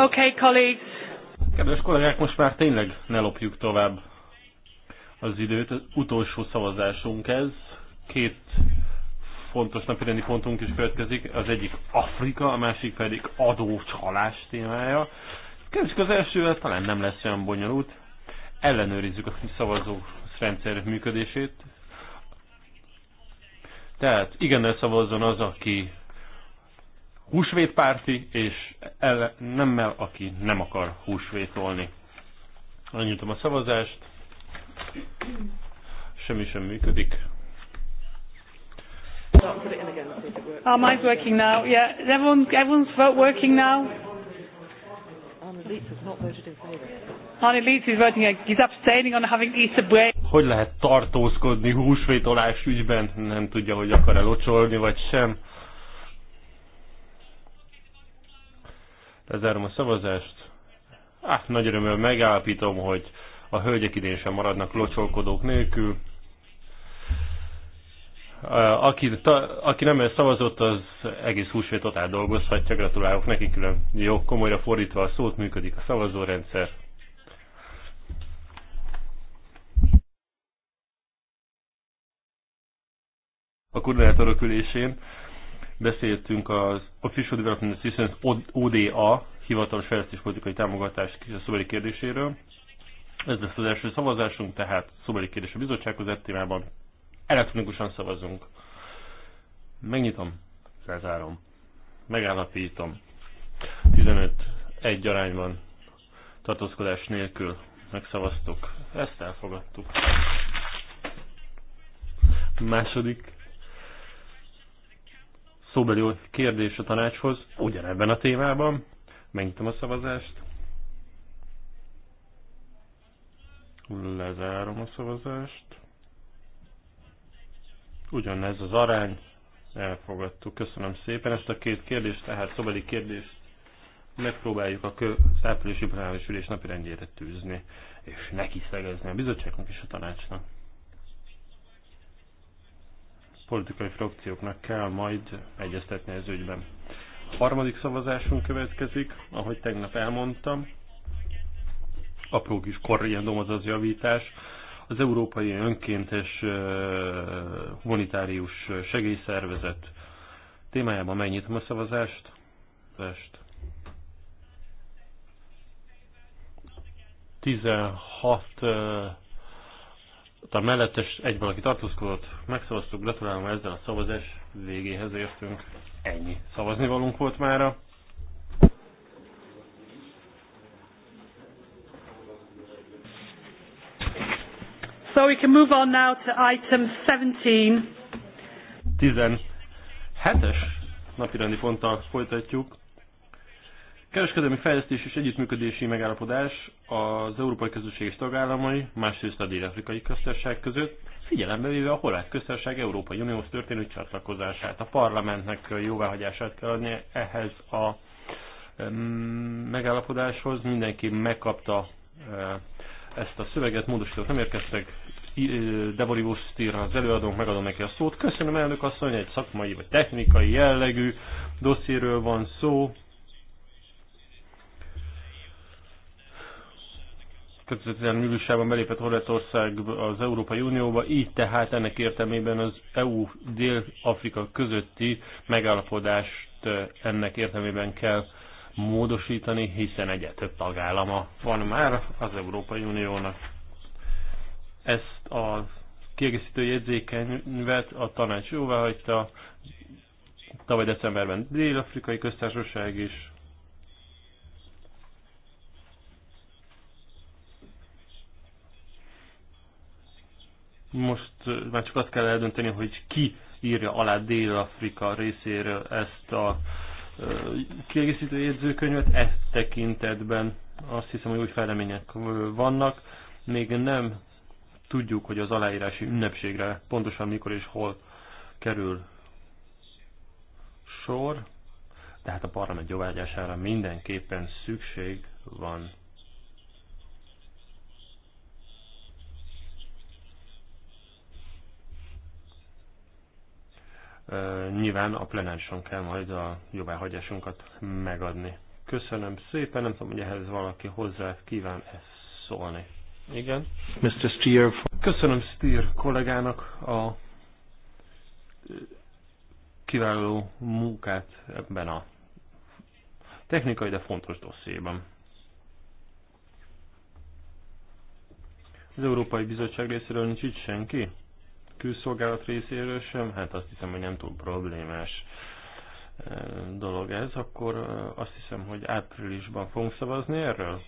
Okay, colleagues. Kedves kollégák, most már tényleg ne lopjuk tovább az időt. Az utolsó szavazásunk ez. Két fontos napirendi pontunk is következik. Az egyik Afrika, a másik pedig adócsalás témája. Kezdjük az elsővel, talán nem lesz olyan bonyolult. Ellenőrizzük a szavazó rendszer működését. Tehát igennel szavazzon az, aki húsvétpárti, és el, nemmel, aki nem akar húsvétolni. Annyitom a szavazást. Semmi sem működik. Oh, mine's working now. Yeah, everyone everyone's vote working now. Arne Leeds is voting He's abstaining on having Easter break. Hogy lehet tartózkodni húsvétolás ügyben? Nem tudja, hogy akar-e locsolni, vagy sem. Lezárom a szavazást. Hát, nagy örömmel megállapítom, hogy a hölgyek idén sem maradnak locsolkodók nélkül. Aki, ta, aki nem szavazott, az egész húsvét totál dolgozhatja. Gratulálok neki külön. Jó, komolyra fordítva a szót, működik a szavazórendszer. A koordinátorok ülésén Beszéltünk az Official Development Assistance ODA, hivatalos politikai támogatás szobeli kérdéséről. Ez lesz az első szavazásunk, tehát szobeli kérdés a bizottsághoz egy témában. Elektronikusan szavazunk. Megnyitom, lezárom, megállapítom. 15 egy arányban tartózkodás nélkül megszavaztuk. Ezt elfogadtuk. Második szóbeli kérdés a tanácshoz ugyanebben a témában. Megnyitom a szavazást. Lezárom a szavazást. Ugyanez az arány. Elfogadtuk. Köszönöm szépen ezt a két kérdést, tehát szobeli kérdést megpróbáljuk a kö, plenáris ülés rendjére tűzni, és neki szegezni a bizottságnak és a tanácsnak politikai frakcióknak kell majd egyeztetni ez ügyben. A harmadik szavazásunk következik, ahogy tegnap elmondtam. Apró kis korriendom az az javítás. Az Európai Önkéntes Humanitárius Segélyszervezet témájában megnyitom a szavazást. Rest. 16 a mellettes egy valaki tartózkodott, megszavaztuk, gratulálom ezzel a szavazás végéhez értünk. Ennyi szavazni valunk volt mára. So we can move on now to item 17. 17-es napirendi ponttal folytatjuk. Kereskedelmi fejlesztés és együttműködési megállapodás az Európai Közösség és tagállamai, másrészt a Dél-Afrikai Köztársaság között, figyelembe véve a Horvát Köztársaság Európai Unióhoz történő csatlakozását. A parlamentnek jóváhagyását kell adni ehhez a megállapodáshoz. Mindenki megkapta ezt a szöveget, módosítók nem érkeztek, Deborius írna az előadónk, megadom neki a szót. Köszönöm elnök asszony, egy szakmai vagy technikai jellegű dossziéről van szó, 2013 júliusában belépett Horvátország az Európai Unióba, így tehát ennek értelmében az EU-Dél-Afrika közötti megállapodást eh, ennek értelmében kell módosítani, hiszen egyet több tagállama van már az Európai Uniónak. Ezt a kiegészítő jegyzékenyvet a tanács hagyta, tavaly decemberben Dél-Afrikai Köztársaság is Most már csak azt kell eldönteni, hogy ki írja alá Dél-Afrika részéről ezt a kiegészítő jegyzőkönyvet. E tekintetben azt hiszem, hogy új felemények vannak. Még nem tudjuk, hogy az aláírási ünnepségre pontosan mikor és hol kerül sor, tehát a parlament jóvágyására mindenképpen szükség van nyilván a plenárison kell majd a jóváhagyásunkat megadni. Köszönöm szépen, nem tudom, hogy ehhez valaki hozzá kíván ezt szólni. Igen. Mr. Steer. Köszönöm Steer kollégának a kiváló munkát ebben a technikai, de fontos dossziéban. Az Európai Bizottság részéről nincs itt senki? külszolgálat részéről sem, hát azt hiszem, hogy nem túl problémás e, dolog ez, akkor e, azt hiszem, hogy áprilisban fogunk szavazni erről?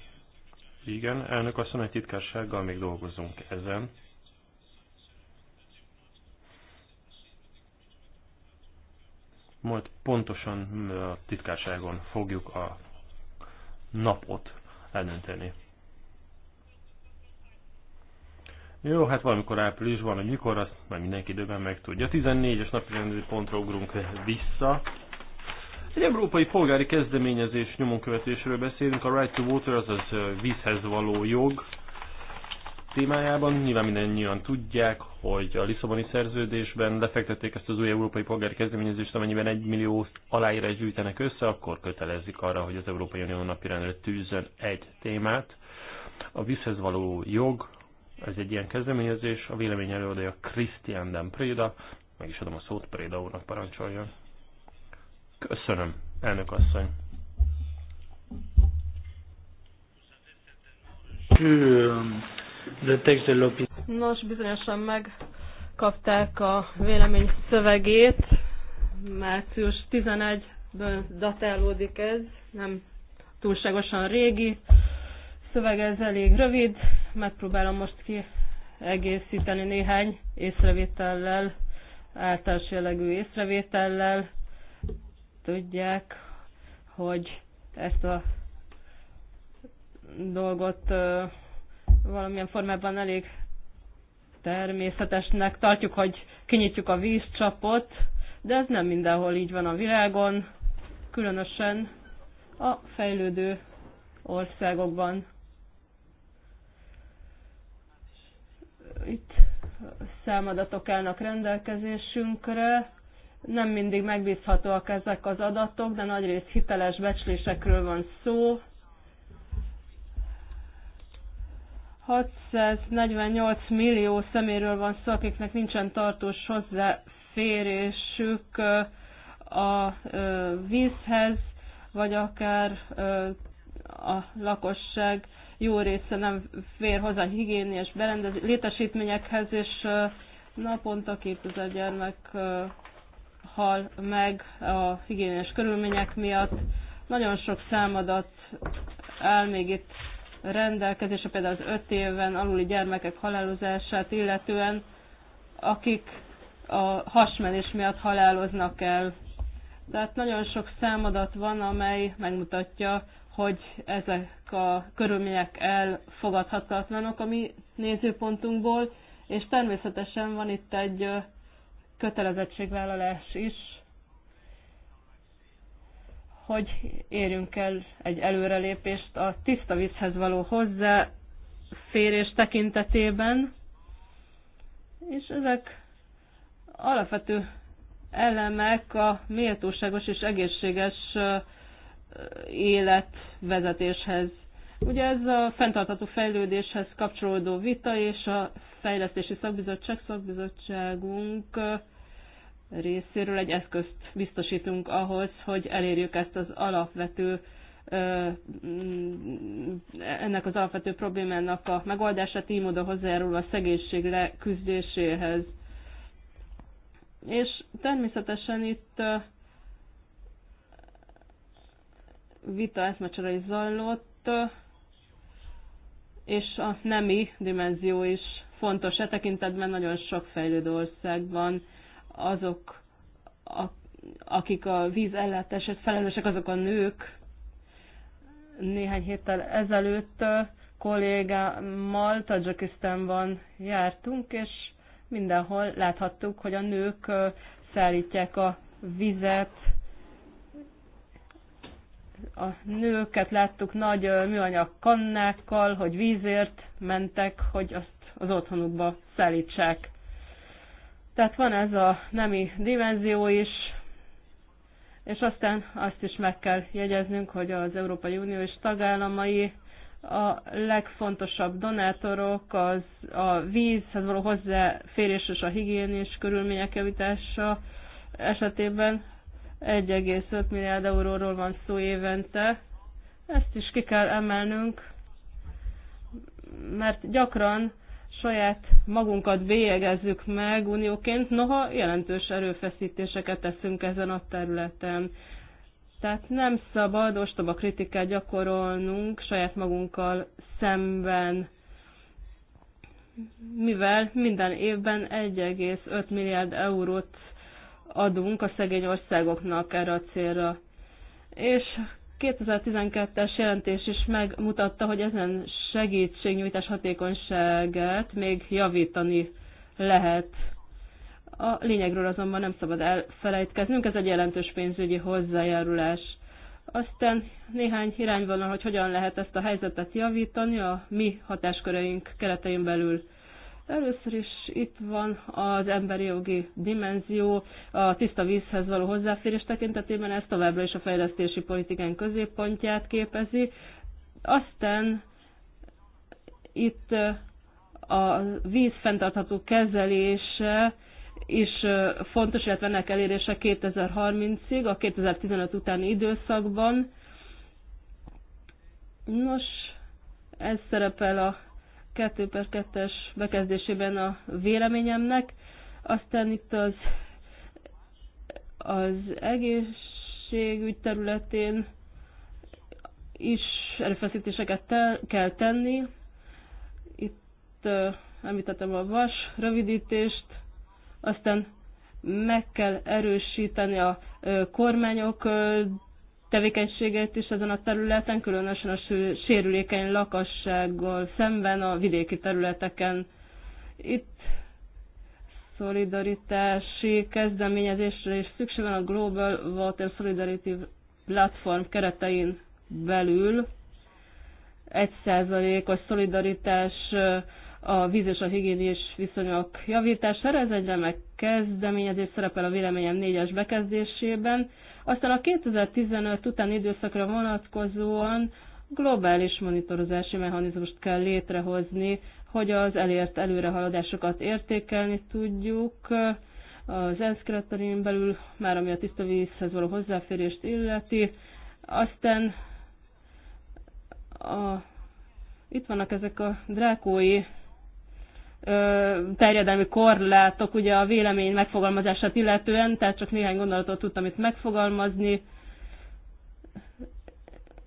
Igen, elnök asszony, egy titkársággal még dolgozunk ezen. Majd pontosan e, a titkárságon fogjuk a napot eldönteni. Jó, hát valamikor van, hogy mikor, azt már mindenki időben megtudja. 14-es napi pontra ugrunk vissza. Egy európai polgári kezdeményezés nyomonkövetésről beszélünk, a Right to Water, azaz vízhez való jog témájában. Nyilván mindannyian tudják, hogy a Lisszaboni szerződésben lefektették ezt az új európai polgári kezdeményezést, amennyiben egy millió aláírás gyűjtenek össze, akkor kötelezik arra, hogy az Európai Unió napirendre tűzön egy témát. A vízhez való jog ez egy ilyen kezdeményezés, a vélemény előadója Christian Dempréda, meg is adom a szót Préda úrnak parancsoljon. Köszönöm, elnök asszony. Nos, bizonyosan megkapták a vélemény szövegét. Március 11-ből datálódik ez, nem túlságosan régi szöveg ez elég rövid, megpróbálom most kiegészíteni néhány észrevétellel, általános jellegű észrevétellel. Tudják, hogy ezt a dolgot valamilyen formában elég természetesnek tartjuk, hogy kinyitjuk a vízcsapot, de ez nem mindenhol így van a világon, különösen a fejlődő országokban. Itt számadatok állnak rendelkezésünkre, nem mindig megbízhatóak ezek az adatok, de nagyrészt hiteles becslésekről van szó. 648 millió szeméről van szó, akiknek nincsen tartós hozzáférésük a vízhez, vagy akár a lakosság jó része nem fér hozzá higiéniás berendezés létesítményekhez, és naponta 2000 gyermek hal meg a higiéniás körülmények miatt. Nagyon sok számadat áll még itt rendelkezésre, például az 5 éven aluli gyermekek halálozását illetően, akik a hasmenés miatt haláloznak el. Tehát nagyon sok számadat van, amely megmutatja, hogy ezek a körülmények elfogadhatatlanok a mi nézőpontunkból, és természetesen van itt egy kötelezettségvállalás is, hogy érjünk el egy előrelépést a tiszta vízhez való hozzáférés tekintetében, és ezek alapvető elemek a méltóságos és egészséges életvezetéshez. Ugye ez a fenntartható fejlődéshez kapcsolódó vita, és a fejlesztési szakbizottság, szakbizottságunk részéről egy eszközt biztosítunk ahhoz, hogy elérjük ezt az alapvető mm, ennek az alapvető problémának a megoldását, így módon hozzájárul a szegénység leküzdéséhez. És természetesen itt vita eszmecsere is zajlott, és a nemi dimenzió is fontos e tekintetben nagyon sok fejlődő országban azok, a, akik a víz ellátását felelősek, azok a nők. Néhány héttel ezelőtt kollégámmal Tajikisztánban jártunk, és mindenhol láthattuk, hogy a nők szállítják a vizet, a nőket láttuk nagy műanyag kannákkal, hogy vízért mentek, hogy azt az otthonukba szállítsák. Tehát van ez a nemi dimenzió is, és aztán azt is meg kell jegyeznünk, hogy az Európai Unió és tagállamai a legfontosabb donátorok az a vízhez való hozzáférés és a higiénés körülmények javítása esetében 1,5 milliárd euróról van szó évente. Ezt is ki kell emelnünk, mert gyakran saját magunkat bélyegezzük meg unióként, noha jelentős erőfeszítéseket teszünk ezen a területen. Tehát nem szabad ostoba kritikát gyakorolnunk saját magunkkal szemben, mivel minden évben 1,5 milliárd eurót adunk a szegény országoknak erre a célra. És 2012-es jelentés is megmutatta, hogy ezen segítségnyújtás hatékonyságát még javítani lehet. A lényegről azonban nem szabad elfelejtkeznünk, ez egy jelentős pénzügyi hozzájárulás. Aztán néhány irányvonal, hogy hogyan lehet ezt a helyzetet javítani a mi hatásköreink keretein belül. Először is itt van az emberi jogi dimenzió, a tiszta vízhez való hozzáférés tekintetében ez továbbra is a fejlesztési politikán középpontját képezi. Aztán itt eh, a víz fenntartható kezelése is eh, fontos, illetve ennek elérése 2030-ig, a 2015 utáni időszakban. Nos, ez szerepel a 2 per 2-es bekezdésében a véleményemnek. Aztán itt az, az egészségügy területén is erőfeszítéseket te, kell tenni. Itt uh, említettem a vas rövidítést, aztán meg kell erősíteni a kormányok tevékenységet is ezen a területen, különösen a sérülékeny lakossággal szemben a vidéki területeken. Itt szolidaritási kezdeményezésre is szükség van a Global Water Solidarity Platform keretein belül. Egy százalékos szolidaritás a víz és a higiénés viszonyok javítására. Ez egy remek kezdeményezés szerepel a véleményem négyes bekezdésében. Aztán a 2015 utáni időszakra vonatkozóan globális monitorozási mechanizmust kell létrehozni, hogy az elért előrehaladásokat értékelni tudjuk, az ENSZ belül, már ami a tiszta vízhez való hozzáférést illeti. Aztán a, itt vannak ezek a drákói terjedelmi korlátok ugye a vélemény megfogalmazását illetően, tehát csak néhány gondolatot tudtam itt megfogalmazni,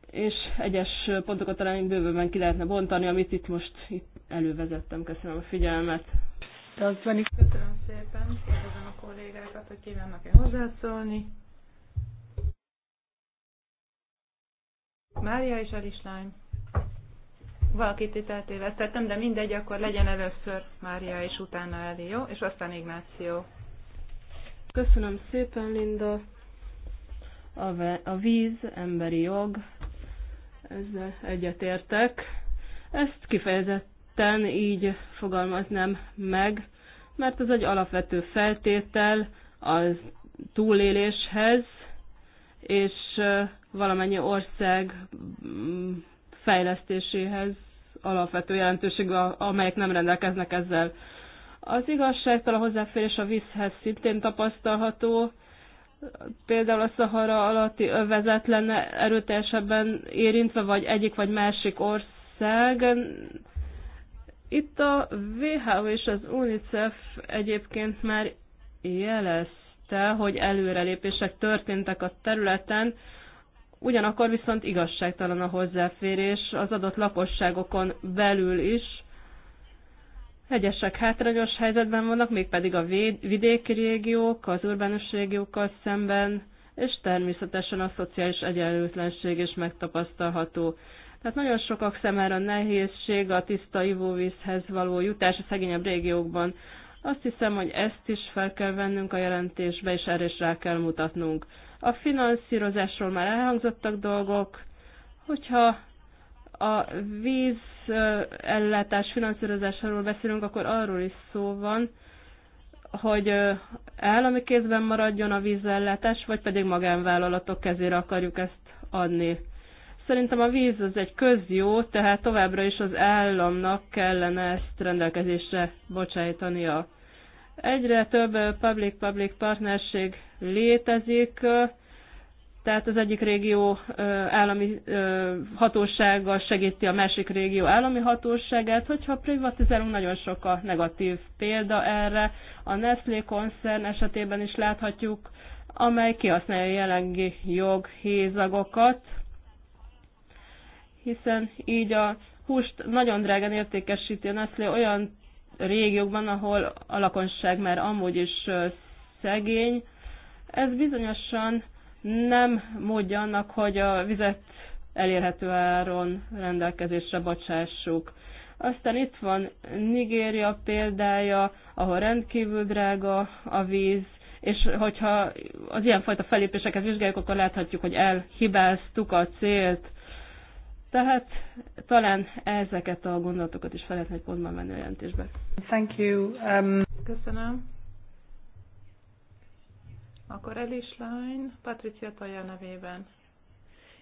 és egyes pontokat talán bővebben ki lehetne bontani, amit itt most itt elővezettem. Köszönöm a figyelmet. Köszönöm szépen, kérdezem a kollégákat, hogy kívánnak-e hozzászólni. Mária és Elislány valakit itt eltévesztettem, de mindegy, akkor legyen először Mária, és utána Eli, jó? És aztán Ignáció. Köszönöm szépen, Linda. A, a víz, emberi jog, ezzel egyetértek. Ezt kifejezetten így fogalmaznám meg, mert ez egy alapvető feltétel a túléléshez, és valamennyi ország fejlesztéséhez alapvető jelentőségű, amelyek nem rendelkeznek ezzel. Az igazságtalan hozzáférés a vízhez szintén tapasztalható, például a Szahara alatti övezet lenne erőteljesebben érintve, vagy egyik vagy másik ország. Itt a WHO és az UNICEF egyébként már jelezte, hogy előrelépések történtek a területen, ugyanakkor viszont igazságtalan a hozzáférés az adott lakosságokon belül is. Egyesek hátrányos helyzetben vannak, mégpedig a vidéki régiók, az urbánus régiókkal szemben, és természetesen a szociális egyenlőtlenség is megtapasztalható. Tehát nagyon sokak számára nehézség a tiszta ivóvízhez való jutás a szegényebb régiókban. Azt hiszem, hogy ezt is fel kell vennünk a jelentésbe, és erre is rá kell mutatnunk. A finanszírozásról már elhangzottak dolgok, hogyha a víz ellátás finanszírozásáról beszélünk, akkor arról is szó van, hogy állami kézben maradjon a vízellátás, vagy pedig magánvállalatok kezére akarjuk ezt adni. Szerintem a víz az egy közjó, tehát továbbra is az államnak kellene ezt rendelkezésre bocsájtania. Egyre több public-public partnerség létezik, tehát az egyik régió állami hatósága segíti a másik régió állami hatóságát. Hogyha privatizálunk, nagyon sok a negatív példa erre. A Nestlé koncern esetében is láthatjuk, amely kihasználja a jelenlegi joghézagokat, hiszen így a húst nagyon drágen értékesíti a Nestlé olyan régiókban, ahol a lakosság már amúgy is szegény. Ez bizonyosan nem módja annak, hogy a vizet elérhető áron rendelkezésre bocsássuk. Aztán itt van Nigéria példája, ahol rendkívül drága a víz, és hogyha az ilyenfajta felépéseket vizsgáljuk, akkor láthatjuk, hogy elhibáztuk a célt. Tehát talán ezeket a gondolatokat is fel lehetne egy pontban menni a jelentésbe. Thank you. Um... Köszönöm. Akkor Elis Line, Patricia Taja nevében.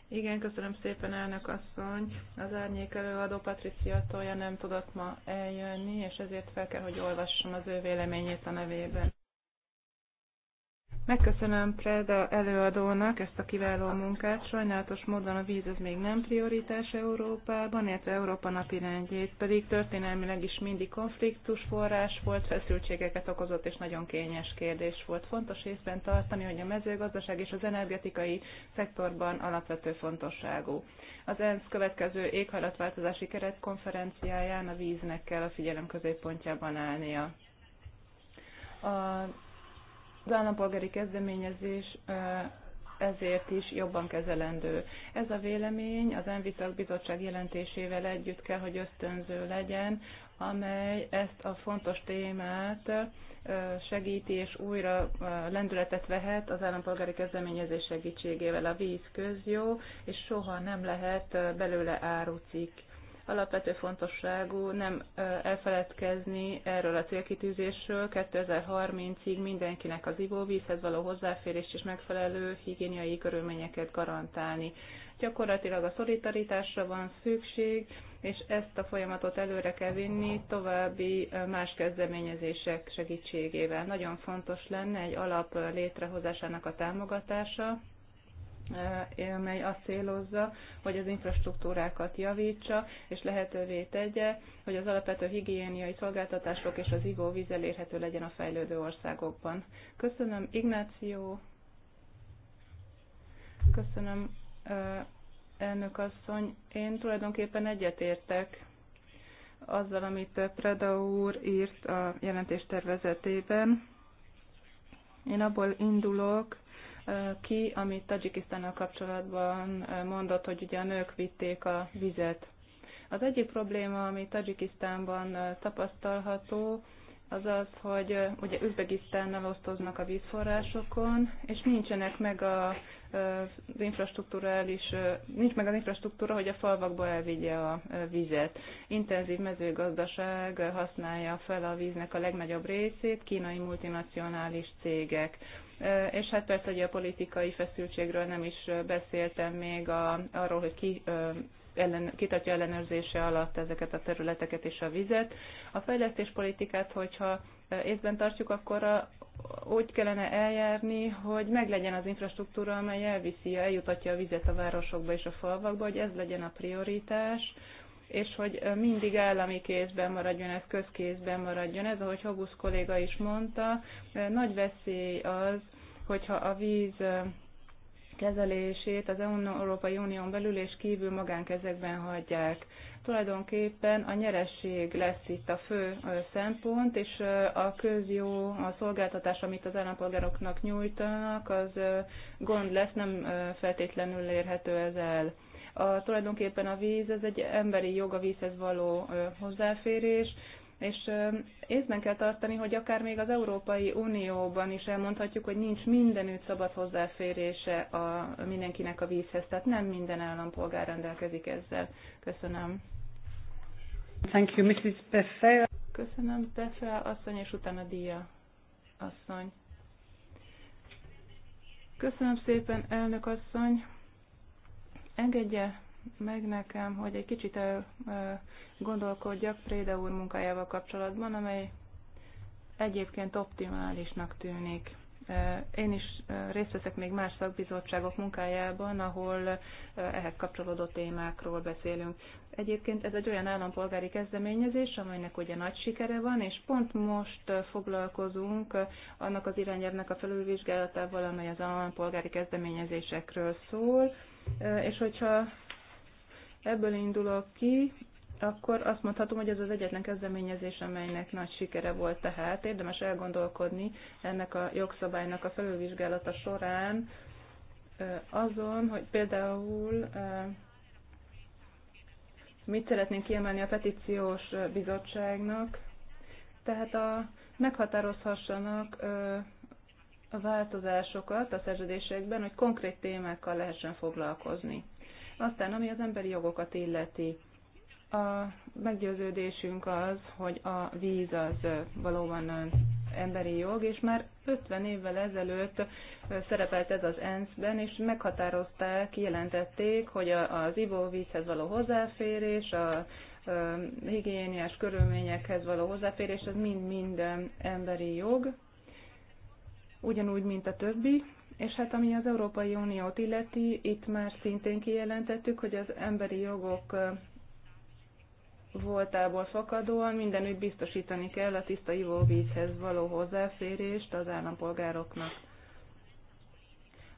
Igen, köszönöm szépen, elnök asszony. Az árnyék előadó Patricia Toja nem tudott ma eljönni, és ezért fel kell, hogy olvassam az ő véleményét a nevében. Megköszönöm Preda előadónak ezt a kiváló munkát. Sajnálatos módon a víz az még nem prioritás Európában, illetve Európa napirendjét, pedig történelmileg is mindig konfliktus forrás volt, feszültségeket okozott és nagyon kényes kérdés volt. Fontos észben tartani, hogy a mezőgazdaság és az energetikai szektorban alapvető fontosságú. Az ENSZ következő éghajlatváltozási keretkonferenciáján a víznek kell a figyelem középpontjában állnia. A az állampolgári kezdeményezés ezért is jobban kezelendő. Ez a vélemény az Envitak bizottság jelentésével együtt kell, hogy ösztönző legyen, amely ezt a fontos témát segíti és újra lendületet vehet az állampolgári kezdeményezés segítségével. A víz közjó, és soha nem lehet belőle árucik. Alapvető fontosságú nem elfeledkezni erről a célkitűzésről 2030-ig mindenkinek az ivóvízhez való hozzáférést és megfelelő higiéniai körülményeket garantálni. Gyakorlatilag a szolidaritásra van szükség, és ezt a folyamatot előre kell vinni további más kezdeményezések segítségével. Nagyon fontos lenne egy alap létrehozásának a támogatása, mely azt célozza, hogy az infrastruktúrákat javítsa, és lehetővé tegye, hogy az alapvető higiéniai szolgáltatások és az ivóvíz elérhető legyen a fejlődő országokban. Köszönöm, Ignáció. Köszönöm, elnök asszony. Én tulajdonképpen egyetértek azzal, amit Preda úr írt a jelentés tervezetében. Én abból indulok, ki, amit Tajikisztánnal kapcsolatban mondott, hogy ugye a nők vitték a vizet. Az egyik probléma, ami Tajikisztánban tapasztalható, az az, hogy ugye Üzbegisztánnal osztoznak a vízforrásokon, és nincsenek meg a, az infrastruktúrális, nincs meg az infrastruktúra, hogy a falvakba elvigye a vizet. Intenzív mezőgazdaság használja fel a víznek a legnagyobb részét, kínai multinacionális cégek és hát persze, hogy a politikai feszültségről nem is beszéltem még a, arról, hogy ki ellen, kitartja ellenőrzése alatt ezeket a területeket és a vizet. A fejlesztéspolitikát, hogyha észben tartjuk, akkor a, úgy kellene eljárni, hogy meglegyen az infrastruktúra, amely elviszi, eljutatja a vizet a városokba és a falvakba, hogy ez legyen a prioritás, és hogy mindig állami kézben maradjon ez, közkézben maradjon ez, ahogy Hobusz kolléga is mondta, nagy veszély az, hogyha a víz kezelését az Európai Unión belül és kívül magánkezekben hagyják. Tulajdonképpen a nyeresség lesz itt a fő szempont, és a közjó, a szolgáltatás, amit az állampolgároknak nyújtanak, az gond lesz, nem feltétlenül érhető ez el. A, tulajdonképpen a víz, ez egy emberi jog, a vízhez való hozzáférés, és észben kell tartani, hogy akár még az Európai Unióban is elmondhatjuk, hogy nincs mindenütt szabad hozzáférése a, mindenkinek a vízhez, tehát nem minden állampolgár rendelkezik ezzel. Köszönöm. Thank you, Mrs. Befea. Köszönöm, Befea asszony, és utána Díja asszony. Köszönöm szépen, elnök asszony. Engedje meg nekem, hogy egy kicsit gondolkodjak Préda úr munkájával kapcsolatban, amely egyébként optimálisnak tűnik. Én is részt veszek még más szakbizottságok munkájában, ahol ehhez kapcsolódó témákról beszélünk. Egyébként ez egy olyan állampolgári kezdeményezés, amelynek ugye nagy sikere van, és pont most foglalkozunk annak az irányelvnek a felülvizsgálatával, amely az állampolgári kezdeményezésekről szól, és hogyha ebből indulok ki, akkor azt mondhatom, hogy ez az egyetlen kezdeményezés, amelynek nagy sikere volt tehát. Érdemes elgondolkodni ennek a jogszabálynak a felülvizsgálata során azon, hogy például mit szeretnénk kiemelni a petíciós bizottságnak, tehát a, meghatározhassanak a változásokat a szerződésekben, hogy konkrét témákkal lehessen foglalkozni. Aztán, ami az emberi jogokat illeti, a meggyőződésünk az, hogy a víz az valóban emberi jog, és már 50 évvel ezelőtt szerepelt ez az ENSZ-ben, és meghatározták, jelentették, hogy az ivóvízhez való hozzáférés, a higiéniás körülményekhez való hozzáférés, az mind-mind emberi jog, ugyanúgy, mint a többi és hát ami az Európai Uniót illeti, itt már szintén kijelentettük, hogy az emberi jogok voltából fakadóan mindenütt biztosítani kell a tiszta ivóvízhez való hozzáférést az állampolgároknak.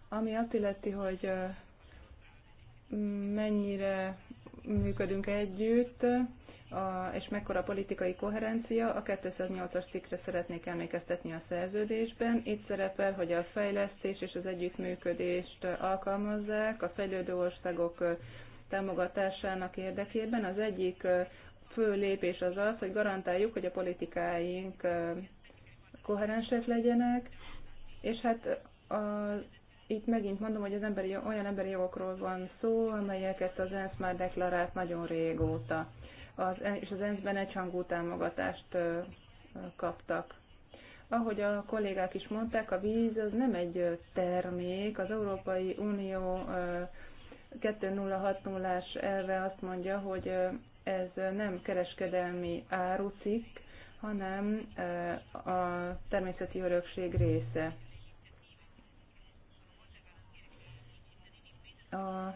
Ami azt illeti, hogy mennyire működünk együtt, a, és mekkora politikai koherencia, a 208-as cikkre szeretnék emlékeztetni a szerződésben. Itt szerepel, hogy a fejlesztés és az együttműködést alkalmazzák a fejlődő országok támogatásának érdekében. Az egyik fő lépés az az, hogy garantáljuk, hogy a politikáink koherensek legyenek, és hát a, itt megint mondom, hogy az emberi, olyan emberi jogokról van szó, amelyeket az ENSZ már deklarált nagyon régóta az, és az ENSZ-ben egyhangú támogatást kaptak. Ahogy a kollégák is mondták, a víz az nem egy termék. Az Európai Unió 2060-as elve azt mondja, hogy ez nem kereskedelmi árucikk, hanem a természeti örökség része. A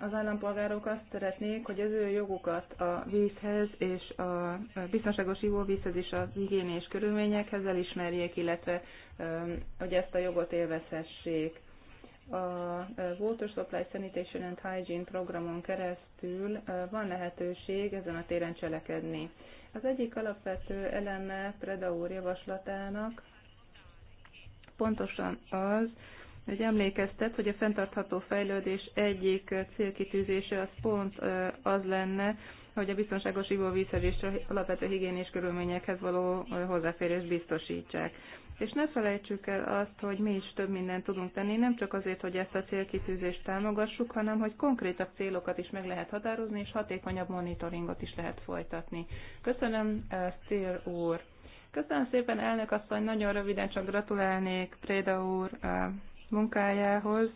az állampolgárok azt szeretnék, hogy az ő jogukat a vízhez és a biztonságos ivóvízhez és a higiénés körülményekhez elismerjék, illetve hogy ezt a jogot élvezhessék. A Water Supply Sanitation and Hygiene programon keresztül van lehetőség ezen a téren cselekedni. Az egyik alapvető eleme Preda úr javaslatának pontosan az, hogy emlékeztet, hogy a fenntartható fejlődés egyik célkitűzése az pont az lenne, hogy a biztonságos ivóvízhez alapvető higiénés körülményekhez való hozzáférés biztosítsák. És ne felejtsük el azt, hogy mi is több mindent tudunk tenni, nem csak azért, hogy ezt a célkitűzést támogassuk, hanem hogy konkrétabb célokat is meg lehet határozni, és hatékonyabb monitoringot is lehet folytatni. Köszönöm, Szél úr! Köszönöm szépen, elnök asszony, nagyon röviden csak gratulálnék Préda úr munkájához.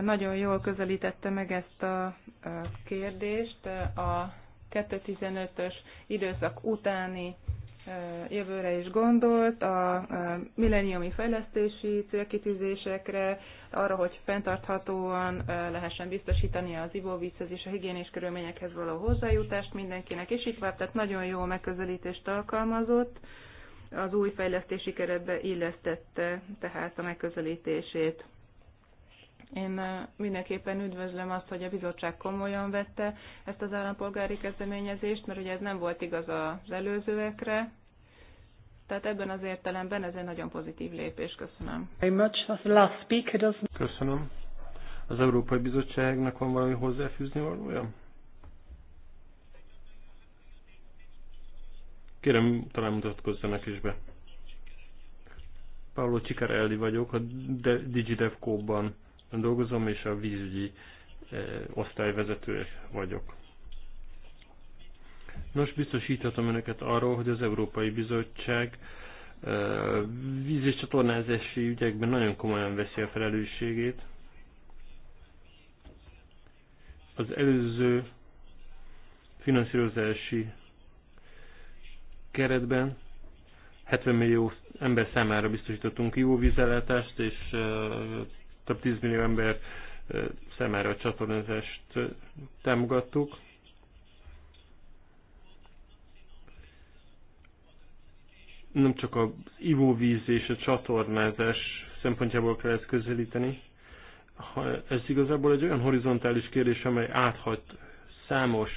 Nagyon jól közelítette meg ezt a kérdést. A 2015-ös időszak utáni e, jövőre is gondolt, a e, milleniumi fejlesztési célkitűzésekre, arra, hogy fenntarthatóan e, lehessen biztosítani az ivóvízhez és a higiénés körülményekhez való hozzájutást mindenkinek, és itt vár, tehát nagyon jó megközelítést alkalmazott az új fejlesztési keretbe illesztette tehát a megközelítését. Én mindenképpen üdvözlöm azt, hogy a bizottság komolyan vette ezt az állampolgári kezdeményezést, mert ugye ez nem volt igaz az előzőekre. Tehát ebben az értelemben ez egy nagyon pozitív lépés. Köszönöm. Köszönöm. Az Európai Bizottságnak van valami hozzáfűzni valója? Kérem, talán mutatkozzanak is be. Paolo Csikarelli vagyok, a DigiDevCo-ban dolgozom, és a vízügyi eh, osztályvezető vagyok. Nos, biztosíthatom önöket arról, hogy az Európai Bizottság eh, víz- és csatornázási ügyekben nagyon komolyan veszi a felelősségét. Az előző finanszírozási keretben 70 millió ember számára biztosítottunk jó vízellátást, és több 10 millió ember számára a csatornázást támogattuk. Nem csak az ivóvíz és a csatornázás szempontjából kell ezt közelíteni. Ez igazából egy olyan horizontális kérdés, amely áthat számos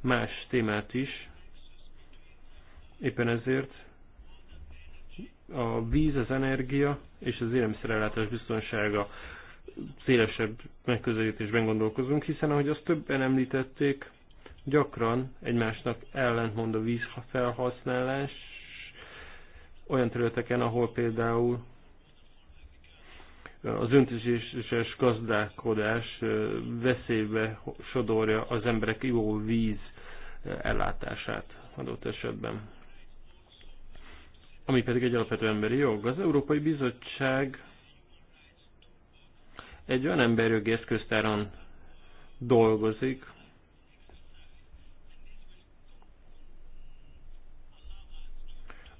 más témát is, Éppen ezért a víz, az energia és az élelmiszerellátás biztonsága szélesebb megközelítésben gondolkozunk, hiszen ahogy azt többen említették, gyakran egymásnak ellentmond a felhasználás olyan területeken, ahol például az öntözéses gazdálkodás veszélybe sodorja az emberek jó víz ellátását adott esetben ami pedig egy alapvető emberi jog. Az Európai Bizottság egy olyan emberjogi eszköztáron dolgozik,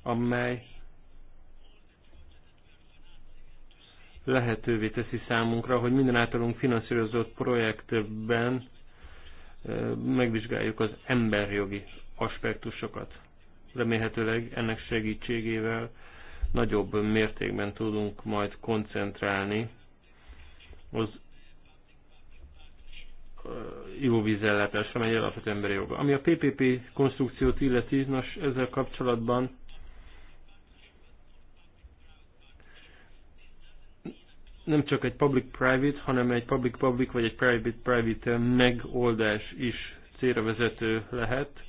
amely lehetővé teszi számunkra, hogy minden általunk finanszírozott projektben eh, megvizsgáljuk az emberjogi aspektusokat remélhetőleg ennek segítségével nagyobb mértékben tudunk majd koncentrálni az uh, ivóvízellátásra, amely alapvető emberi joga. Ami a PPP konstrukciót illeti, nos ezzel kapcsolatban nem csak egy public-private, hanem egy public-public vagy egy private-private megoldás is célra vezető lehet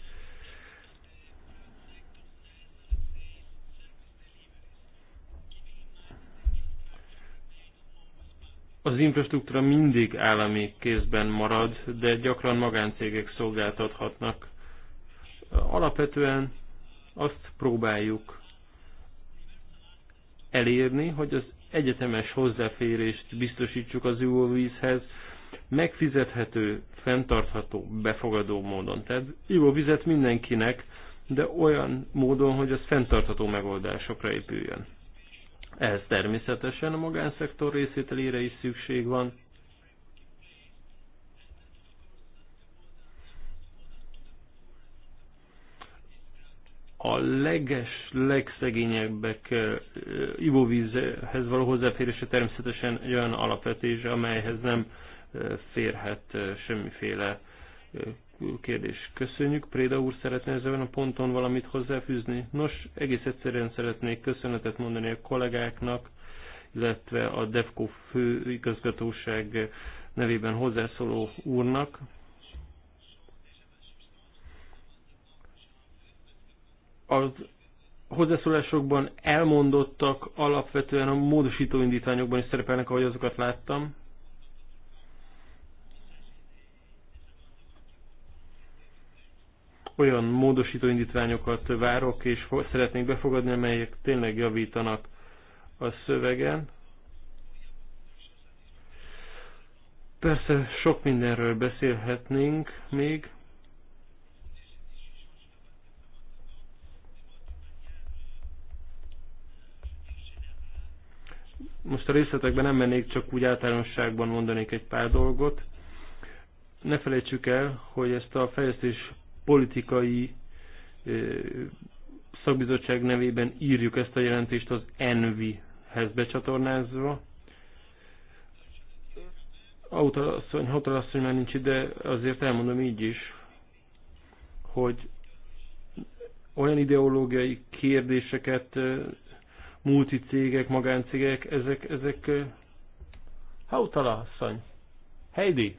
az infrastruktúra mindig állami kézben marad, de gyakran magáncégek szolgáltathatnak. Alapvetően azt próbáljuk elérni, hogy az egyetemes hozzáférést biztosítsuk az ivóvízhez, megfizethető, fenntartható, befogadó módon. Tehát ivóvizet mindenkinek, de olyan módon, hogy az fenntartható megoldásokra épüljön. Ez természetesen a magánszektor részvételére is szükség van. A leges, legszegényebbek ivóvízhez való hozzáférése természetesen olyan alapvetés, amelyhez nem férhet semmiféle kérdés. Köszönjük. Préda úr szeretne ezen a ponton valamit hozzáfűzni? Nos, egész egyszerűen szeretnék köszönetet mondani a kollégáknak, illetve a DEFCO főigazgatóság nevében hozzászóló úrnak. Az hozzászólásokban elmondottak alapvetően a módosító indítványokban is szerepelnek, ahogy azokat láttam. Olyan módosító indítványokat várok és szeretnék befogadni, amelyek tényleg javítanak a szövegen. Persze sok mindenről beszélhetnénk még, most a részletekben nem mennék, csak úgy általánosságban mondanék egy pár dolgot. Ne felejtsük el, hogy ezt a fejlesztés politikai szakbizottság nevében írjuk ezt a jelentést az ENVI-hez becsatornázva. Hautalasszony, Hautalasszony már nincs ide, azért elmondom így is, hogy olyan ideológiai kérdéseket multicégek, magáncégek, ezek, ezek Hautala asszony, Heidi,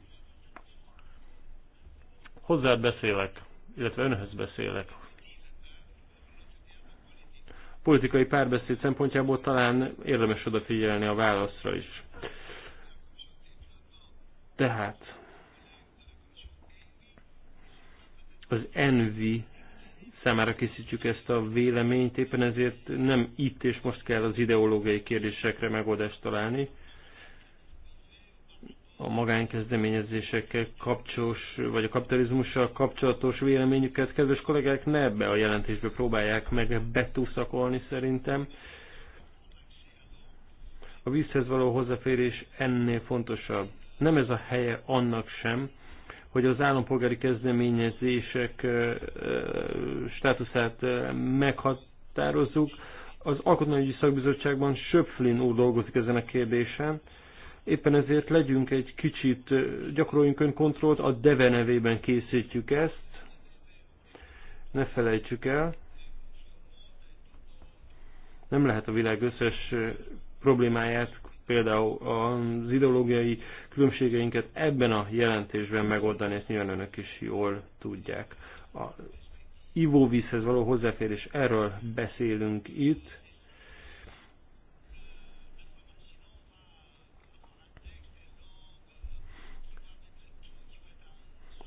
hozzád beszélek illetve önhöz beszélek. Politikai párbeszéd szempontjából talán érdemes odafigyelni a válaszra is. Tehát az envi számára készítjük ezt a véleményt, éppen ezért nem itt és most kell az ideológiai kérdésekre megoldást találni, a magánkezdeményezésekkel kapcsolatos, vagy a kapitalizmussal kapcsolatos véleményüket. Kedves kollégák, ne ebbe a jelentésbe próbálják meg betúszakolni szerintem. A vízhez való hozzáférés ennél fontosabb. Nem ez a helye annak sem, hogy az állampolgári kezdeményezések státuszát meghatározzuk. Az Alkotmányügyi Szakbizottságban Söpflin úr dolgozik ezen a kérdésen, Éppen ezért legyünk egy kicsit, gyakoroljunk önkontrollt, a DEVE nevében készítjük ezt. Ne felejtsük el. Nem lehet a világ összes problémáját, például az ideológiai különbségeinket ebben a jelentésben megoldani, ezt nyilván önök is jól tudják. A ivóvízhez való hozzáférés, erről beszélünk itt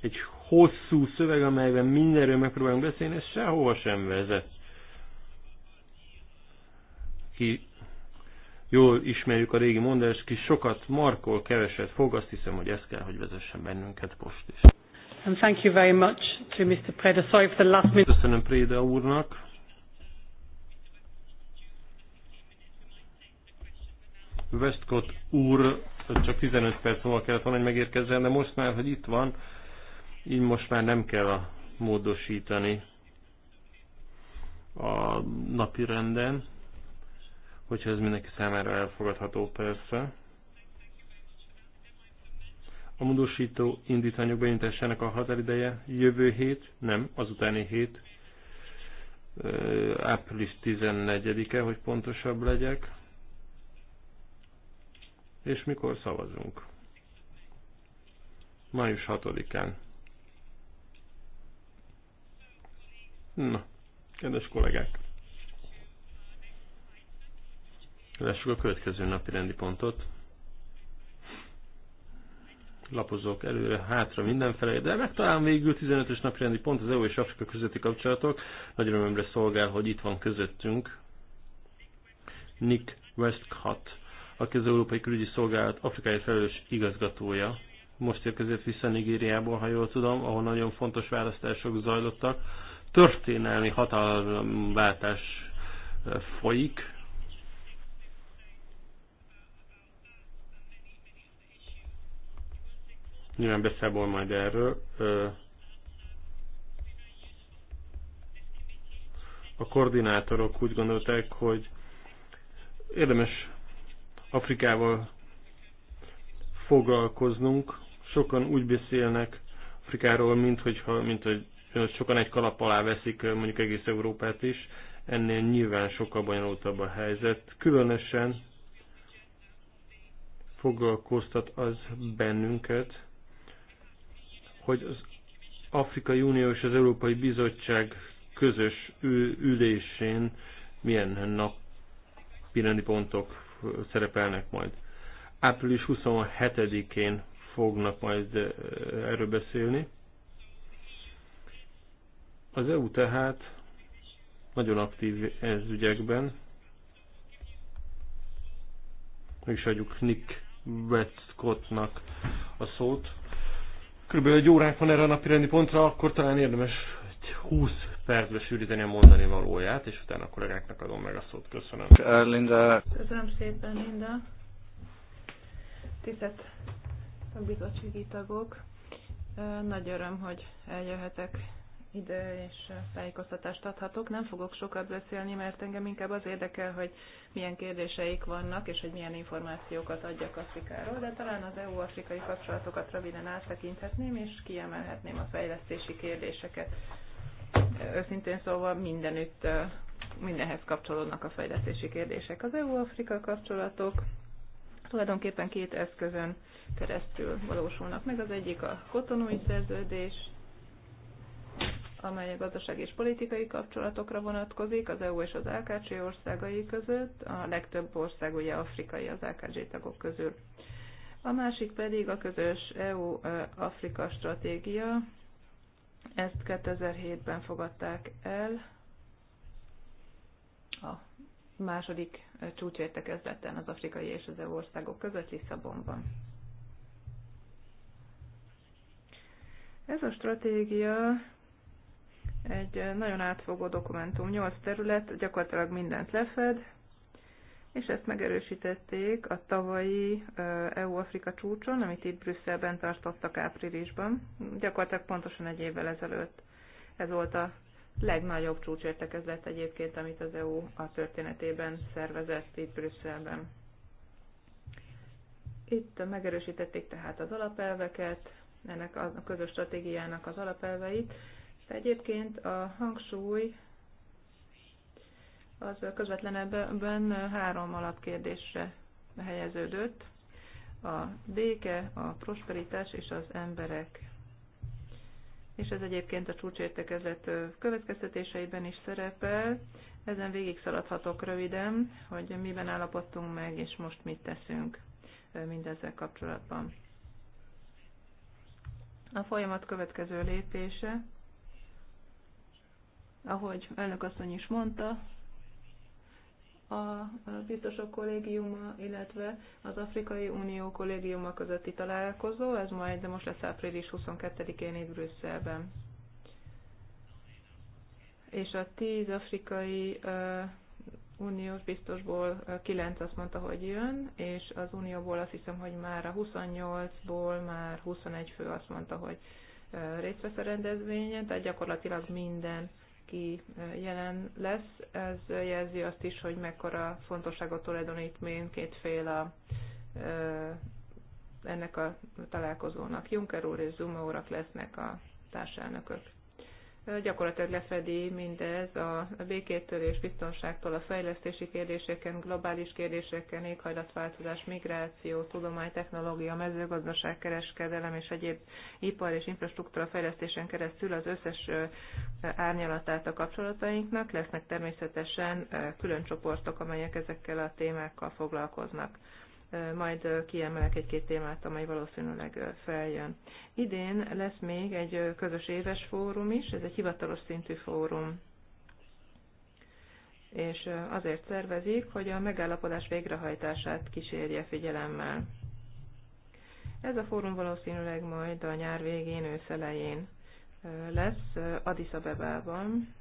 egy hosszú szöveg, amelyben mindenről megpróbálunk beszélni, ez sehova sem vezet. Ki jól ismerjük a régi mondást, ki sokat markol, keveset fog, azt hiszem, hogy ez kell, hogy vezessen bennünket most is. And thank you very much to Mr. Preda. Sorry for the last minute. Köszönöm Preda úrnak. Westcott úr csak 15 perc múlva kellett volna, hogy megérkezzen, de most már, hogy itt van, így most már nem kell a módosítani a napi renden, hogyha ez mindenki számára elfogadható persze. A módosító indítványok benyújtásának a határideje jövő hét, nem, azutáni hét, április 14-e, hogy pontosabb legyek. És mikor szavazunk? Május 6-án. Na, kedves kollégák! Lássuk a következő napi rendi pontot. Lapozok előre, hátra, mindenfelé, de megtalálom végül 15-ös napi rendi pont, az EU és Afrika közötti kapcsolatok. Nagy örömömre szolgál, hogy itt van közöttünk Nick Westcott, aki az Európai Külügyi Szolgálat afrikai felelős igazgatója. Most érkezett vissza Nigériából, ha jól tudom, ahol nagyon fontos választások zajlottak történelmi hatalomváltás folyik. Nyilván beszámol majd erről. A koordinátorok úgy gondolták, hogy érdemes Afrikával foglalkoznunk. Sokan úgy beszélnek Afrikáról, mint, hogyha, mint hogy sokan egy kalap alá veszik mondjuk egész Európát is, ennél nyilván sokkal bonyolultabb a helyzet. Különösen foglalkoztat az bennünket, hogy az Afrikai Unió és az Európai Bizottság közös ülésén milyen napirendi pontok szerepelnek majd. Április 27-én fognak majd erről beszélni. Az EU tehát nagyon aktív ez ügyekben. Meg is adjuk Nick Westcottnak a szót. Körülbelül egy óránk van erre a napi rendi pontra, akkor talán érdemes egy 20 percbe sűríteni a mondani valóját, és utána a kollégáknak adom meg a szót. Köszönöm. Linda. Köszönöm szépen, Linda. Tisztelt szakbizottsági tagok. Nagy öröm, hogy eljöhetek idő és tájékoztatást adhatok. Nem fogok sokat beszélni, mert engem inkább az érdekel, hogy milyen kérdéseik vannak, és hogy milyen információkat adjak Afrikáról, de talán az EU-afrikai kapcsolatokat röviden áttekinthetném, és kiemelhetném a fejlesztési kérdéseket. Őszintén szóval mindenütt, mindenhez kapcsolódnak a fejlesztési kérdések. Az EU-Afrika kapcsolatok tulajdonképpen két eszközön keresztül valósulnak meg. Az egyik a kotonói szerződés, amely a gazdasági és politikai kapcsolatokra vonatkozik az EU és az AKC országai között, a legtöbb ország ugye afrikai az AKC tagok közül. A másik pedig a közös EU-Afrika stratégia, ezt 2007-ben fogadták el a második csúcsértekezleten az afrikai és az EU országok között Lisszabonban. Ez a stratégia egy nagyon átfogó dokumentum, 8 terület, gyakorlatilag mindent lefed, és ezt megerősítették a tavalyi EU-Afrika csúcson, amit itt Brüsszelben tartottak áprilisban, gyakorlatilag pontosan egy évvel ezelőtt. Ez volt a legnagyobb csúcsértekezlet egyébként, amit az EU a történetében szervezett itt Brüsszelben. Itt megerősítették tehát az alapelveket, ennek a közös stratégiának az alapelveit, de egyébként a hangsúly az közvetlenebben három alapkérdésre helyeződött. A béke, a prosperitás és az emberek. És ez egyébként a csúcsértekezlet következtetéseiben is szerepel. Ezen végig szaladhatok röviden, hogy miben állapodtunk meg, és most mit teszünk mindezzel kapcsolatban. A folyamat következő lépése ahogy elnök asszony is mondta, a biztosok kollégiuma, illetve az Afrikai Unió kollégiuma közötti találkozó, ez majd, de most lesz április 22-én itt Brüsszelben. És a 10 afrikai uh, uniós biztosból uh, 9 azt mondta, hogy jön, és az unióból azt hiszem, hogy már a 28-ból már 21 fő azt mondta, hogy uh, részt vesz a rendezvényen, tehát gyakorlatilag minden uh, aki jelen lesz. Ez jelzi azt is, hogy mekkora fontosságot tulajdonít mindkét fél a, ennek a találkozónak. Juncker úr és Zuma urak lesznek a társelnökök gyakorlatilag lefedi mindez a békétől és biztonságtól a fejlesztési kérdéseken, globális kérdéseken, éghajlatváltozás, migráció, tudomány, technológia, mezőgazdaság, kereskedelem és egyéb ipar és infrastruktúra fejlesztésen keresztül az összes árnyalatát a kapcsolatainknak. Lesznek természetesen külön csoportok, amelyek ezekkel a témákkal foglalkoznak majd kiemelek egy-két témát, amely valószínűleg feljön. Idén lesz még egy közös éves fórum is, ez egy hivatalos szintű fórum, és azért szervezik, hogy a megállapodás végrehajtását kísérje figyelemmel. Ez a fórum valószínűleg majd a nyár végén, őszelején lesz Addis Abebában,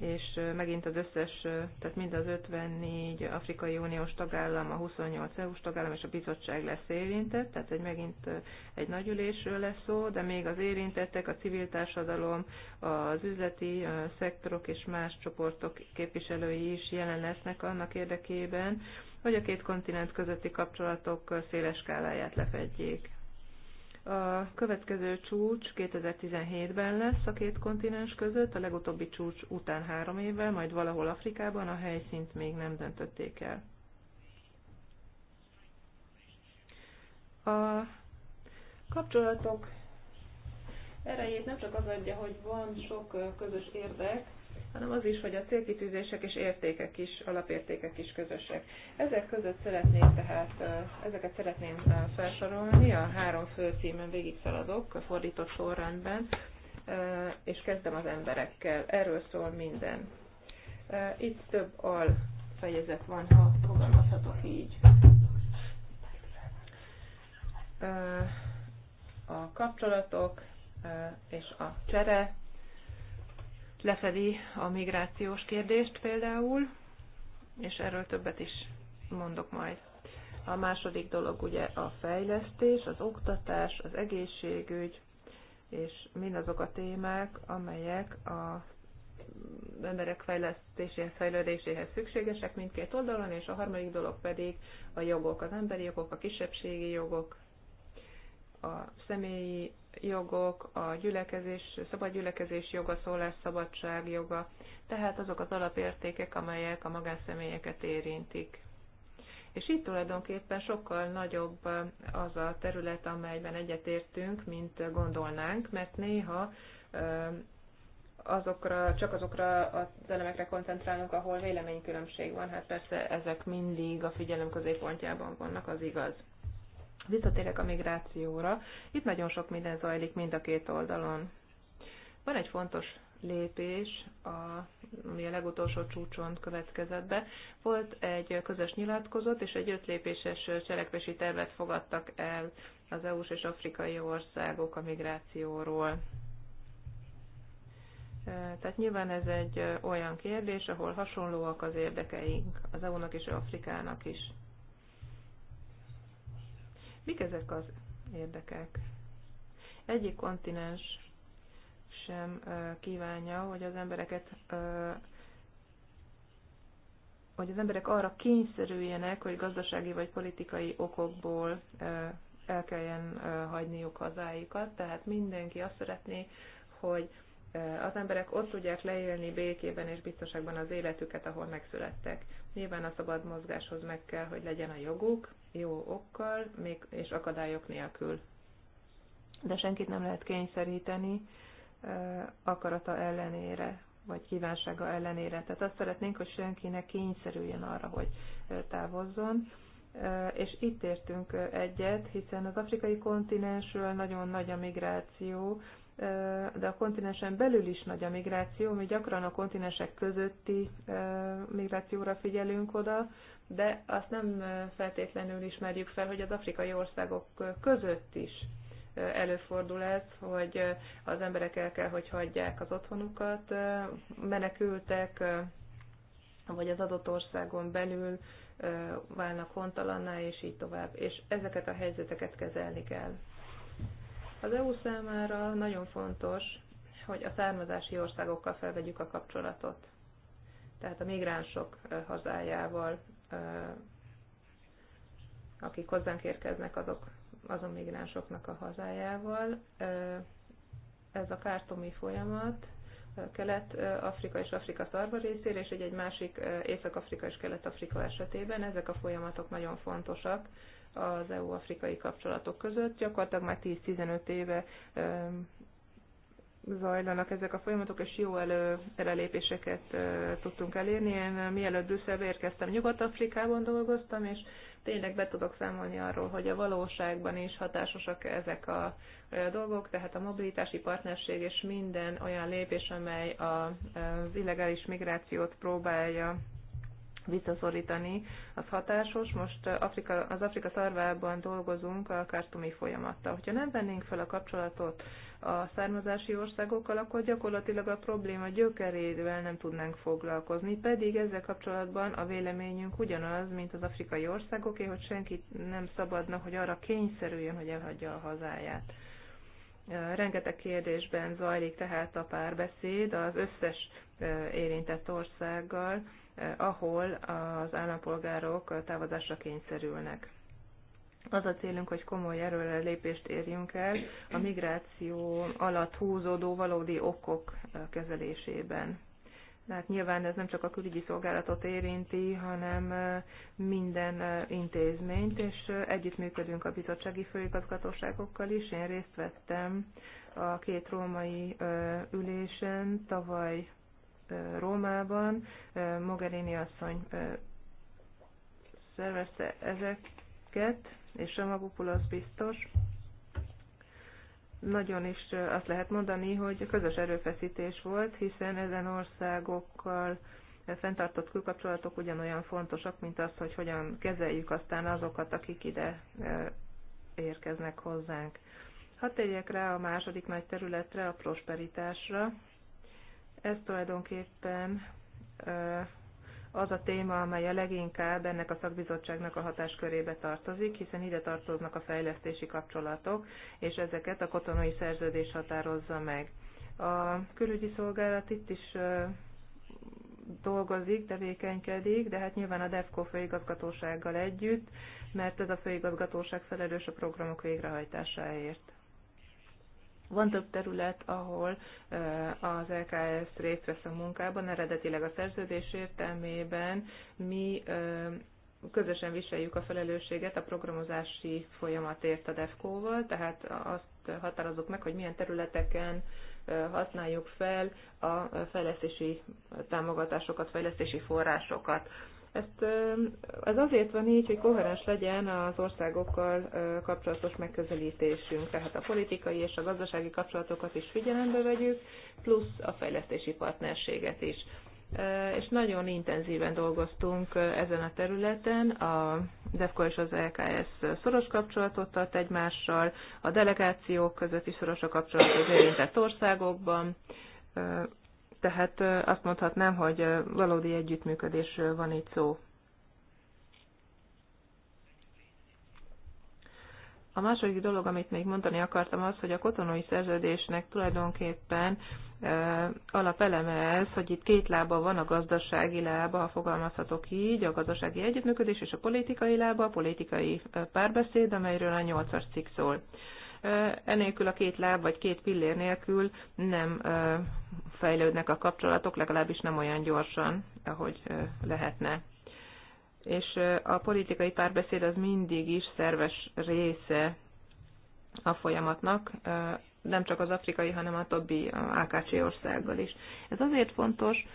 és megint az összes, tehát mind az 54 Afrikai Uniós tagállam, a 28 EU-s tagállam és a bizottság lesz érintett, tehát egy megint egy nagy ülésről lesz szó, de még az érintettek, a civil társadalom, az üzleti szektorok és más csoportok képviselői is jelen lesznek annak érdekében, hogy a két kontinens közötti kapcsolatok széles skáláját lefedjék. A következő csúcs 2017-ben lesz a két kontinens között, a legutóbbi csúcs után három évvel, majd valahol Afrikában a helyszínt még nem döntötték el. A kapcsolatok erejét nem csak az adja, hogy van sok közös érdek, hanem az is, hogy a célkitűzések és értékek is, alapértékek is közösek. Ezek között szeretném tehát, ezeket szeretném felsorolni, a három fő címen szaladok a fordított sorrendben, és kezdem az emberekkel. Erről szól minden. Itt több al fejezet van, ha fogalmazhatok így. A kapcsolatok és a csere, lefedi a migrációs kérdést például, és erről többet is mondok majd. A második dolog ugye a fejlesztés, az oktatás, az egészségügy, és mindazok a témák, amelyek a emberek fejlesztéséhez, fejlődéséhez szükségesek mindkét oldalon, és a harmadik dolog pedig a jogok, az emberi jogok, a kisebbségi jogok, a személyi jogok, a gyülekezés, szabad gyülekezés joga, szólásszabadság joga, tehát azok az alapértékek, amelyek a magánszemélyeket érintik. És itt tulajdonképpen sokkal nagyobb az a terület, amelyben egyetértünk, mint gondolnánk, mert néha azokra, csak azokra az elemekre koncentrálunk, ahol véleménykülönbség van. Hát persze ezek mindig a figyelem középpontjában vannak, az igaz. Visszatérek a migrációra. Itt nagyon sok minden zajlik mind a két oldalon. Van egy fontos lépés, a, ami a legutolsó csúcson következett be. Volt egy közös nyilatkozat, és egy ötlépéses cselekvési tervet fogadtak el az EU-s és afrikai országok a migrációról. Tehát nyilván ez egy olyan kérdés, ahol hasonlóak az érdekeink az EU-nak és az Afrikának is. Mik ezek az érdekek? Egyik kontinens sem kívánja, hogy az embereket hogy az emberek arra kényszerüljenek, hogy gazdasági vagy politikai okokból el kelljen hagyniuk hazáikat. Tehát mindenki azt szeretné, hogy az emberek ott tudják leélni békében és biztonságban az életüket, ahol megszülettek. Nyilván a szabad mozgáshoz meg kell, hogy legyen a joguk, jó okkal még, és akadályok nélkül. De senkit nem lehet kényszeríteni akarata ellenére, vagy kívánsága ellenére. Tehát azt szeretnénk, hogy senkinek kényszerüljön arra, hogy távozzon és itt értünk egyet, hiszen az afrikai kontinensről nagyon nagy a migráció, de a kontinensen belül is nagy a migráció, mi gyakran a kontinensek közötti migrációra figyelünk oda, de azt nem feltétlenül ismerjük fel, hogy az afrikai országok között is előfordul ez, hogy az emberek el kell, hogy hagyják az otthonukat, menekültek, vagy az adott országon belül válnak hontalanná, és így tovább. És ezeket a helyzeteket kezelni kell. Az EU számára nagyon fontos, hogy a származási országokkal felvegyük a kapcsolatot. Tehát a migránsok hazájával, akik hozzánk érkeznek, azok, azon migránsoknak a hazájával. Ez a kártomi folyamat Kelet-Afrika és Afrika szarva részére, és egy másik Észak-Afrika és Kelet-Afrika esetében. Ezek a folyamatok nagyon fontosak az EU-afrikai kapcsolatok között. Gyakorlatilag már 10-15 éve zajlanak ezek a folyamatok, és jó elő, előlépéseket tudtunk elérni. Én mielőtt Brüsszelbe érkeztem, Nyugat-Afrikában dolgoztam, és tényleg be tudok számolni arról, hogy a valóságban is hatásosak ezek a dolgok, tehát a mobilitási partnerség és minden olyan lépés, amely az illegális migrációt próbálja visszaszorítani, az hatásos. Most Afrika, az Afrika szarvában dolgozunk a kártumi folyamattal. Hogyha nem vennénk fel a kapcsolatot a származási országokkal, akkor gyakorlatilag a probléma gyökerével nem tudnánk foglalkozni, pedig ezzel kapcsolatban a véleményünk ugyanaz, mint az afrikai országoké, hogy senkit nem szabadna, hogy arra kényszerüljön, hogy elhagyja a hazáját. Rengeteg kérdésben zajlik tehát a párbeszéd az összes érintett országgal, ahol az állampolgárok távozásra kényszerülnek. Az a célunk, hogy komoly lépést érjünk el a migráció alatt húzódó valódi okok kezelésében. Hát nyilván ez nem csak a külügyi szolgálatot érinti, hanem minden intézményt, és együttműködünk a bizottsági főigazgatóságokkal is. Én részt vettem a két római ülésen tavaly Rómában. Mogherini asszony szervezte ezeket, és az biztos, nagyon is azt lehet mondani, hogy közös erőfeszítés volt, hiszen ezen országokkal fenntartott külkapcsolatok ugyanolyan fontosak, mint az, hogy hogyan kezeljük aztán azokat, akik ide érkeznek hozzánk. Hadd tegyek rá a második nagy területre, a prosperitásra. Ez tulajdonképpen az a téma, amely a leginkább ennek a szakbizottságnak a hatáskörébe tartozik, hiszen ide tartoznak a fejlesztési kapcsolatok, és ezeket a kotonai szerződés határozza meg. A külügyi szolgálat itt is dolgozik, tevékenykedik, de hát nyilván a DEFCO főigazgatósággal együtt, mert ez a főigazgatóság felelős a programok végrehajtásáért. Van több terület, ahol az LKS részt vesz a munkában, eredetileg a szerződés értelmében mi közösen viseljük a felelősséget a programozási folyamatért a DEFCO-val, tehát azt határozzuk meg, hogy milyen területeken használjuk fel a fejlesztési támogatásokat, fejlesztési forrásokat. Ezt, ez azért van így, hogy koherens legyen az országokkal kapcsolatos megközelítésünk, tehát a politikai és a gazdasági kapcsolatokat is figyelembe vegyük, plusz a fejlesztési partnerséget is. És nagyon intenzíven dolgoztunk ezen a területen, a DEFCO és az LKS e szoros kapcsolatot tart egymással, a delegációk közötti szoros a kapcsolat az érintett országokban, tehát azt mondhatnám, hogy valódi együttműködésről van itt szó. A második dolog, amit még mondani akartam, az, hogy a kotonói szerződésnek tulajdonképpen e, alapeleme ez, hogy itt két lába van, a gazdasági lába, ha fogalmazhatok így, a gazdasági együttműködés, és a politikai lába, a politikai párbeszéd, amelyről a nyolcas cikk szól enélkül a két láb vagy két pillér nélkül nem fejlődnek a kapcsolatok, legalábbis nem olyan gyorsan, ahogy lehetne. És a politikai párbeszéd az mindig is szerves része a folyamatnak, nem csak az afrikai, hanem a többi AKC országgal is. Ez azért fontos,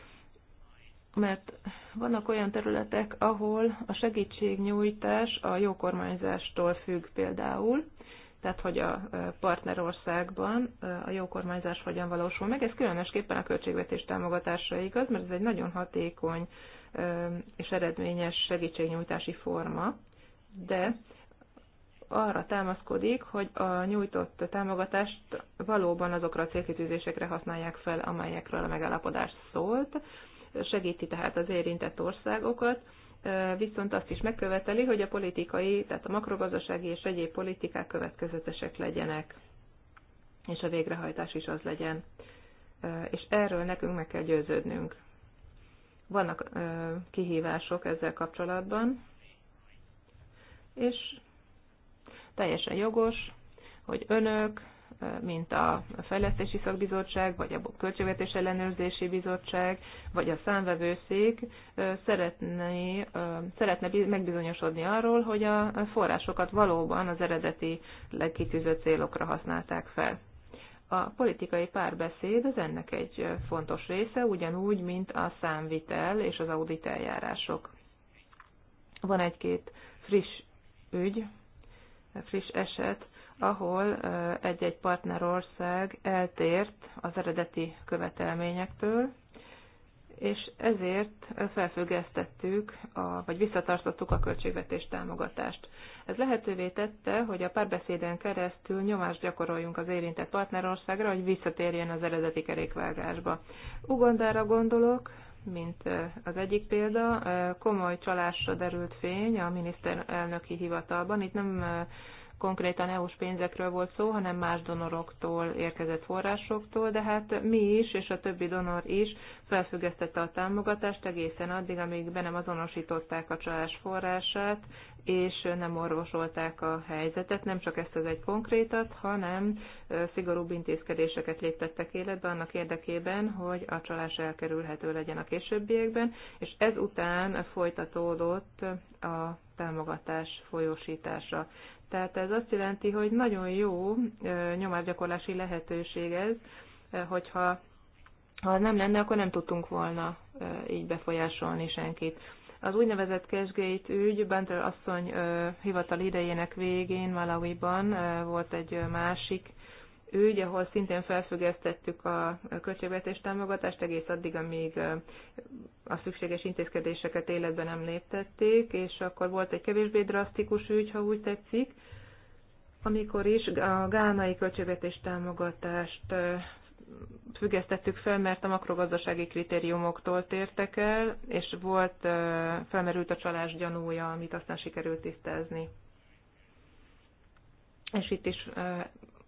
mert vannak olyan területek, ahol a segítségnyújtás a jó kormányzástól függ például, tehát hogy a partnerországban a jó kormányzás hogyan valósul meg. Ez különösképpen a költségvetés támogatásra igaz, mert ez egy nagyon hatékony és eredményes segítségnyújtási forma, de arra támaszkodik, hogy a nyújtott támogatást valóban azokra a célkitűzésekre használják fel, amelyekről a megállapodás szólt, segíti tehát az érintett országokat, viszont azt is megköveteli, hogy a politikai, tehát a makrogazdasági és egyéb politikák következetesek legyenek, és a végrehajtás is az legyen. És erről nekünk meg kell győződnünk. Vannak kihívások ezzel kapcsolatban, és teljesen jogos, hogy önök, mint a Fejlesztési Szakbizottság, vagy a Költségvetés Ellenőrzési Bizottság, vagy a számvevőszék szeretné, szeretne megbizonyosodni arról, hogy a forrásokat valóban az eredeti legkitűzött célokra használták fel. A politikai párbeszéd az ennek egy fontos része, ugyanúgy, mint a számvitel és az audit eljárások. Van egy-két friss ügy, friss eset, ahol egy-egy partnerország eltért az eredeti követelményektől, és ezért felfüggesztettük, a, vagy visszatartottuk a költségvetés támogatást. Ez lehetővé tette, hogy a párbeszéden keresztül nyomást gyakoroljunk az érintett partnerországra, hogy visszatérjen az eredeti kerékvágásba. Ugandára gondolok, mint az egyik példa, komoly csalásra derült fény a miniszterelnöki hivatalban. Itt nem konkrétan EU-s pénzekről volt szó, hanem más donoroktól érkezett forrásoktól, de hát mi is, és a többi donor is felfüggesztette a támogatást egészen addig, amíg be nem azonosították a csalás forrását, és nem orvosolták a helyzetet, nem csak ezt az egy konkrétat, hanem szigorúbb intézkedéseket léptettek életbe annak érdekében, hogy a csalás elkerülhető legyen a későbbiekben, és ezután folytatódott a támogatás folyósítása. Tehát ez azt jelenti, hogy nagyon jó nyomásgyakorlási lehetőség ez, hogyha ha nem lenne, akkor nem tudtunk volna így befolyásolni senkit. Az úgynevezett Cashgate ügy, Bentről asszony hivatal idejének végén Malawiban volt egy másik ügy, ahol szintén felfüggesztettük a költségvetés támogatást egész addig, amíg a szükséges intézkedéseket életben nem léptették, és akkor volt egy kevésbé drasztikus ügy, ha úgy tetszik, amikor is a gánai költségvetés támogatást függesztettük fel, mert a makrogazdasági kritériumoktól tértek el, és volt, felmerült a csalás gyanúja, amit aztán sikerült tisztázni. És itt is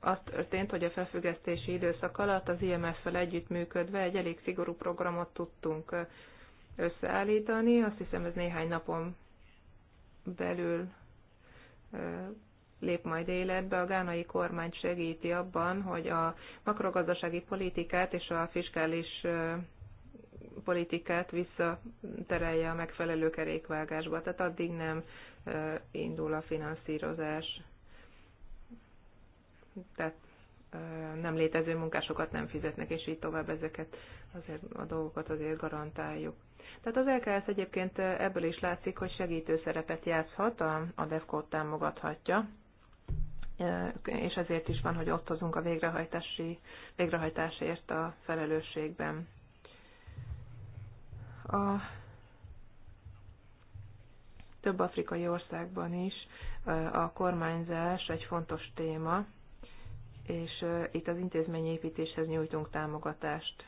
az történt, hogy a felfüggesztési időszak alatt az IMF-fel együttműködve egy elég szigorú programot tudtunk összeállítani. Azt hiszem ez néhány napon belül lép majd életbe. A gánai kormány segíti abban, hogy a makrogazdasági politikát és a fiskális politikát visszaterelje a megfelelő kerékvágásba. Tehát addig nem indul a finanszírozás tehát nem létező munkásokat nem fizetnek, és így tovább ezeket azért a dolgokat azért garantáljuk. Tehát az LKS egyébként ebből is látszik, hogy segítő szerepet játszhat, a, DEFCO-t támogathatja, és ezért is van, hogy ott hozunk a végrehajtási, végrehajtásért a felelősségben. A több afrikai országban is a kormányzás egy fontos téma, és itt az intézményépítéshez nyújtunk támogatást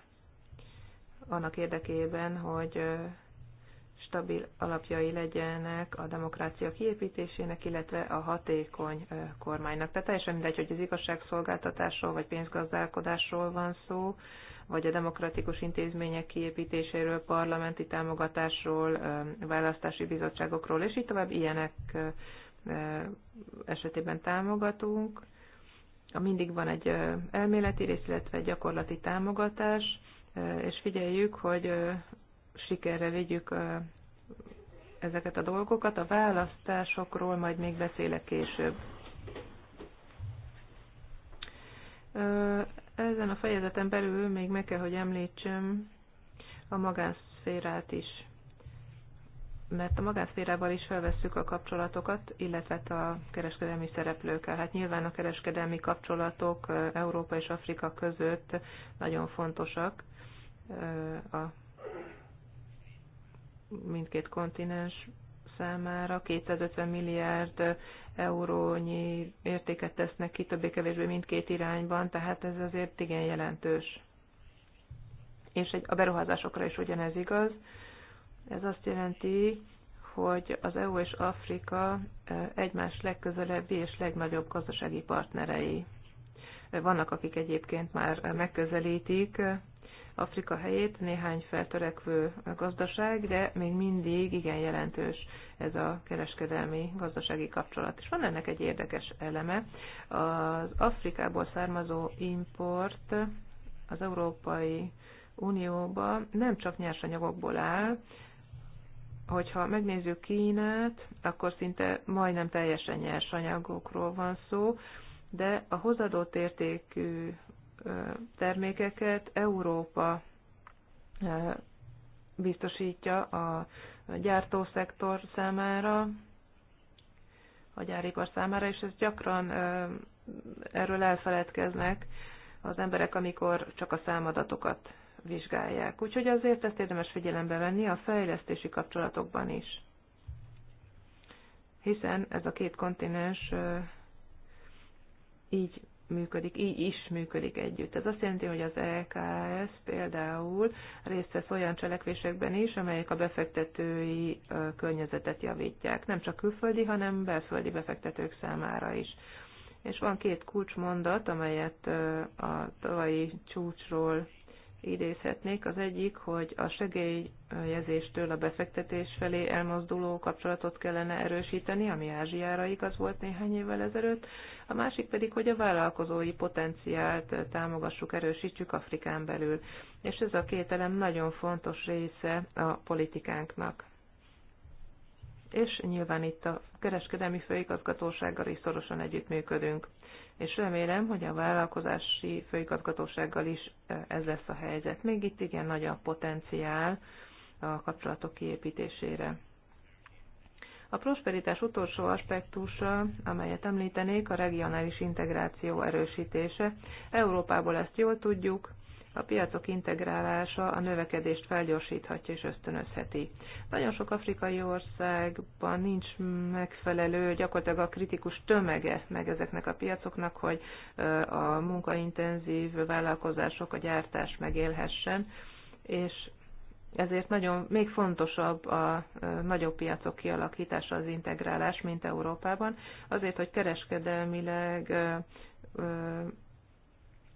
annak érdekében, hogy stabil alapjai legyenek a demokrácia kiépítésének, illetve a hatékony kormánynak. Tehát teljesen mindegy, hogy az igazságszolgáltatásról vagy pénzgazdálkodásról van szó, vagy a demokratikus intézmények kiépítéséről, parlamenti támogatásról, választási bizottságokról, és így tovább ilyenek esetében támogatunk mindig van egy elméleti rész, illetve egy gyakorlati támogatás, és figyeljük, hogy sikerre vigyük ezeket a dolgokat. A választásokról majd még beszélek később. Ezen a fejezeten belül még meg kell, hogy említsem a magánszférát is mert a magánszférával is felvesszük a kapcsolatokat, illetve hát a kereskedelmi szereplőkkel. Hát nyilván a kereskedelmi kapcsolatok Európa és Afrika között nagyon fontosak a mindkét kontinens számára 250 milliárd eurónyi értéket tesznek ki többé-kevésbé mindkét irányban, tehát ez azért igen jelentős. És a beruházásokra is ugyanez igaz. Ez azt jelenti, hogy az EU és Afrika e, egymás legközelebbi és legnagyobb gazdasági partnerei. Vannak, akik egyébként már megközelítik Afrika helyét, néhány feltörekvő gazdaság, de még mindig igen jelentős ez a kereskedelmi gazdasági kapcsolat. És van ennek egy érdekes eleme. Az Afrikából származó import az Európai Unióba nem csak nyersanyagokból áll, hogyha megnézzük Kínát, akkor szinte majdnem teljesen nyersanyagokról van szó, de a hozadott értékű termékeket Európa biztosítja a gyártószektor számára, a gyáripar számára, és ez gyakran erről elfeledkeznek az emberek, amikor csak a számadatokat vizsgálják. Úgyhogy azért ezt érdemes figyelembe venni a fejlesztési kapcsolatokban is. Hiszen ez a két kontinens így működik, így is működik együtt. Ez azt jelenti, hogy az EKS például részt vesz olyan cselekvésekben is, amelyek a befektetői környezetet javítják, nem csak külföldi, hanem belföldi befektetők számára is. És van két kulcsmondat, amelyet a tavalyi csúcsról idézhetnék. Az egyik, hogy a segélyezéstől a befektetés felé elmozduló kapcsolatot kellene erősíteni, ami Ázsiára igaz volt néhány évvel ezelőtt. A másik pedig, hogy a vállalkozói potenciált támogassuk, erősítsük Afrikán belül. És ez a két elem nagyon fontos része a politikánknak. És nyilván itt a kereskedelmi főigazgatósággal is szorosan együttműködünk és remélem, hogy a vállalkozási főigazgatósággal is e, ez lesz a helyzet. Még itt igen nagy a potenciál a kapcsolatok kiépítésére. A prosperitás utolsó aspektusa, amelyet említenék, a regionális integráció erősítése. Európából ezt jól tudjuk, a piacok integrálása a növekedést felgyorsíthatja és ösztönözheti. Nagyon sok afrikai országban nincs megfelelő, gyakorlatilag a kritikus tömege meg ezeknek a piacoknak, hogy a munkaintenzív vállalkozások, a gyártás megélhessen, és ezért nagyon még fontosabb a nagyobb piacok kialakítása, az integrálás, mint Európában, azért, hogy kereskedelmileg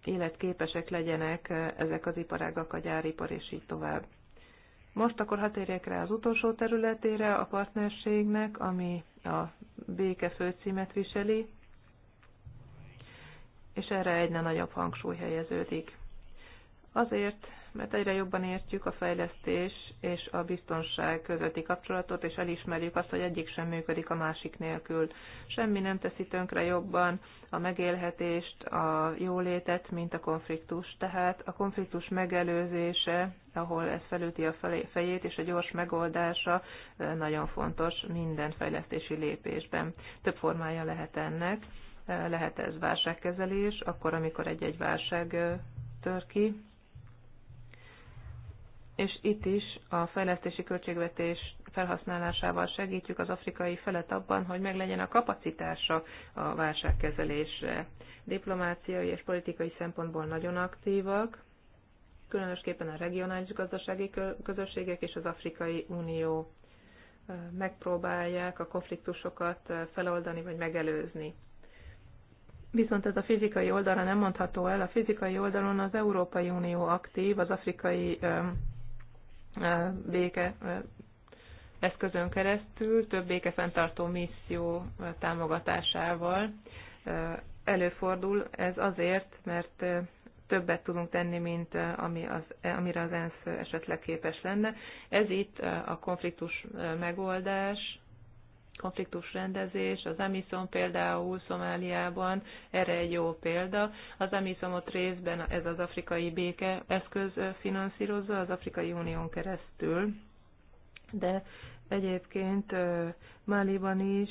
életképesek legyenek ezek az iparágak, a gyáripar és így tovább. Most akkor hat érjek rá az utolsó területére, a partnerségnek, ami a béke főcímet viseli, és erre egyre nagyobb hangsúly helyeződik. Azért, mert egyre jobban értjük a fejlesztés és a biztonság közötti kapcsolatot, és elismerjük azt, hogy egyik sem működik a másik nélkül. Semmi nem teszi tönkre jobban a megélhetést, a jólétet, mint a konfliktus. Tehát a konfliktus megelőzése, ahol ez felüti a fejét, és a gyors megoldása nagyon fontos minden fejlesztési lépésben. Több formája lehet ennek. Lehet ez válságkezelés, akkor, amikor egy-egy válság tör ki, és itt is a fejlesztési költségvetés felhasználásával segítjük az afrikai felet abban, hogy meglegyen a kapacitása a válságkezelésre. Diplomáciai és politikai szempontból nagyon aktívak, különösképpen a regionális gazdasági közösségek és az Afrikai Unió megpróbálják a konfliktusokat feloldani vagy megelőzni. Viszont ez a fizikai oldalra nem mondható el. A fizikai oldalon az Európai Unió aktív, az afrikai béke eszközön keresztül, több békefenntartó misszió támogatásával. Előfordul ez azért, mert többet tudunk tenni, mint ami az, amire az ENSZ esetleg képes lenne. Ez itt a konfliktus megoldás, konfliktus rendezés, az Amisom például Szomáliában erre egy jó példa. Az ott részben ez az afrikai béke eszköz finanszírozza az Afrikai Unión keresztül, de egyébként Máliban is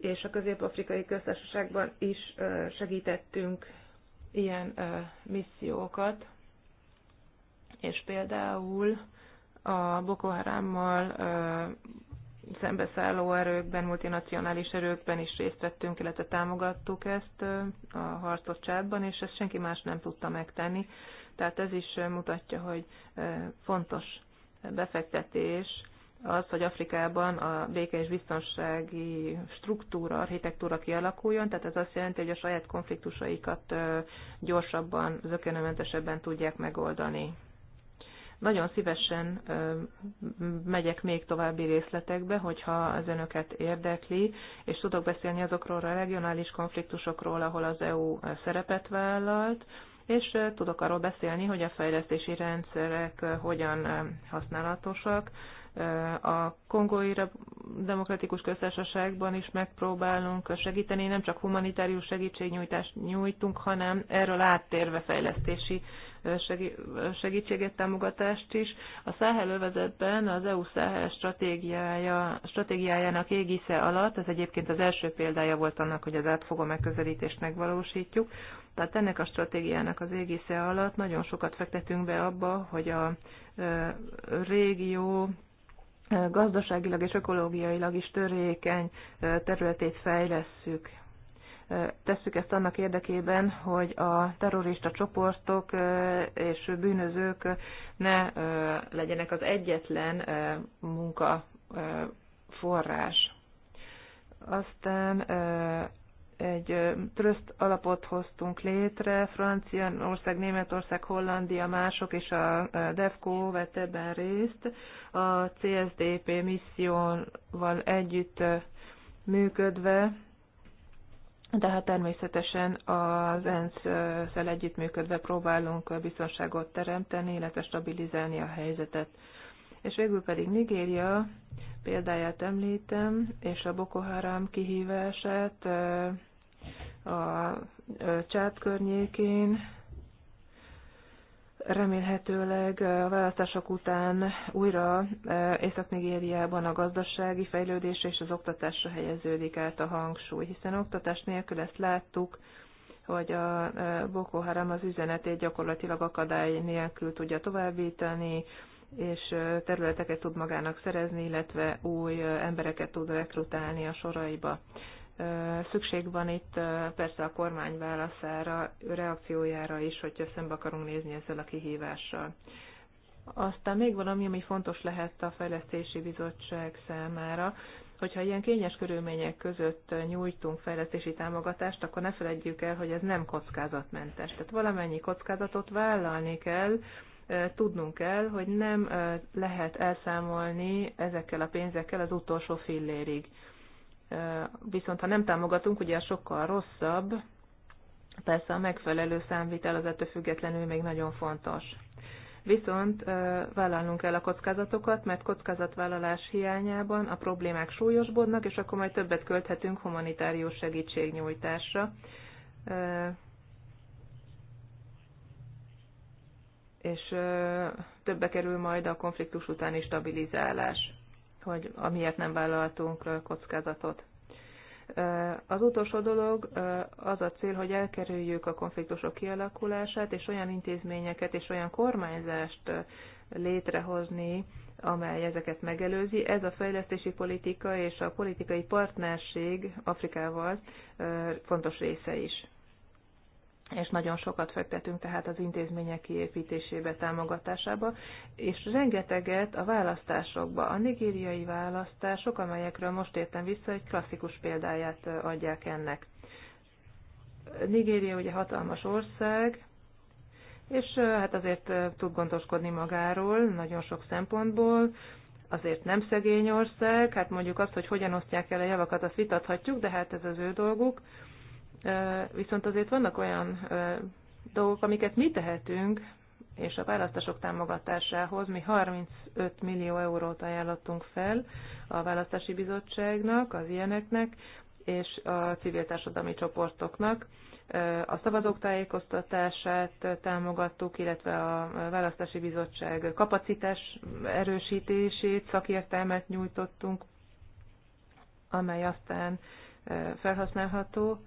és a Közép-Afrikai Köztársaságban is segítettünk ilyen missziókat, és például a Boko Harammal szembeszálló erőkben, multinacionális erőkben is részt vettünk, illetve támogattuk ezt a harcot csátban, és ezt senki más nem tudta megtenni. Tehát ez is mutatja, hogy fontos befektetés az, hogy Afrikában a béke és biztonsági struktúra, architektúra kialakuljon, tehát ez azt jelenti, hogy a saját konfliktusaikat gyorsabban, zökenőmentesebben tudják megoldani. Nagyon szívesen megyek még további részletekbe, hogyha az önöket érdekli, és tudok beszélni azokról a regionális konfliktusokról, ahol az EU szerepet vállalt, és tudok arról beszélni, hogy a fejlesztési rendszerek hogyan használatosak. A Kongói Demokratikus Köztársaságban is megpróbálunk segíteni, nem csak humanitárius segítségnyújtást nyújtunk, hanem erről áttérve fejlesztési segítséget, támogatást is. A Száhel övezetben az EU Száhel stratégiája, stratégiájának égisze alatt, ez egyébként az első példája volt annak, hogy az átfogó megközelítést megvalósítjuk, tehát ennek a stratégiának az égisze alatt nagyon sokat fektetünk be abba, hogy a régió gazdaságilag és ökológiailag is törékeny területét fejlesszük tesszük ezt annak érdekében, hogy a terrorista csoportok és bűnözők ne legyenek az egyetlen munkaforrás. Aztán egy tröszt alapot hoztunk létre, Franciaország, Németország, Hollandia, mások és a DEFCO vett ebben részt. A CSDP misszióval együtt működve hát természetesen az ENSZ-szel együttműködve próbálunk biztonságot teremteni, illetve stabilizálni a helyzetet. És végül pedig Nigéria példáját említem, és a Boko Haram kihívását a csát környékén, remélhetőleg a választások után újra e, Észak-Nigériában a gazdasági fejlődés és az oktatásra helyeződik át a hangsúly, hiszen oktatás nélkül ezt láttuk, hogy a e, Boko Haram az üzenetét gyakorlatilag akadály nélkül tudja továbbítani, és e, területeket tud magának szerezni, illetve új embereket tud rekrutálni a soraiba. Szükség van itt persze a kormány válaszára, reakciójára is, hogyha szembe akarunk nézni ezzel a kihívással. Aztán még valami, ami fontos lehet a Fejlesztési Bizottság számára, hogyha ilyen kényes körülmények között nyújtunk fejlesztési támogatást, akkor ne felejtjük el, hogy ez nem kockázatmentes. Tehát valamennyi kockázatot vállalni kell, tudnunk kell, hogy nem lehet elszámolni ezekkel a pénzekkel az utolsó fillérig viszont ha nem támogatunk, ugye sokkal rosszabb, persze a megfelelő számvitel az ettől függetlenül még nagyon fontos. Viszont vállalnunk kell a kockázatokat, mert kockázatvállalás hiányában a problémák súlyosbodnak, és akkor majd többet költhetünk humanitárius segítségnyújtásra. És többbe kerül majd a konfliktus utáni stabilizálás hogy amiért nem vállaltunk kockázatot. Az utolsó dolog az a cél, hogy elkerüljük a konfliktusok kialakulását, és olyan intézményeket és olyan kormányzást létrehozni, amely ezeket megelőzi. Ez a fejlesztési politika és a politikai partnerség Afrikával fontos része is és nagyon sokat fektetünk tehát az intézmények kiépítésébe, támogatásába, és rengeteget a választásokba. A nigériai választások, amelyekről most értem vissza, egy klasszikus példáját adják ennek. Nigéria ugye hatalmas ország, és hát azért tud gondoskodni magáról nagyon sok szempontból, azért nem szegény ország, hát mondjuk azt, hogy hogyan osztják el a javakat, azt vitathatjuk, de hát ez az ő dolguk Viszont azért vannak olyan dolgok, amiket mi tehetünk, és a választások támogatásához mi 35 millió eurót ajánlottunk fel a választási bizottságnak, az ilyeneknek, és a civil társadalmi csoportoknak. A szavazók tájékoztatását támogattuk, illetve a választási bizottság kapacitás erősítését, szakértelmet nyújtottunk, amely aztán felhasználható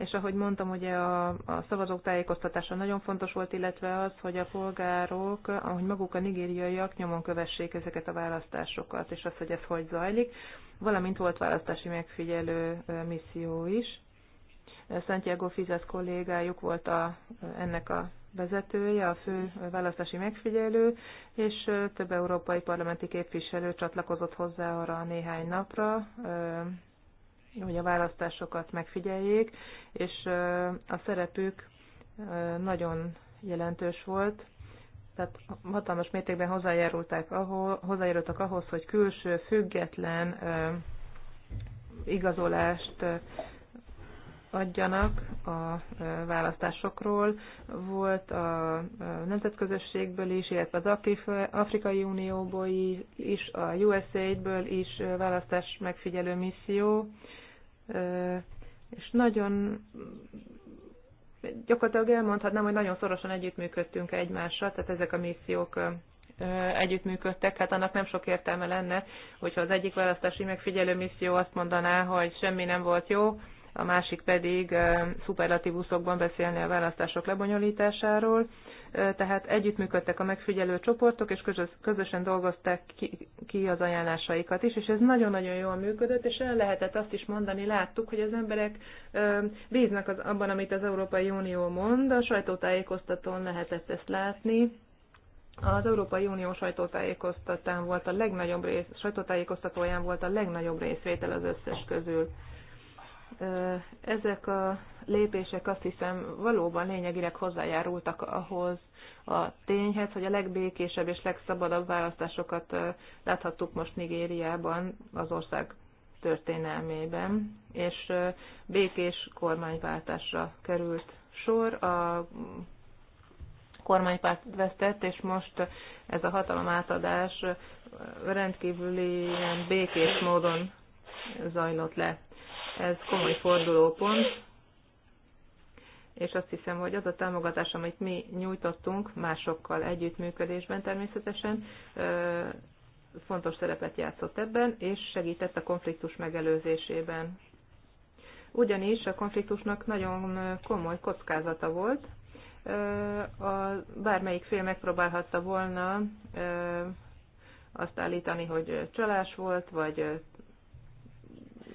és ahogy mondtam, ugye a, a szavazók tájékoztatása nagyon fontos volt, illetve az, hogy a polgárok, ahogy maguk a nigériaiak nyomon kövessék ezeket a választásokat, és az, hogy ez hogy zajlik, valamint volt választási megfigyelő misszió is. Santiago Fizes kollégájuk volt a, ennek a vezetője, a fő választási megfigyelő, és több európai parlamenti képviselő csatlakozott hozzá arra a néhány napra, hogy a választásokat megfigyeljék, és a szerepük nagyon jelentős volt, tehát hatalmas mértékben hozzájárultak ahhoz, hozzájárultak ahhoz hogy külső, független igazolást adjanak a választásokról. Volt a nemzetközösségből is, illetve az Afrikai Unióból is, a USAID-ből is választás megfigyelő misszió, és nagyon gyakorlatilag elmondhatnám, hogy nagyon szorosan együttműködtünk egymással, tehát ezek a missziók együttműködtek, hát annak nem sok értelme lenne, hogyha az egyik választási megfigyelő misszió azt mondaná, hogy semmi nem volt jó, a másik pedig szuperlatívuszokban beszélni a választások lebonyolításáról. Tehát együttműködtek a megfigyelő csoportok, és közösen dolgozták ki az ajánlásaikat is, és ez nagyon-nagyon jól működött, és el lehetett azt is mondani, láttuk, hogy az emberek bíznak az, abban, amit az Európai Unió mond, a sajtótájékoztatón lehetett ezt látni, az Európai Unió sajtótájékoztatán volt a legnagyobb rész, sajtótájékoztatóján volt a legnagyobb részvétel az összes közül ezek a lépések azt hiszem valóban lényegileg hozzájárultak ahhoz a tényhez, hogy a legbékésebb és legszabadabb választásokat láthattuk most Nigériában az ország történelmében, és békés kormányváltásra került sor. A kormánypárt vesztett, és most ez a hatalom átadás rendkívüli békés módon zajlott le. Ez komoly fordulópont, és azt hiszem, hogy az a támogatás, amit mi nyújtottunk, másokkal együttműködésben természetesen, fontos szerepet játszott ebben, és segített a konfliktus megelőzésében. Ugyanis a konfliktusnak nagyon komoly kockázata volt, a, bármelyik fél megpróbálhatta volna azt állítani, hogy csalás volt, vagy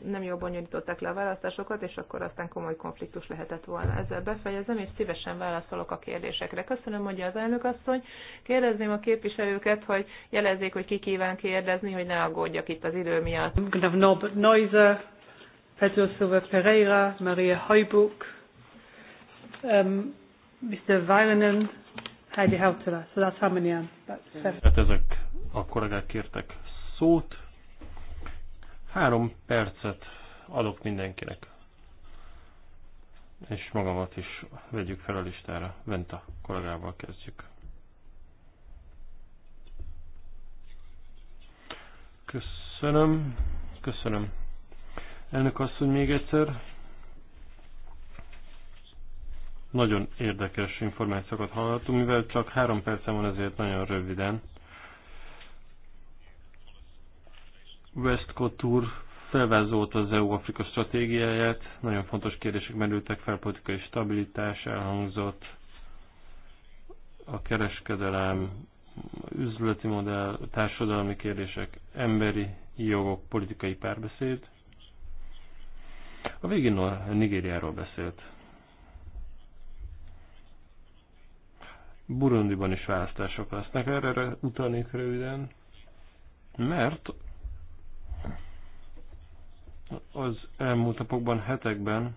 nem jól bonyolították le a választásokat, és akkor aztán komoly konfliktus lehetett volna. Ezzel befejezem, és szívesen válaszolok a kérdésekre. Köszönöm, mondja az elnök asszony. Kérdezném a képviselőket, hogy jelezzék, hogy ki kíván kérdezni, hogy ne aggódjak itt az idő miatt. Pereira, Maria Heubuck, Mr. Um, Weilenen, Heidi Hautala. Hát ezek a kollégák kértek szót Három percet adok mindenkinek. És magamat is vegyük fel a listára. Venta kollégával kezdjük. Köszönöm. Köszönöm. Elnök asszony még egyszer. Nagyon érdekes információkat hallottunk, mivel csak három percem van, ezért nagyon röviden. Westcott úr felvázolta az EU-Afrika stratégiáját, nagyon fontos kérdések merültek fel, politikai stabilitás elhangzott, a kereskedelem, üzleti modell, társadalmi kérdések, emberi jogok, politikai párbeszéd. A végén a Nigériáról beszélt. Burundiban is választások lesznek, erre utalnék röviden, mert az elmúlt napokban, hetekben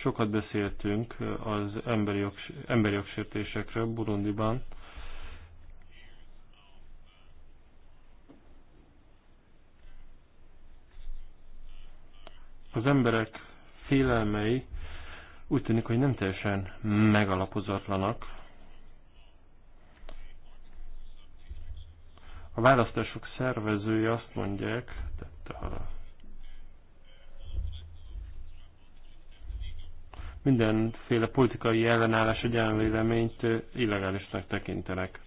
sokat beszéltünk az emberi, jogs emberi jogsértésekről Burundiban. Az emberek félelmei úgy tűnik, hogy nem teljesen megalapozatlanak. A választások szervezői azt mondják, Hát, mindenféle politikai ellenállás egy ellenvéleményt illegálisnak tekintenek.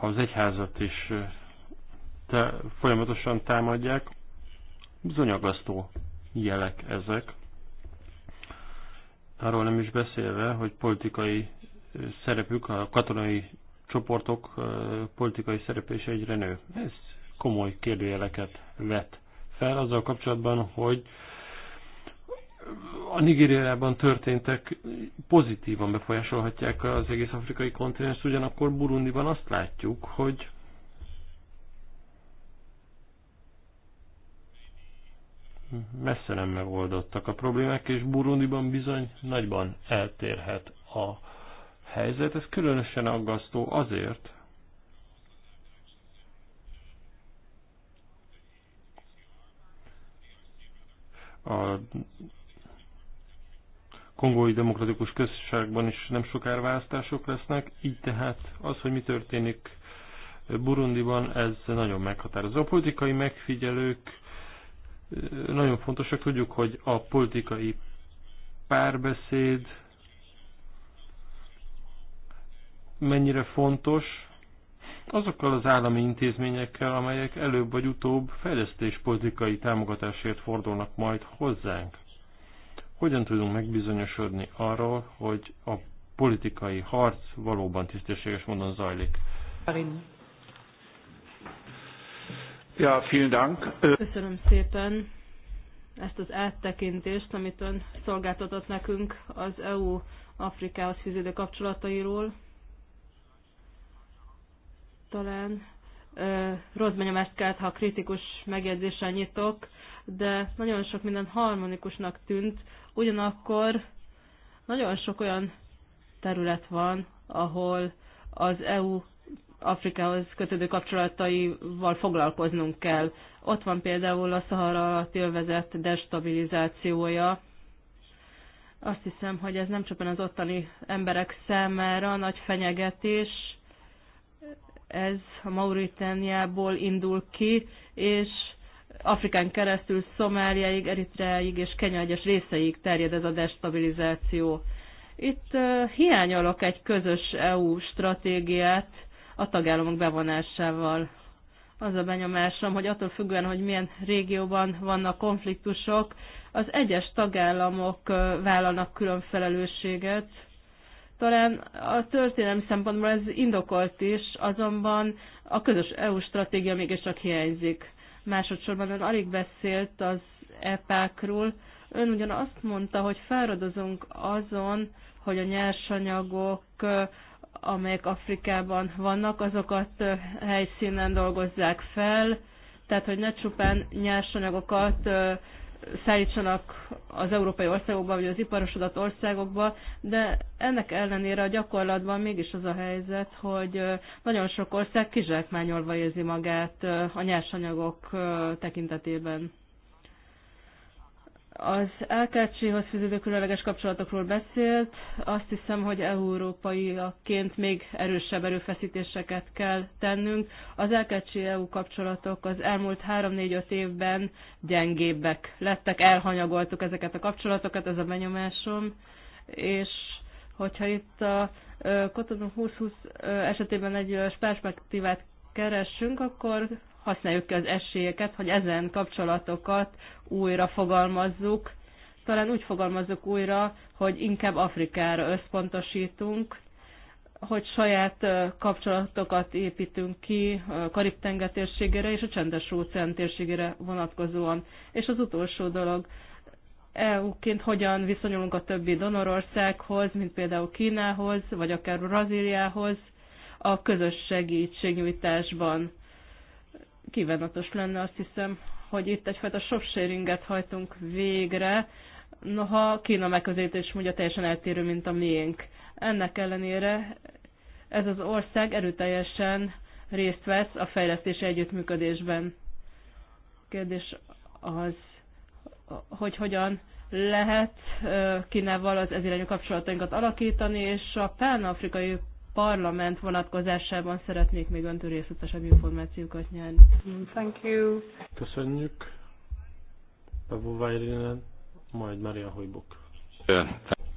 Az egyházat is te, folyamatosan támadják. Bizonyagasztó jelek ezek. Arról nem is beszélve, hogy politikai szerepük, a katonai csoportok politikai szerepe is egyre nő. Ez komoly kérdőjeleket vet fel azzal kapcsolatban, hogy a Nigériában történtek pozitívan befolyásolhatják az egész afrikai kontinens, ugyanakkor Burundiban azt látjuk, hogy messze nem megoldottak a problémák, és Burundiban bizony nagyban eltérhet a helyzet, ez különösen aggasztó azért, a kongói demokratikus közösségben is nem sokára választások lesznek, így tehát az, hogy mi történik Burundiban, ez nagyon meghatározó. A politikai megfigyelők eh, nagyon fontosak, tudjuk, hogy a politikai párbeszéd mennyire fontos azokkal az állami intézményekkel, amelyek előbb vagy utóbb fejlesztéspolitikai támogatásért fordulnak majd hozzánk. Hogyan tudunk megbizonyosodni arról, hogy a politikai harc valóban tisztességes módon zajlik? Ja, vielen Dank. Köszönöm szépen ezt az áttekintést, amit ön szolgáltatott nekünk az EU Afrikához fűződő kapcsolatairól talán ö, rossz benyomást kelt, ha kritikus megjegyzéssel nyitok, de nagyon sok minden harmonikusnak tűnt, ugyanakkor nagyon sok olyan terület van, ahol az EU Afrikához kötődő kapcsolataival foglalkoznunk kell. Ott van például a Szahara alatti övezet destabilizációja. Azt hiszem, hogy ez nem csupán az ottani emberek számára nagy fenyegetés, ez a Mauritániából indul ki, és Afrikán keresztül Szomáliáig, Eritreáig és Kenya egyes részeig terjed ez a destabilizáció. Itt uh, hiányolok egy közös EU stratégiát a tagállamok bevonásával. Az a benyomásom, hogy attól függően, hogy milyen régióban vannak konfliktusok, az egyes tagállamok vállalnak külön felelősséget, talán a történelmi szempontból ez indokolt is, azonban a közös EU stratégia mégiscsak hiányzik. Másodszorban ön alig beszélt az epákról. Ön ugyan azt mondta, hogy fáradozunk azon, hogy a nyersanyagok, amelyek Afrikában vannak, azokat helyszínen dolgozzák fel, tehát hogy ne csupán nyersanyagokat szállítsanak az európai országokba, vagy az iparosodott országokba, de ennek ellenére a gyakorlatban mégis az a helyzet, hogy nagyon sok ország kizsákmányolva érzi magát a nyersanyagok tekintetében. Az LKC-hoz fűződő különleges kapcsolatokról beszélt. Azt hiszem, hogy európaiaként még erősebb erőfeszítéseket kell tennünk. Az LKC-EU e kapcsolatok az elmúlt 3-4-5 évben gyengébbek lettek, elhanyagoltuk ezeket a kapcsolatokat, ez a benyomásom. És hogyha itt a Kotonou 2020 esetében egy perspektívát keressünk, akkor használjuk ki az esélyeket, hogy ezen kapcsolatokat újra fogalmazzuk, talán úgy fogalmazzuk újra, hogy inkább Afrikára összpontosítunk, hogy saját kapcsolatokat építünk ki Karib-tenger térségére és a csendes óceán térségére vonatkozóan. És az utolsó dolog, EU-ként hogyan viszonyulunk a többi donorországhoz, mint például Kínához, vagy akár Brazíliához a közös segítségnyújtásban kívánatos lenne, azt hiszem, hogy itt egyfajta shopsharinget hajtunk végre, noha Kína megközelítés mondja teljesen eltérő, mint a miénk. Ennek ellenére ez az ország erőteljesen részt vesz a fejlesztési együttműködésben. Kérdés az, hogy hogyan lehet Kínával az ezirányú kapcsolatainkat alakítani, és a pán-afrikai parlament vonatkozásában szeretnék még öntől részletesebb információkat nyerni. Thank you. Köszönjük. Pabu Vajrinen, majd Maria Hojbok. Yeah.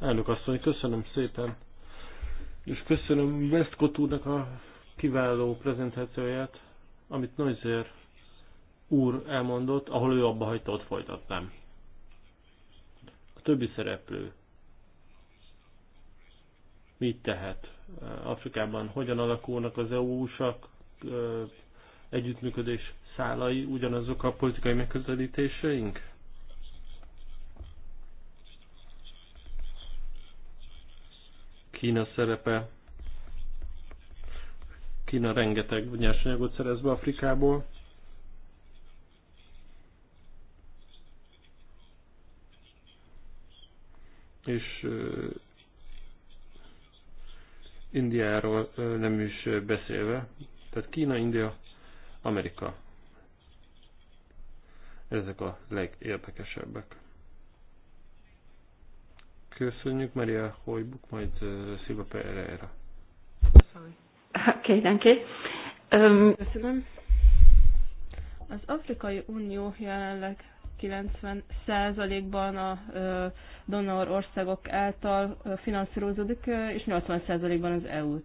Elnök asszony, köszönöm szépen. És köszönöm Westcott úrnak a kiváló prezentációját, amit Noizer úr elmondott, ahol ő abba hagyta, ott folytattam. A többi szereplő. Mit tehet? Afrikában hogyan alakulnak az EU-sak együttműködés szálai, ugyanazok a politikai megközelítéseink? Kína szerepe. Kína rengeteg nyersanyagot szerez be Afrikából. És Indiáról nem is beszélve. Tehát Kína, India, Amerika. Ezek a legérdekesebbek. Köszönjük, Maria Hojbuk, majd Szilva Pereira. Oké, okay, um, Köszönöm. Az Afrikai Unió jelenleg 90%-ban a donor országok által finanszírozódik, és 80%-ban az EU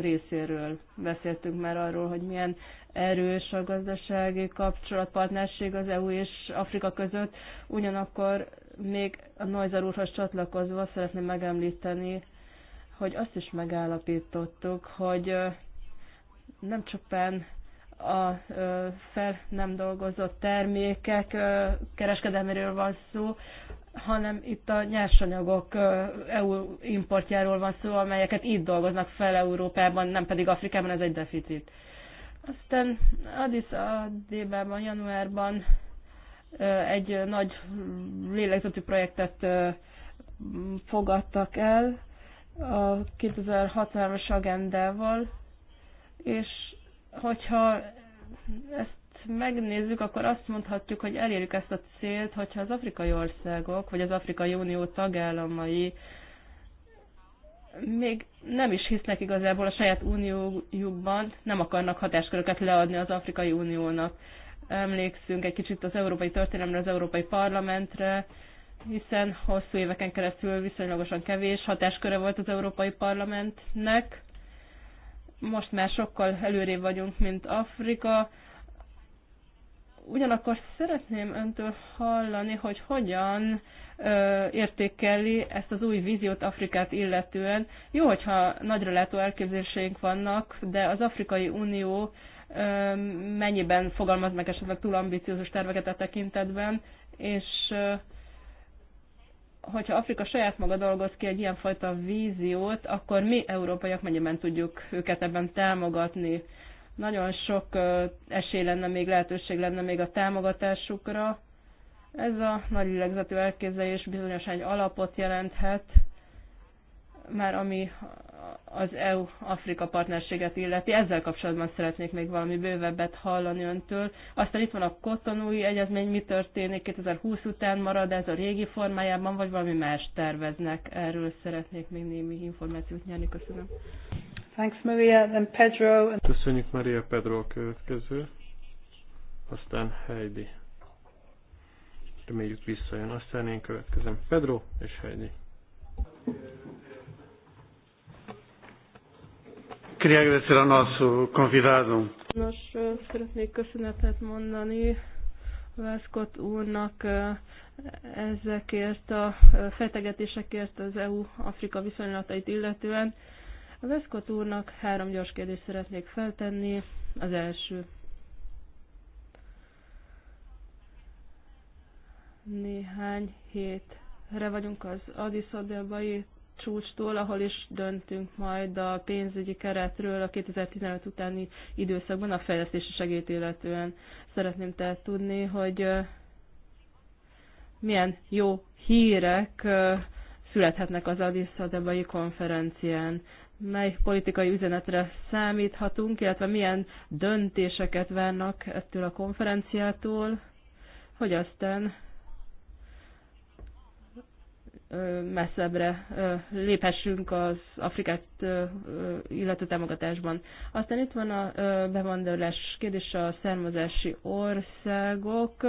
részéről beszéltünk már arról, hogy milyen erős a gazdasági kapcsolatpartnerség az EU és Afrika között. Ugyanakkor még a Neuser úrhoz csatlakozva szeretném megemlíteni, hogy azt is megállapítottuk, hogy nem csupán a fel nem dolgozott termékek kereskedelméről van szó, hanem itt a nyersanyagok EU importjáról van szó, amelyeket itt dolgoznak fel Európában, nem pedig Afrikában, ez egy deficit. Aztán Addis Adébában, januárban egy nagy lélegzetű projektet fogadtak el a 2063-as agendával, és Hogyha ezt megnézzük, akkor azt mondhatjuk, hogy elérjük ezt a célt, hogyha az afrikai országok, vagy az Afrikai Unió tagállamai még nem is hisznek igazából a saját uniójukban, nem akarnak hatásköröket leadni az Afrikai Uniónak. Emlékszünk egy kicsit az európai történelemre, az európai parlamentre, hiszen hosszú éveken keresztül viszonylagosan kevés hatásköre volt az Európai Parlamentnek, most már sokkal előrébb vagyunk, mint Afrika. Ugyanakkor szeretném öntől hallani, hogy hogyan ö, értékeli ezt az új víziót Afrikát illetően. Jó, hogyha nagyra látó elképzéseink vannak, de az Afrikai Unió ö, mennyiben fogalmaz meg esetleg túl ambiciózus terveket a e tekintetben, és ö, hogyha Afrika saját maga dolgoz ki egy ilyenfajta víziót, akkor mi európaiak mennyiben tudjuk őket ebben támogatni. Nagyon sok esély lenne még, lehetőség lenne még a támogatásukra. Ez a nagy lélegzetű elképzelés bizonyosan egy alapot jelenthet már ami az EU-Afrika partnerséget illeti. Ezzel kapcsolatban szeretnék még valami bővebbet hallani öntől. Aztán itt van a kotonúi egyezmény, mi történik 2020 után, marad ez a régi formájában, vagy valami más terveznek? Erről szeretnék még némi információt nyerni. Köszönöm. Thanks, Maria. Then Pedro. Köszönjük, Maria Pedro a következő. Aztán Heidi. Reméljük visszajön. Aztán én következem. Pedro és Heidi. Queria agradecer ao nosso convidado. Nos eh, szeretnék köszönetet mondani Vászkot úrnak eh, ezekért a eh, fejtegetésekért az EU-Afrika viszonylatait illetően. A Veszkot úrnak három gyors kérdést szeretnék feltenni. Az első. Néhány hétre vagyunk az Addis Abebai csúcstól, ahol is döntünk majd a pénzügyi keretről a 2015 utáni időszakban a fejlesztési segélyt illetően. Szeretném tehát tudni, hogy milyen jó hírek születhetnek az Addis Adebai konferencián mely politikai üzenetre számíthatunk, illetve milyen döntéseket várnak ettől a konferenciától, hogy aztán messzebbre léphessünk az Afrikát illető támogatásban. Aztán itt van a bevándorlás kérdése a származási országok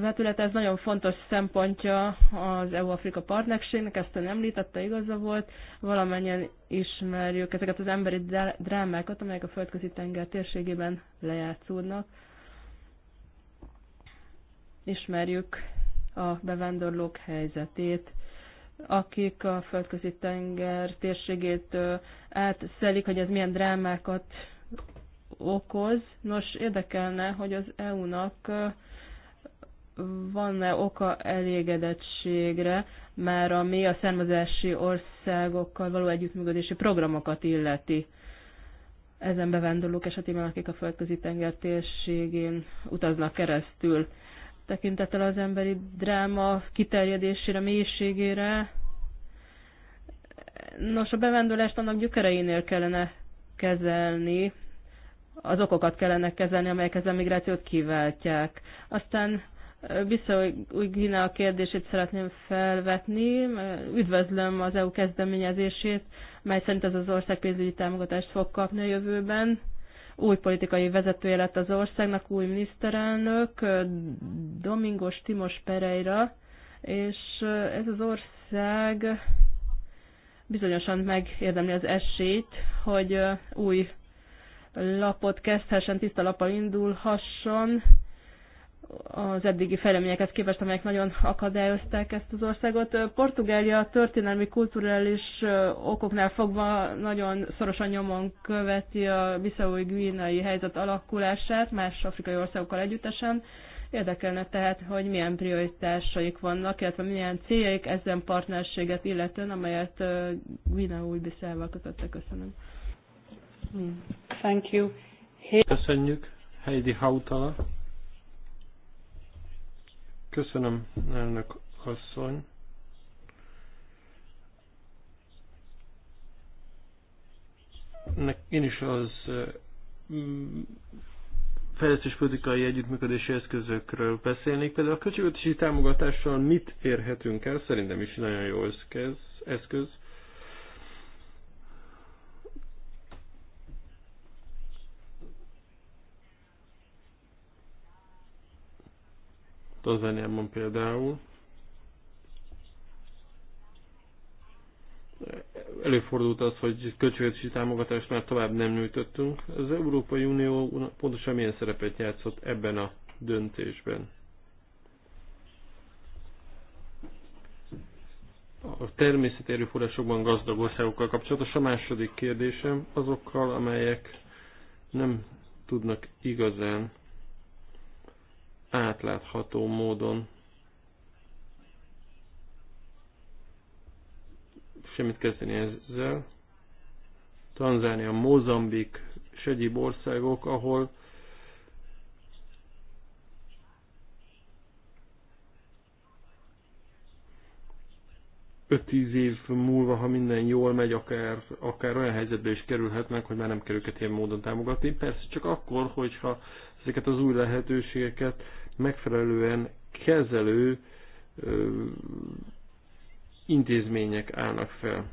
vetület, ez nagyon fontos szempontja az EU-Afrika partnerségnek, ezt ön említette, igaza volt, valamennyien ismerjük ezeket az emberi drámákat, amelyek a földközi tenger térségében lejátszódnak. Ismerjük a bevándorlók helyzetét, akik a földközi tenger térségét átszelik, hogy ez milyen drámákat okoz. Nos, érdekelne, hogy az EU-nak van-e oka elégedettségre, már ami a származási országokkal való együttműködési programokat illeti. Ezen bevándorlók esetében, akik a földközi tenger térségén utaznak keresztül tekintettel az emberi dráma kiterjedésére, mélységére. Nos, a bevándorlást annak gyökereinél kellene kezelni, az okokat kellene kezelni, amelyek az emigrációt kiváltják. Aztán Visszaújgina a kérdését szeretném felvetni. Üdvözlöm az EU kezdeményezését, mely szerint ez az ország pénzügyi támogatást fog kapni a jövőben új politikai vezetője lett az országnak, új miniszterelnök, Domingos Timos Pereira, és ez az ország bizonyosan megérdemli az esélyt, hogy új lapot kezdhessen, tiszta lappal indulhasson, az eddigi fejleményeket képest, amelyek nagyon akadályozták ezt az országot. Portugália történelmi, kulturális okoknál fogva nagyon szorosan nyomon követi a biszaui guinai helyzet alakulását, más afrikai országokkal együttesen. Érdekelne tehát, hogy milyen prioritásaik vannak, illetve milyen céljaik ezen partnerséget illetően, amelyet Guinea Ulbiszával kötötte. Köszönöm. Thank you. Köszönjük. Heidi Hautala. Köszönöm, elnök asszony. Én is az mm, fejlesztéspolitikai együttműködési eszközökről beszélnék. Például a költségvetési támogatással mit érhetünk el? Szerintem is nagyon jó eszköz. Tanzániában például előfordult az, hogy költségvetési támogatást már tovább nem nyújtottunk. Az Európai Unió pontosan milyen szerepet játszott ebben a döntésben? A természeti erőforrásokban gazdag országokkal kapcsolatos a második kérdésem azokkal, amelyek nem tudnak igazán átlátható módon. Semmit kezdeni ezzel. Tanzánia, Mozambik és egyéb országok, ahol 5-10 év múlva, ha minden jól megy, akár, akár olyan helyzetbe is kerülhetnek, hogy már nem kell őket ilyen módon támogatni. Persze csak akkor, hogyha ezeket az új lehetőségeket megfelelően kezelő ö, intézmények állnak fel.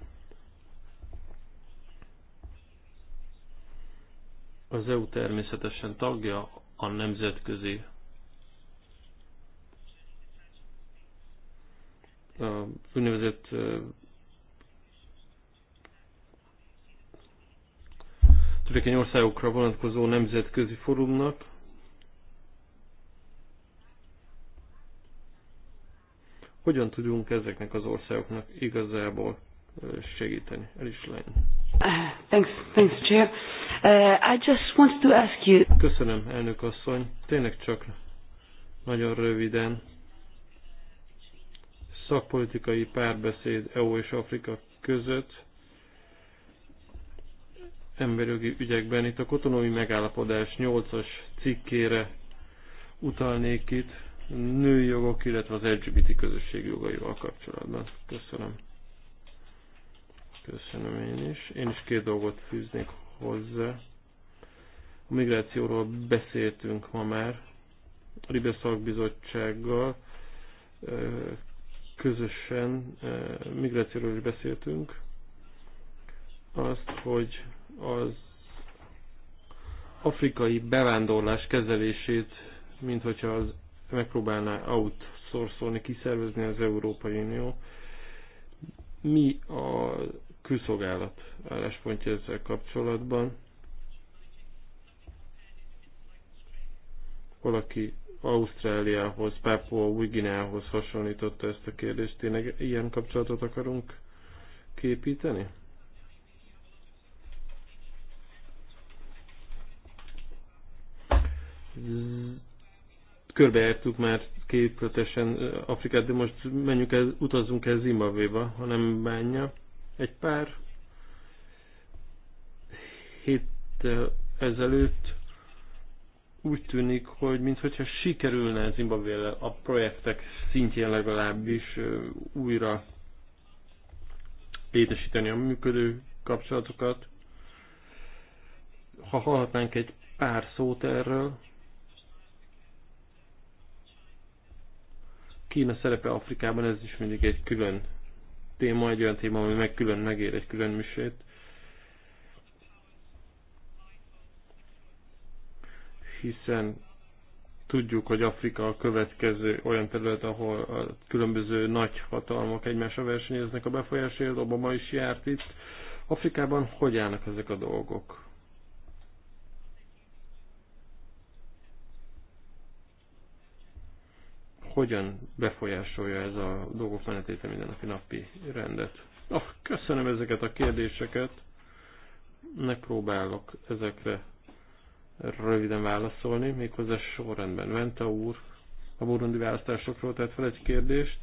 Az EU természetesen tagja a nemzetközi a úgynevezett törékeny országokra vonatkozó nemzetközi fórumnak. Hogyan tudunk ezeknek az országoknak igazából segíteni? Elislein. Uh, thanks, thanks, Chair. Uh, I just want to ask you... Köszönöm, elnök asszony. Tényleg csak nagyon röviden szakpolitikai párbeszéd EU és Afrika között emberjogi ügyekben. Itt a kotonói megállapodás 8-as cikkére utalnék itt női jogok, illetve az LGBT közösség jogaival kapcsolatban. Köszönöm. Köszönöm én is. Én is két dolgot fűznék hozzá. A migrációról beszéltünk ma már. A Ribe szakbizottsággal közösen eh, migrációról is beszéltünk, azt, hogy az afrikai bevándorlás kezelését, mint hogyha az megpróbálná outsourcolni, kiszervezni az Európai Unió. Mi a külszolgálat álláspontja ezzel kapcsolatban? Valaki Ausztráliához, Papua Új-Gineához hasonlította ezt a kérdést. Tényleg ilyen kapcsolatot akarunk képíteni? Körbejártuk már képletesen Afrikát, de most menjünk el, utazzunk el Zimbabvéba, ha nem bánja. Egy pár héttel ezelőtt úgy tűnik, hogy mintha sikerülne Zimbabwe a projektek szintjén legalábbis újra létesíteni a működő kapcsolatokat. Ha hallhatnánk egy pár szót erről, Kína szerepe Afrikában, ez is mindig egy külön téma, egy olyan téma, ami meg külön megér egy külön misét. hiszen tudjuk, hogy Afrika a következő olyan terület, ahol a különböző nagy hatalmak egymásra versenyeznek a befolyásért, Obama is járt itt. Afrikában hogy állnak ezek a dolgok? Hogyan befolyásolja ez a dolgok menetét a mindennapi napi rendet? Ah, köszönöm ezeket a kérdéseket, megpróbálok ezekre röviden válaszolni, méghozzá sorrendben. Venta úr a burundi választásokról tett fel egy kérdést,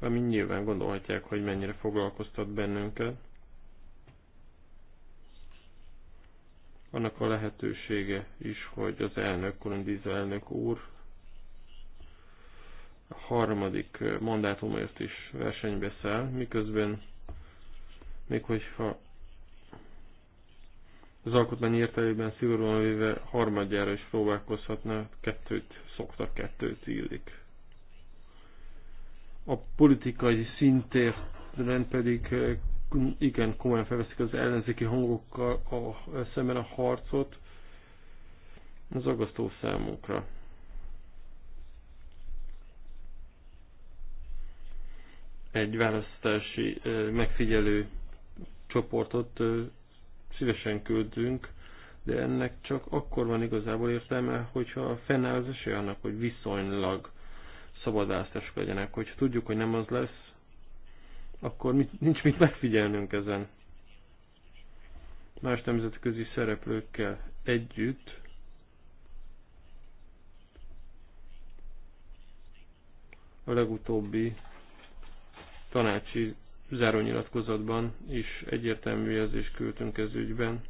ami nyilván gondolhatják, hogy mennyire foglalkoztat bennünket. Annak a lehetősége is, hogy az elnök, Kolumbiza elnök úr a harmadik mandátumért is versenybe száll, miközben még hogyha az alkotmány értelében szigorúan véve harmadjára is próbálkozhatna, kettőt szoktak, kettőt illik. A politikai szintérben pedig eh, igen, komolyan felveszik az ellenzéki hangokkal a, szemben a harcot, az agasztó számunkra. Egy választási eh, megfigyelő csoportot eh, szívesen küldünk, de ennek csak akkor van igazából értelme, hogyha fennáll az esély annak, hogy viszonylag szabadásztások legyenek. Hogyha tudjuk, hogy nem az lesz, akkor mit, nincs mit megfigyelnünk ezen. Más nemzetközi szereplőkkel együtt a legutóbbi tanácsi zárónyilatkozatban is egyértelmű jelzést küldtünk ez ügyben,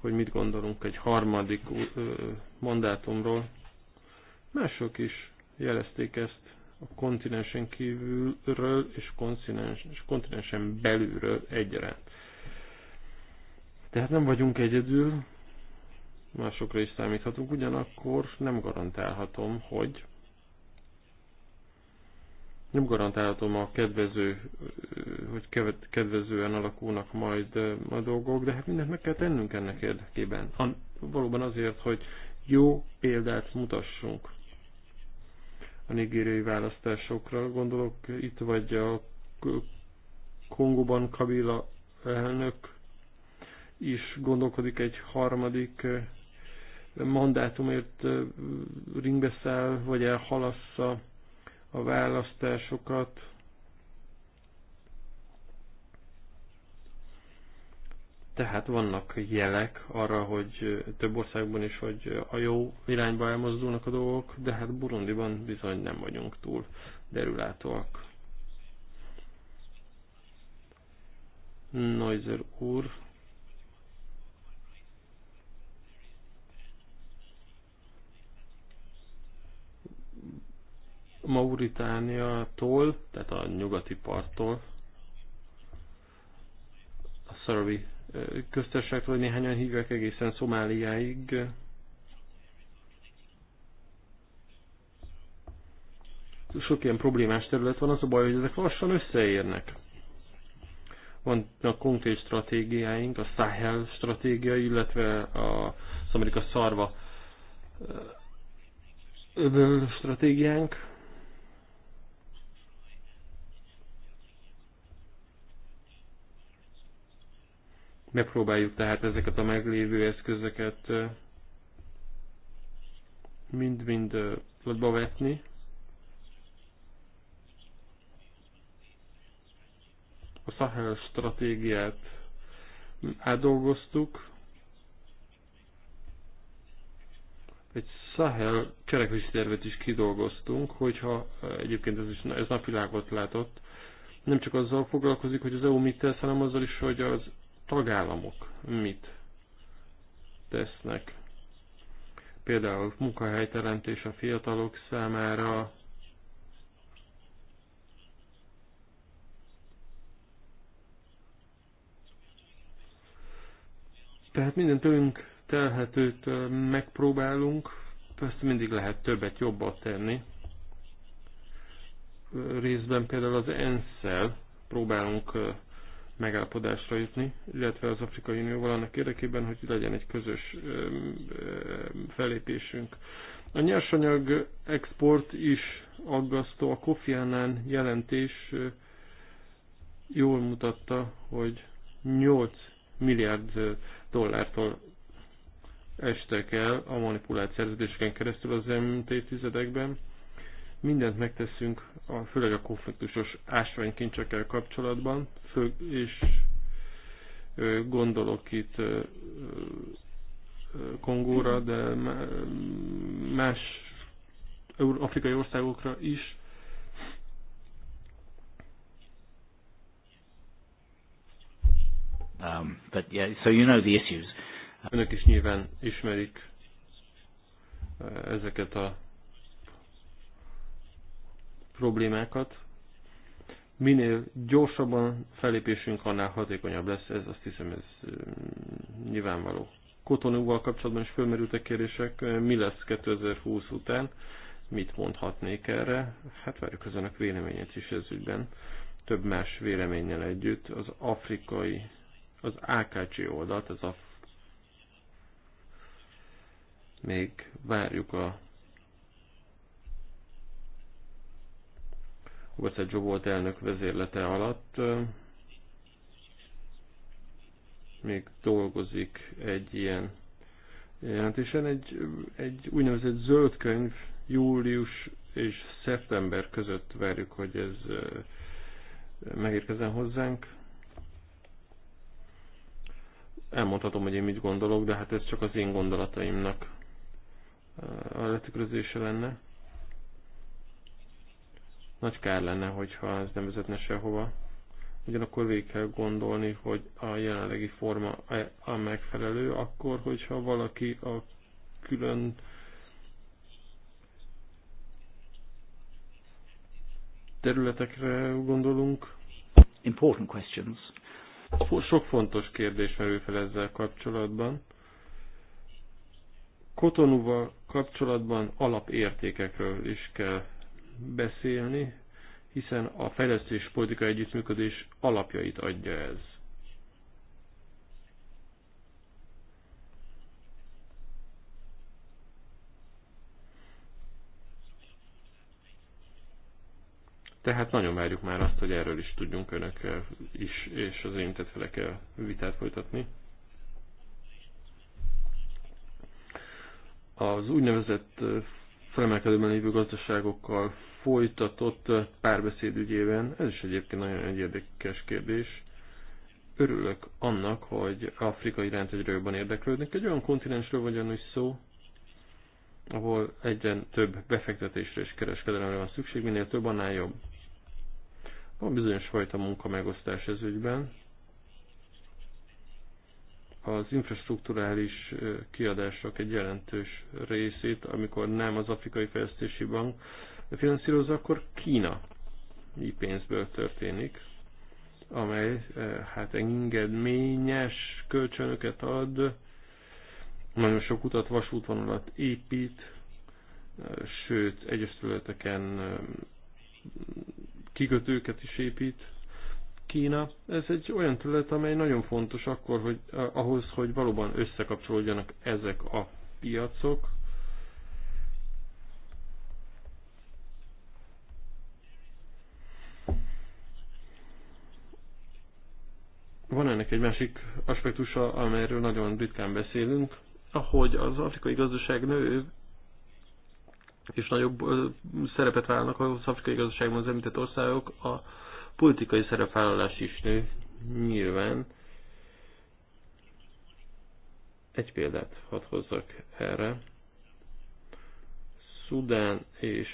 hogy mit gondolunk egy harmadik mandátumról. Mások is jelezték ezt a kontinensen kívülről és kontinensen belülről egyaránt. Tehát nem vagyunk egyedül, másokra is számíthatunk, ugyanakkor nem garantálhatom, hogy nem garantálhatom a kedvező, hogy kedvezően alakulnak majd a dolgok, de hát mindent meg kell tennünk ennek érdekében. valóban azért, hogy jó példát mutassunk a nigériai választásokra, gondolok itt vagy a Kongóban Kabila elnök is gondolkodik egy harmadik mandátumért ringbeszáll, vagy elhalassza a választásokat. Tehát vannak jelek arra, hogy több országban is, hogy a jó irányba elmozdulnak a dolgok, de hát Burundiban bizony nem vagyunk túl derülátóak. Neuser úr Mauritániától, tehát a nyugati parttól, a szarabi köztársaságtól néhányan hívják egészen Szomáliáig. Sok ilyen problémás terület van, az a baj, hogy ezek lassan összeérnek. Vannak konkrét stratégiáink, a Sahel stratégia, illetve az Amerika szarva öböl stratégiánk, Megpróbáljuk tehát ezeket a meglévő eszközöket mind-mind latba vetni. A Sahel stratégiát átdolgoztuk. Egy Sahel cselekvési tervet is kidolgoztunk, hogyha egyébként ez, is, ez napvilágot látott. Nem csak azzal foglalkozik, hogy az EU mit tesz, hanem azzal is, hogy az tagállamok mit tesznek. Például munkahelyteremtés a fiatalok számára, Tehát minden tőlünk telhetőt megpróbálunk, persze mindig lehet többet jobbat tenni. Részben például az ENSZ-szel próbálunk megállapodásra jutni, illetve az Afrikai Unióval annak érdekében, hogy legyen egy közös felépésünk. A nyersanyag export is aggasztó. A Kofi Annan jelentés jól mutatta, hogy 8 milliárd dollártól estek el a manipulált szerződéseken keresztül az elmúlt évtizedekben. Mindent megteszünk a, főleg a konfliktusos ásványkincsekkel kapcsolatban, fő, és gondolok itt Kongóra, de más afrikai országokra is. Um, but yeah, so you know the issues. Önök is nyilván ismerik ezeket a problémákat. Minél gyorsabban felépésünk, annál hatékonyabb lesz, ez azt hiszem ez nyilvánvaló. Kotonúval kapcsolatban is fölmerültek kérdések, mi lesz 2020 után, mit mondhatnék erre, hát várjuk az önök véleményét is ez ügyben. Több más véleménnyel együtt az afrikai, az AKC oldalt, az a még várjuk a Gorszadzsó volt elnök vezérlete alatt még dolgozik egy ilyen jelentésen. Egy, egy úgynevezett zöld könyv július és szeptember között várjuk, hogy ez megérkezzen hozzánk. Elmondhatom, hogy én mit gondolok, de hát ez csak az én gondolataimnak a letükrözése lenne. Nagy kár lenne, hogyha ez nem vezetne sehova. Ugyanakkor végig kell gondolni, hogy a jelenlegi forma e-, a megfelelő, akkor, hogyha valaki a külön területekre gondolunk. Important questions. Sok fontos kérdés merül fel ezzel kapcsolatban. Kotonúval kapcsolatban alapértékekről is kell beszélni, hiszen a fejlesztés politika együttműködés alapjait adja ez. Tehát nagyon várjuk már azt, hogy erről is tudjunk önökkel is, és az érintett felekkel vitát folytatni. Az úgynevezett felemelkedőben lévő gazdaságokkal folytatott párbeszéd ügyében. Ez is egyébként nagyon egy érdekes kérdés. Örülök annak, hogy Afrika iránt egyre jobban érdeklődnek. Egy olyan kontinensről vagyon is szó, ahol egyre több befektetésre és kereskedelemre van szükség, minél több, annál jobb. Van bizonyos fajta munka megosztás ez ügyben, az infrastruktúrális kiadások egy jelentős részét, amikor nem az Afrikai Fejlesztési Bank finanszírozza, akkor Kína mi pénzből történik, amely hát engedményes kölcsönöket ad, nagyon sok utat, vasútvonalat épít, sőt, egyes területeken kikötőket is épít, Kína, ez egy olyan terület, amely nagyon fontos akkor, hogy ahhoz, hogy valóban összekapcsolódjanak ezek a piacok. Van ennek egy másik aspektusa, amelyről nagyon ritkán beszélünk, ahogy az afrikai gazdaság nő, és nagyobb szerepet válnak az afrikai gazdaságban az említett országok, a politikai szerepvállalás is nő, nyilván. Egy példát hadd hozzak erre. Szudán és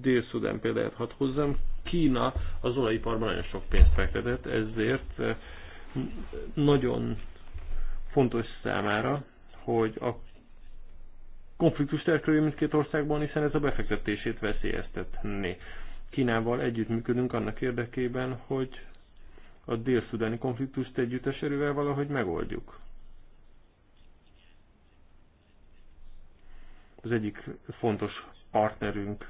Dél-Szudán példáját hadd hozzam. Kína az olajiparban nagyon sok pénzt fektetett, ezért eh, nagyon fontos számára, hogy a konfliktus elkerüljön mindkét országban, hiszen ez a befektetését veszélyeztetné. Kínával együttműködünk annak érdekében, hogy a dél-szudáni konfliktust együttes erővel valahogy megoldjuk. Az egyik fontos partnerünk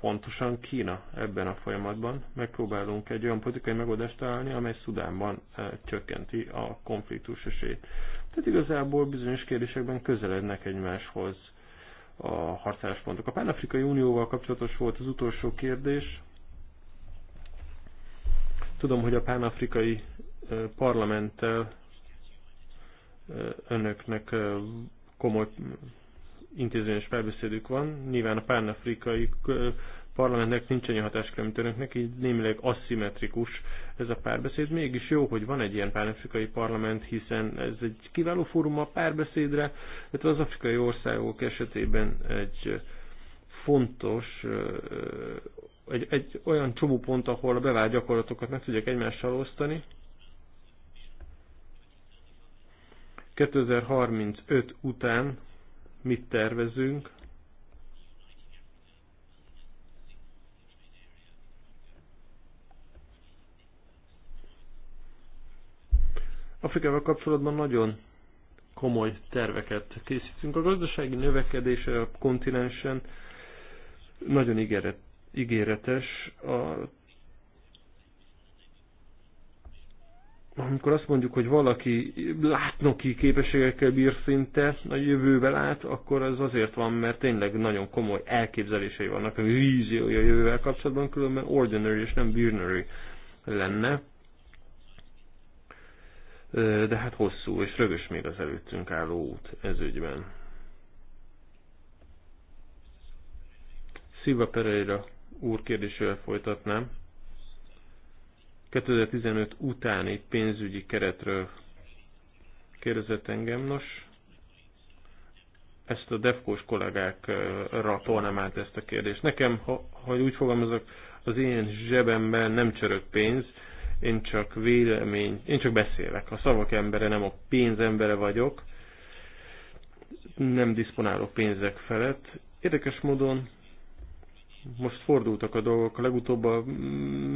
pontosan Kína ebben a folyamatban. Megpróbálunk egy olyan politikai megoldást találni, amely Szudánban eh, csökkenti a konfliktus esélyt. Tehát igazából bizonyos kérdésekben közelednek egymáshoz a harcálláspontok. A Pán-Afrikai Unióval kapcsolatos volt az utolsó kérdés. Tudom, hogy a Pán-Afrikai parlamenttel önöknek komoly intézményes felbeszédük van. Nyilván a Pán-Afrikai parlamentnek nincs annyi hatáskör, mint önöknek, így némileg aszimmetrikus ez a párbeszéd. Mégis jó, hogy van egy ilyen pánafrikai parlament, hiszen ez egy kiváló fórum a párbeszédre, illetve az afrikai országok esetében egy fontos, egy, egy olyan pont, ahol a bevált gyakorlatokat meg tudják egymással osztani. 2035 után mit tervezünk, Afrikával kapcsolatban nagyon komoly terveket készítünk. A gazdasági növekedése a kontinensen nagyon ígéretes. A, amikor azt mondjuk, hogy valaki látnoki képességekkel bír szinte a jövővel át, akkor az azért van, mert tényleg nagyon komoly elképzelései vannak, a víziója jövővel kapcsolatban, különben ordinary és nem binary lenne de hát hosszú és rögös még az előttünk álló út ez ügyben. Szilva Pereira úr kérdésével folytatnám. 2015 utáni pénzügyi keretről kérdezett engem, nos, ezt a defkós kollégákra tolnám át ezt a kérdést. Nekem, ha, ha úgy fogalmazok, az én zsebemben nem csörök pénz, én csak vélemény, én csak beszélek. A szavak embere, nem a pénz embere vagyok. Nem diszponálok pénzek felett. Érdekes módon most fordultak a dolgok. A legutóbb a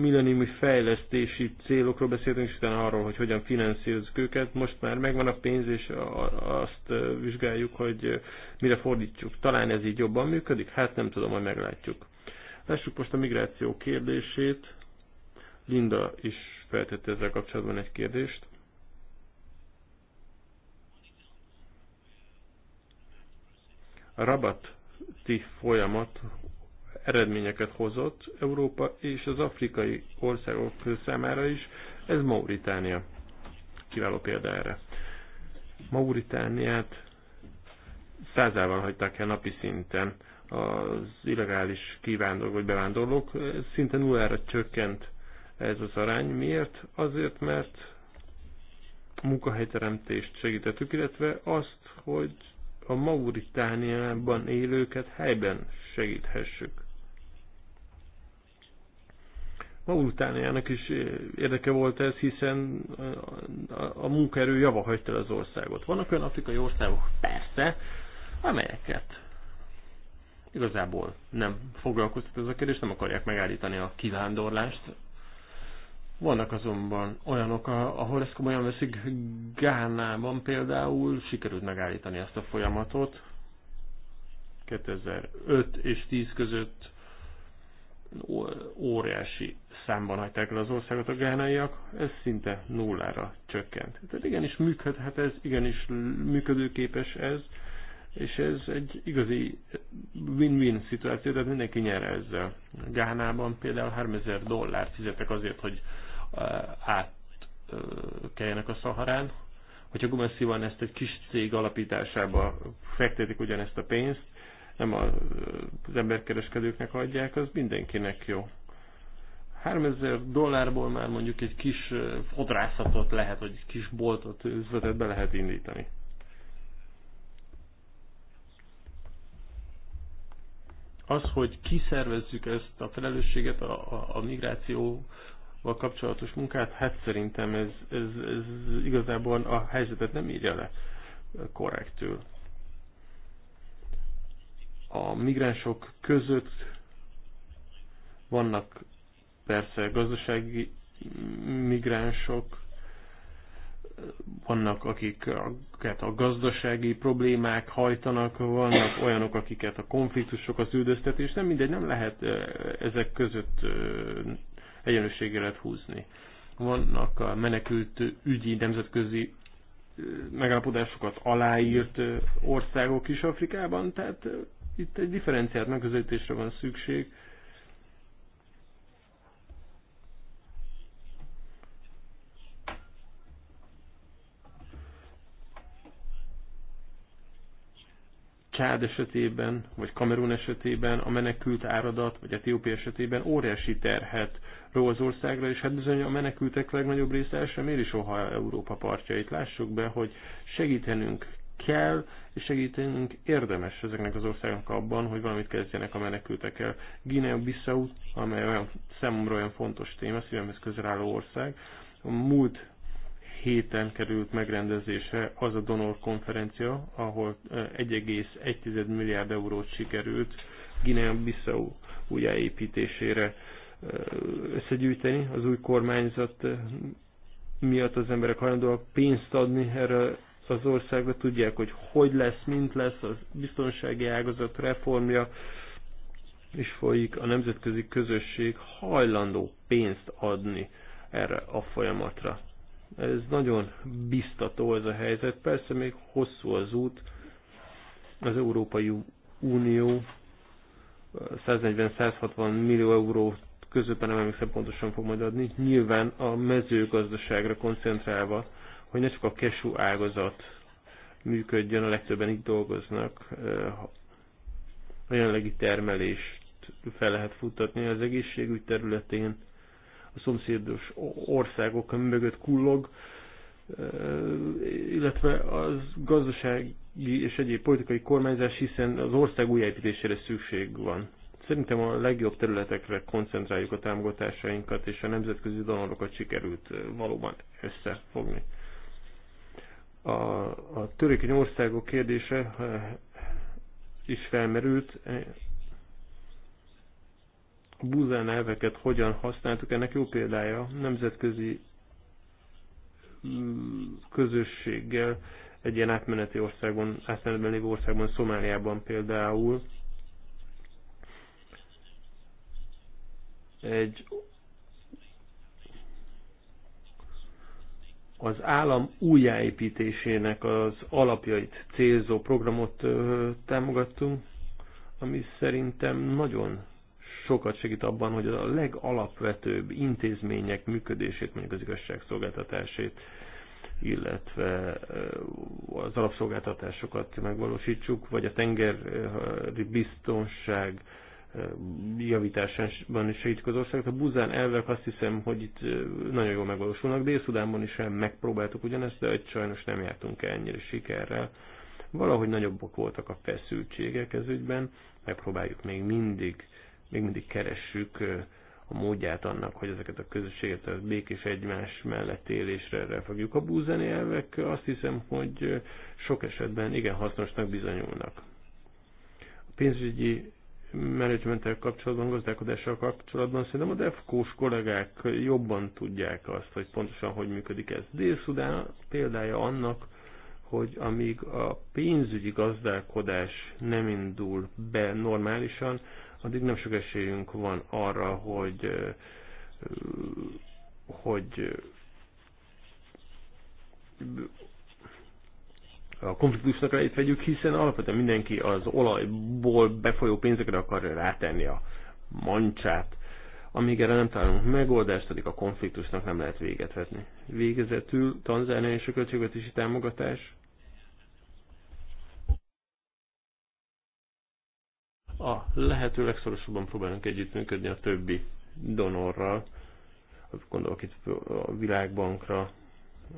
milleniumi fejlesztési célokról beszéltünk, és utána arról, hogy hogyan finanszírozzuk őket. Most már megvan a pénz, és azt vizsgáljuk, hogy mire fordítjuk. Talán ez így jobban működik? Hát nem tudom, majd meglátjuk. Lássuk most a migráció kérdését. Linda is feltette ezzel kapcsolatban egy kérdést. A rabatti folyamat eredményeket hozott Európa és az afrikai országok számára is, ez Mauritánia. Kiváló példa erre. Mauritániát százával hagyták el napi szinten az illegális kivándorlók vagy bevándorlók, szinte nullára csökkent ez az arány. Miért? Azért, mert munkahelyteremtést segítettük, illetve azt, hogy a Mauritániában élőket helyben segíthessük. Mauritániának is érdeke volt ez, hiszen a munkaerő java hagyta az országot. Vannak olyan afrikai országok, persze, amelyeket igazából nem foglalkoztat ez a kérdés, nem akarják megállítani a kivándorlást, vannak azonban olyanok, ahol ezt komolyan veszik, Gánában például sikerült megállítani ezt a folyamatot. 2005 és 10 között óriási számban hagyták el az országot a gánaiak, ez szinte nullára csökkent. Tehát igenis működhet ez, igenis működőképes ez, és ez egy igazi win-win szituáció, tehát mindenki nyer ezzel. Gánában például 3000 dollár fizetek azért, hogy át kelljenek a Szaharán. Hogyha Gumeszivan ezt egy kis cég alapításába fektetik ugyanezt a pénzt, nem az emberkereskedőknek adják, az mindenkinek jó. 3000 dollárból már mondjuk egy kis fodrászatot lehet, vagy egy kis boltot, üzletet be lehet indítani. Az, hogy kiszervezzük ezt a felelősséget a, a, a migráció kapcsolatos munkát, hát szerintem ez, ez, ez igazából a helyzetet nem írja le korrektül. A migránsok között vannak persze gazdasági migránsok, vannak akik akiket a gazdasági problémák hajtanak, vannak olyanok, akiket a konfliktusok, az üldöztetés, nem mindegy, nem lehet eh, ezek között eh, egyenlőségre lehet húzni. Vannak a menekült ügyi nemzetközi megállapodásokat aláírt országok is Afrikában, tehát itt egy differenciált megközelítésre van szükség, Csád esetében, vagy Kamerun esetében, a menekült áradat, vagy Etiópia esetében óriási terhet ró az országra, és hát bizony a menekültek legnagyobb része el sem éri soha Európa partjait. Lássuk be, hogy segítenünk kell, és segítenünk érdemes ezeknek az országoknak abban, hogy valamit kezdjenek a menekültekkel. Guinea Bissau, amely olyan számomra olyan fontos téma, szívemhez közel álló ország, a múlt héten került megrendezése az a donor konferencia, ahol 1,1 milliárd eurót sikerült Guinea-Bissau újjáépítésére összegyűjteni. Az új kormányzat miatt az emberek hajlandóak pénzt adni erre az országra, tudják, hogy hogy lesz, mint lesz a biztonsági ágazat reformja, és folyik a nemzetközi közösség hajlandó pénzt adni erre a folyamatra. Ez nagyon biztató ez a helyzet. Persze még hosszú az út. Az Európai Unió 140-160 millió eurót közöpen, nem emlékszem pontosan fog majd adni, nyilván a mezőgazdaságra koncentrálva, hogy ne csak a kesú ágazat működjön, a legtöbben itt dolgoznak, eh, a jelenlegi termelést fel lehet futtatni az egészségügy területén, a szomszédos országok mögött kullog, illetve az gazdasági és egyéb politikai kormányzás, hiszen az ország újjáépítésére szükség van. Szerintem a legjobb területekre koncentráljuk a támogatásainkat, és a nemzetközi donorokat sikerült valóban összefogni. A, a törékeny országok kérdése is felmerült búzán elveket hogyan használtuk, ennek jó példája nemzetközi mm, közösséggel egy ilyen átmeneti országban, átmenetben lévő országban, Szomáliában például egy az állam újjáépítésének az alapjait célzó programot támogattunk, ami szerintem nagyon sokat segít abban, hogy a legalapvetőbb intézmények működését, mondjuk az igazságszolgáltatásét, illetve az alapszolgáltatásokat megvalósítsuk, vagy a tengeri biztonság javításában is segítjük az országot. A buzán elvek azt hiszem, hogy itt nagyon jól megvalósulnak. Dél-Szudánban is megpróbáltuk ugyanezt, de sajnos nem jártunk el ennyire sikerrel. Valahogy nagyobbak voltak a feszültségek ez ügyben, megpróbáljuk még mindig még mindig keressük a módját annak, hogy ezeket a közösséget a békés egymás mellett élésre fogjuk. A búzeni elvek azt hiszem, hogy sok esetben igen hasznosnak bizonyulnak. A pénzügyi menedzsmenttel kapcsolatban, gazdálkodással kapcsolatban szerintem a defkós kollégák jobban tudják azt, hogy pontosan hogy működik ez. Dél-Szudán példája annak, hogy amíg a pénzügyi gazdálkodás nem indul be normálisan, addig nem sok esélyünk van arra, hogy hogy a konfliktusnak elejét vegyük, hiszen alapvetően mindenki az olajból befolyó pénzekre akar rátenni a mancsát. Amíg erre nem találunk megoldást, addig a konfliktusnak nem lehet véget vetni. Végezetül Tanzánia és a költségvetési támogatás a lehető legszorosabban próbálunk együttműködni a többi donorral, gondolok itt a Világbankra,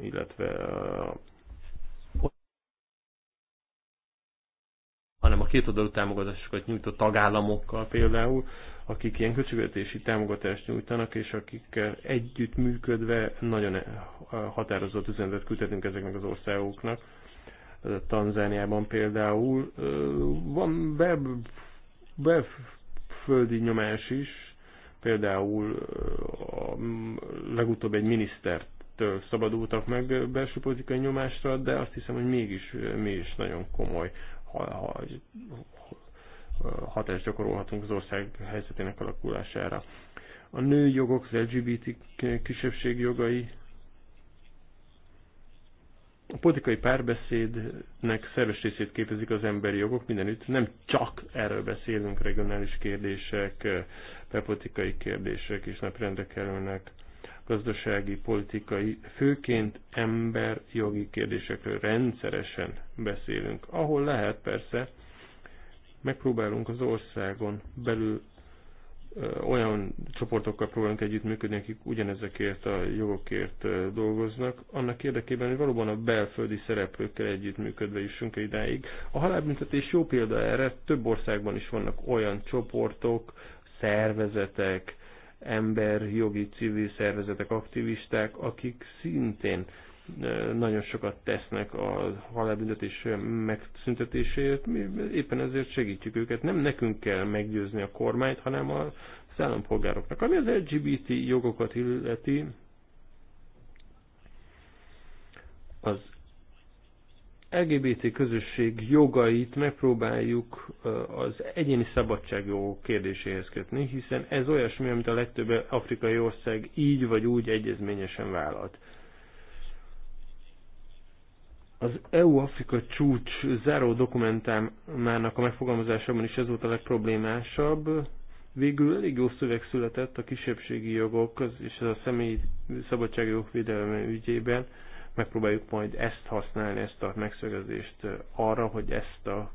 illetve a hanem a oldalú támogatásokat nyújtó tagállamokkal például, akik ilyen költségvetési támogatást nyújtanak, és együtt együttműködve nagyon határozott üzenetet küldhetünk ezeknek az országoknak. Tanzániában például van web belföldi nyomás is, például a legutóbb egy minisztert szabadultak meg belső politikai nyomásra, de azt hiszem, hogy mégis mi is nagyon komoly ha, ha, hatást gyakorolhatunk az ország helyzetének alakulására. A nőjogok, jogok, az LGBT kisebbség jogai a politikai párbeszédnek szerves részét képezik az emberi jogok mindenütt. Nem csak erről beszélünk, regionális kérdések, bepolitikai kérdések is napirendre kerülnek gazdasági, politikai, főként emberjogi kérdésekről rendszeresen beszélünk. Ahol lehet, persze, megpróbálunk az országon belül olyan csoportokkal próbálunk együttműködni, akik ugyanezekért a jogokért dolgoznak, annak érdekében, hogy valóban a belföldi szereplőkkel együttműködve jussunk -e idáig. A halálbüntetés jó példa erre, több országban is vannak olyan csoportok, szervezetek, emberjogi civil szervezetek, aktivisták, akik szintén nagyon sokat tesznek a halálbüntetés megszüntetéséért, mi éppen ezért segítjük őket. Nem nekünk kell meggyőzni a kormányt, hanem a állampolgároknak. Ami az LGBT jogokat illeti, az LGBT közösség jogait megpróbáljuk az egyéni szabadságjogok kérdéséhez kötni, hiszen ez olyasmi, amit a legtöbb afrikai ország így vagy úgy egyezményesen vállalt az EU-Afrika csúcs záró dokumentumának a megfogalmazásában is ez volt a legproblémásabb. Végül elég jó szöveg született a kisebbségi jogok és a személyi szabadságjogok védelme ügyében. Megpróbáljuk majd ezt használni, ezt a megszögezést arra, hogy ezt a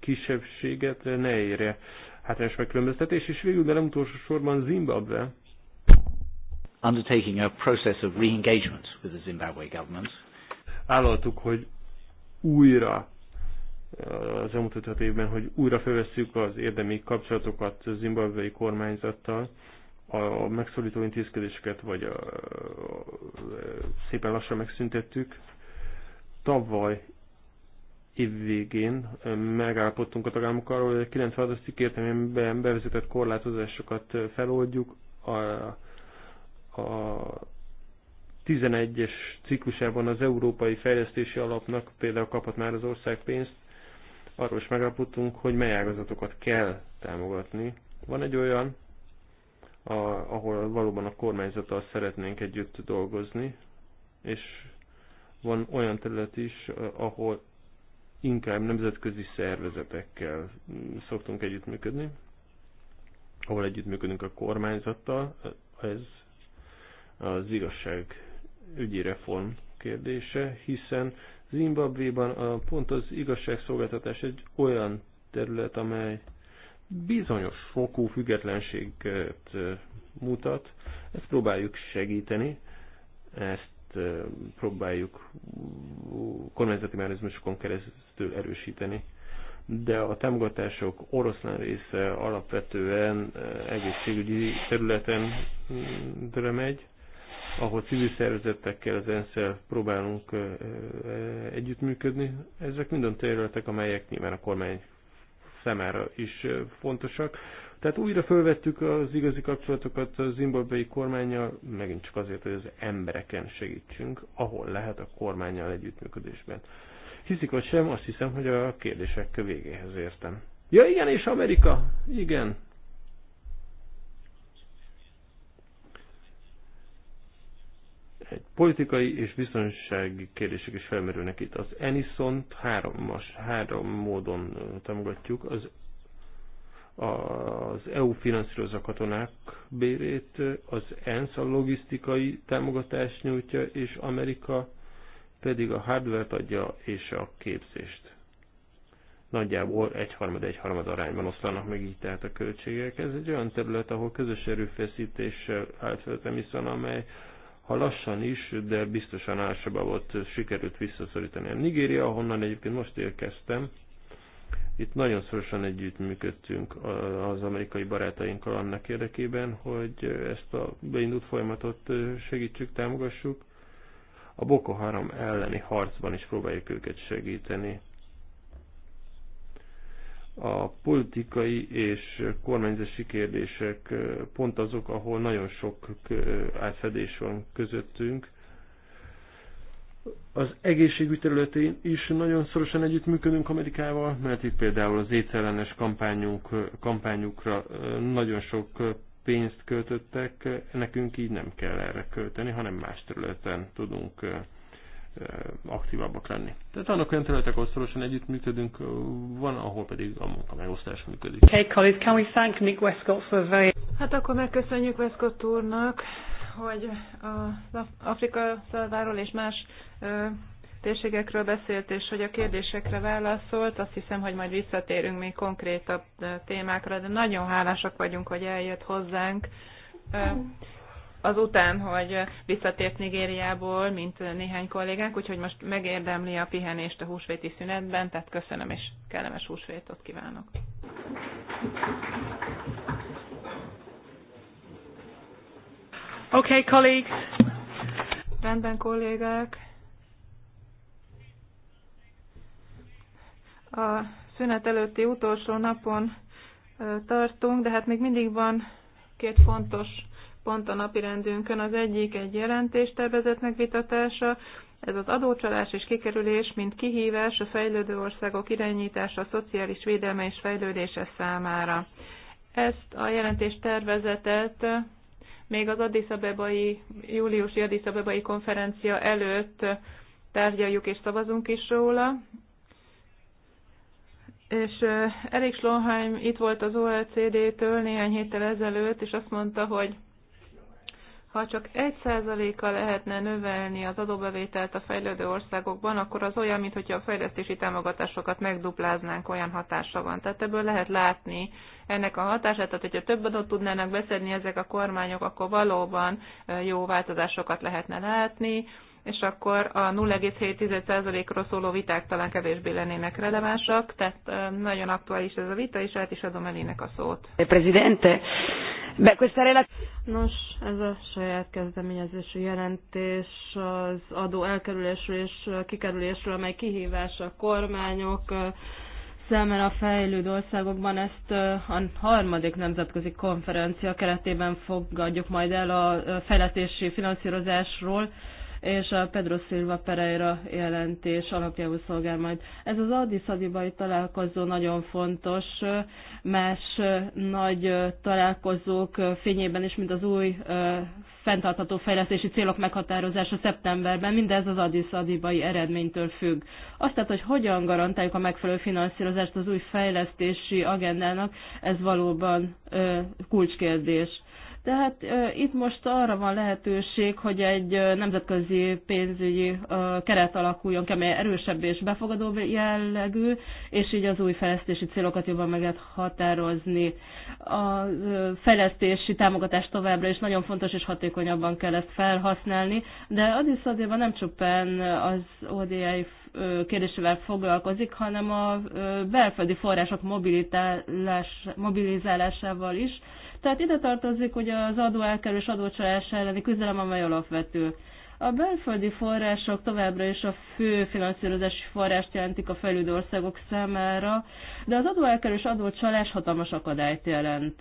kisebbséget ne érje hátrányos megkülönböztetés, és végül, de nem utolsó sorban Zimbabwe. Undertaking a process of re-engagement with the Zimbabwe government vállaltuk, hogy újra az elmúlt öt évben, hogy újra felvesszük az érdemi kapcsolatokat a zimbabwei kormányzattal, a megszólító intézkedéseket, vagy a, a, szépen lassan megszüntettük. Tavaly évvégén megállapodtunk a tagállamokkal, hogy a 96-as értelmében bevezetett korlátozásokat feloldjuk, a, a 11-es ciklusában az Európai Fejlesztési Alapnak például kapott már az ország pénzt, arról is megállapodtunk, hogy mely ágazatokat kell támogatni. Van egy olyan, a, ahol valóban a kormányzattal szeretnénk együtt dolgozni, és van olyan terület is, ahol inkább nemzetközi szervezetekkel szoktunk együttműködni, ahol együttműködünk a kormányzattal, ez az igazság ügyi reform kérdése, hiszen Zimbabvéban a, pont az igazságszolgáltatás egy olyan terület, amely bizonyos fokú függetlenséget mutat. Ezt próbáljuk segíteni, ezt próbáljuk kormányzati mechanizmusokon keresztül erősíteni. De a támogatások oroszlán része alapvetően egészségügyi területen megy, ahol civil szervezetekkel, az ensz próbálunk együttműködni. Ezek minden területek, amelyek nyilván a kormány számára is fontosak. Tehát újra felvettük az igazi kapcsolatokat a zimbabwei kormányjal, megint csak azért, hogy az embereken segítsünk, ahol lehet a kormányjal együttműködésben. Hiszik vagy sem, azt hiszem, hogy a kérdések végéhez értem. Ja igen, és Amerika? Igen. egy politikai és biztonsági kérdések is felmerülnek itt. Az Enison-t három, három módon támogatjuk. Az, az EU finanszírozza katonák bérét, az ENSZ a logisztikai támogatást nyújtja, és Amerika pedig a hardware adja és a képzést. Nagyjából egyharmad egyharmad arányban osztanak meg így tehát a költségek. Ez egy olyan terület, ahol közös erőfeszítéssel állt fel amely ha lassan is, de biztosan volt sikerült visszaszorítani. A Nigéria, ahonnan egyébként most érkeztem, itt nagyon szorosan együttműködtünk az amerikai barátainkkal annak érdekében, hogy ezt a beindult folyamatot segítsük, támogassuk. A Boko Haram elleni harcban is próbáljuk őket segíteni a politikai és kormányzási kérdések pont azok, ahol nagyon sok átfedés van közöttünk. Az egészségügy területén is nagyon szorosan együttműködünk Amerikával, mert itt például az étszerellenes kampányunk, kampányukra nagyon sok pénzt költöttek, nekünk így nem kell erre költeni, hanem más területen tudunk Eh, aktívabbak lenni. Tehát annak olyan területek, ahol szorosan együttműködünk, eh, van, ahol pedig a munka megosztás működik. Okay, colleagues, can we thank Nick Westcott for very... Hát akkor megköszönjük Westcott úrnak, hogy az Afrika szalváról és más ö, térségekről beszélt, és hogy a kérdésekre válaszolt. Azt hiszem, hogy majd visszatérünk még konkrétabb témákra, de nagyon hálásak vagyunk, hogy eljött hozzánk. Ö, azután, hogy visszatért Nigériából, mint néhány kollégánk, úgyhogy most megérdemli a pihenést a húsvéti szünetben, tehát köszönöm és kellemes húsvétot kívánok. Okay, colleagues. Rendben, kollégák. A szünet előtti utolsó napon tartunk, de hát még mindig van két fontos pont a rendünkön Az egyik egy jelentéstervezet megvitatása, ez az adócsalás és kikerülés, mint kihívás a fejlődő országok irányítása a szociális védelme és fejlődése számára. Ezt a jelentéstervezetet még az Addis Abebai, júliusi Addis Abebai konferencia előtt tárgyaljuk és szavazunk is róla. És eh, Erik Slonheim itt volt az OECD-től néhány héttel ezelőtt, és azt mondta, hogy ha csak 1%-a lehetne növelni az adóbevételt a fejlődő országokban, akkor az olyan, mint a fejlesztési támogatásokat megdupláznánk, olyan hatása van. Tehát ebből lehet látni ennek a hatását, tehát hogyha több adót tudnának beszedni ezek a kormányok, akkor valóban jó változásokat lehetne látni, és akkor a 0,7%-ról szóló viták talán kevésbé lennének relevánsak, tehát nagyon aktuális ez a vita, és át is adom elének a szót. Presidente, be questa relazione... Nos, ez a saját kezdeményezésű jelentés az adó elkerülésről és kikerülésről, amely kihívás a kormányok számára a fejlődő országokban ezt a harmadik nemzetközi konferencia keretében fogadjuk majd el a fejletési finanszírozásról, és a Pedro Silva Pereira jelentés alapjául szolgál majd. Ez az Addis Adibai találkozó nagyon fontos, más nagy találkozók fényében is, mint az új fenntartható fejlesztési célok meghatározása szeptemberben, mindez az Addis Adibai eredménytől függ. Azt tehát, hogy hogyan garantáljuk a megfelelő finanszírozást az új fejlesztési agendának, ez valóban kulcskérdés. Tehát itt most arra van lehetőség, hogy egy nemzetközi pénzügyi keret alakuljon amely erősebb és befogadó jellegű, és így az új fejlesztési célokat jobban meg lehet határozni. A fejlesztési támogatás továbbra is nagyon fontos, és hatékonyabban kell ezt felhasználni, de Addis Abeba nem csupán az ODI kérdésével foglalkozik, hanem a belföldi források mobilizálásával is, tehát ide tartozik hogy az adóelkerülés adócsalás elleni küzdelem, amely alapvető. A belföldi források továbbra is a fő finanszírozási forrást jelentik a fejlődő országok számára, de az adóelkerülés adócsalás hatalmas akadályt jelent.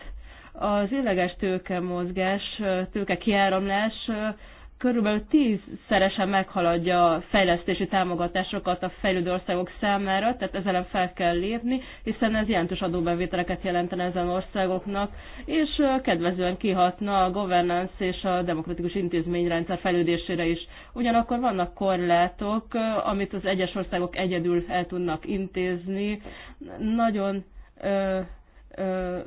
Az mozgás, tőkemozgás, kiáramlás körülbelül tízszeresen meghaladja a fejlesztési támogatásokat a fejlődő országok számára, tehát ezzel fel kell lépni, hiszen ez jelentős adóbevételeket jelentene ezen országoknak, és kedvezően kihatna a governance és a demokratikus intézményrendszer fejlődésére is. Ugyanakkor vannak korlátok, amit az egyes országok egyedül el tudnak intézni. Nagyon ö, ö,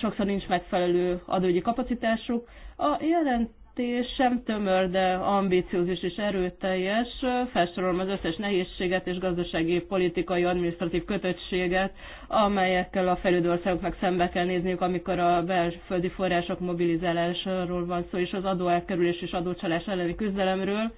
sokszor nincs megfelelő adógyi kapacitásuk. A jelent és sem tömör, de ambiciózus és erőteljes. Felsorolom az összes nehézséget és gazdasági, politikai, administratív kötöttséget, amelyekkel a fejlődő országoknak szembe kell nézniük, amikor a belföldi források mobilizálásáról van szó, és az adóelkerülés és adócsalás elleni küzdelemről.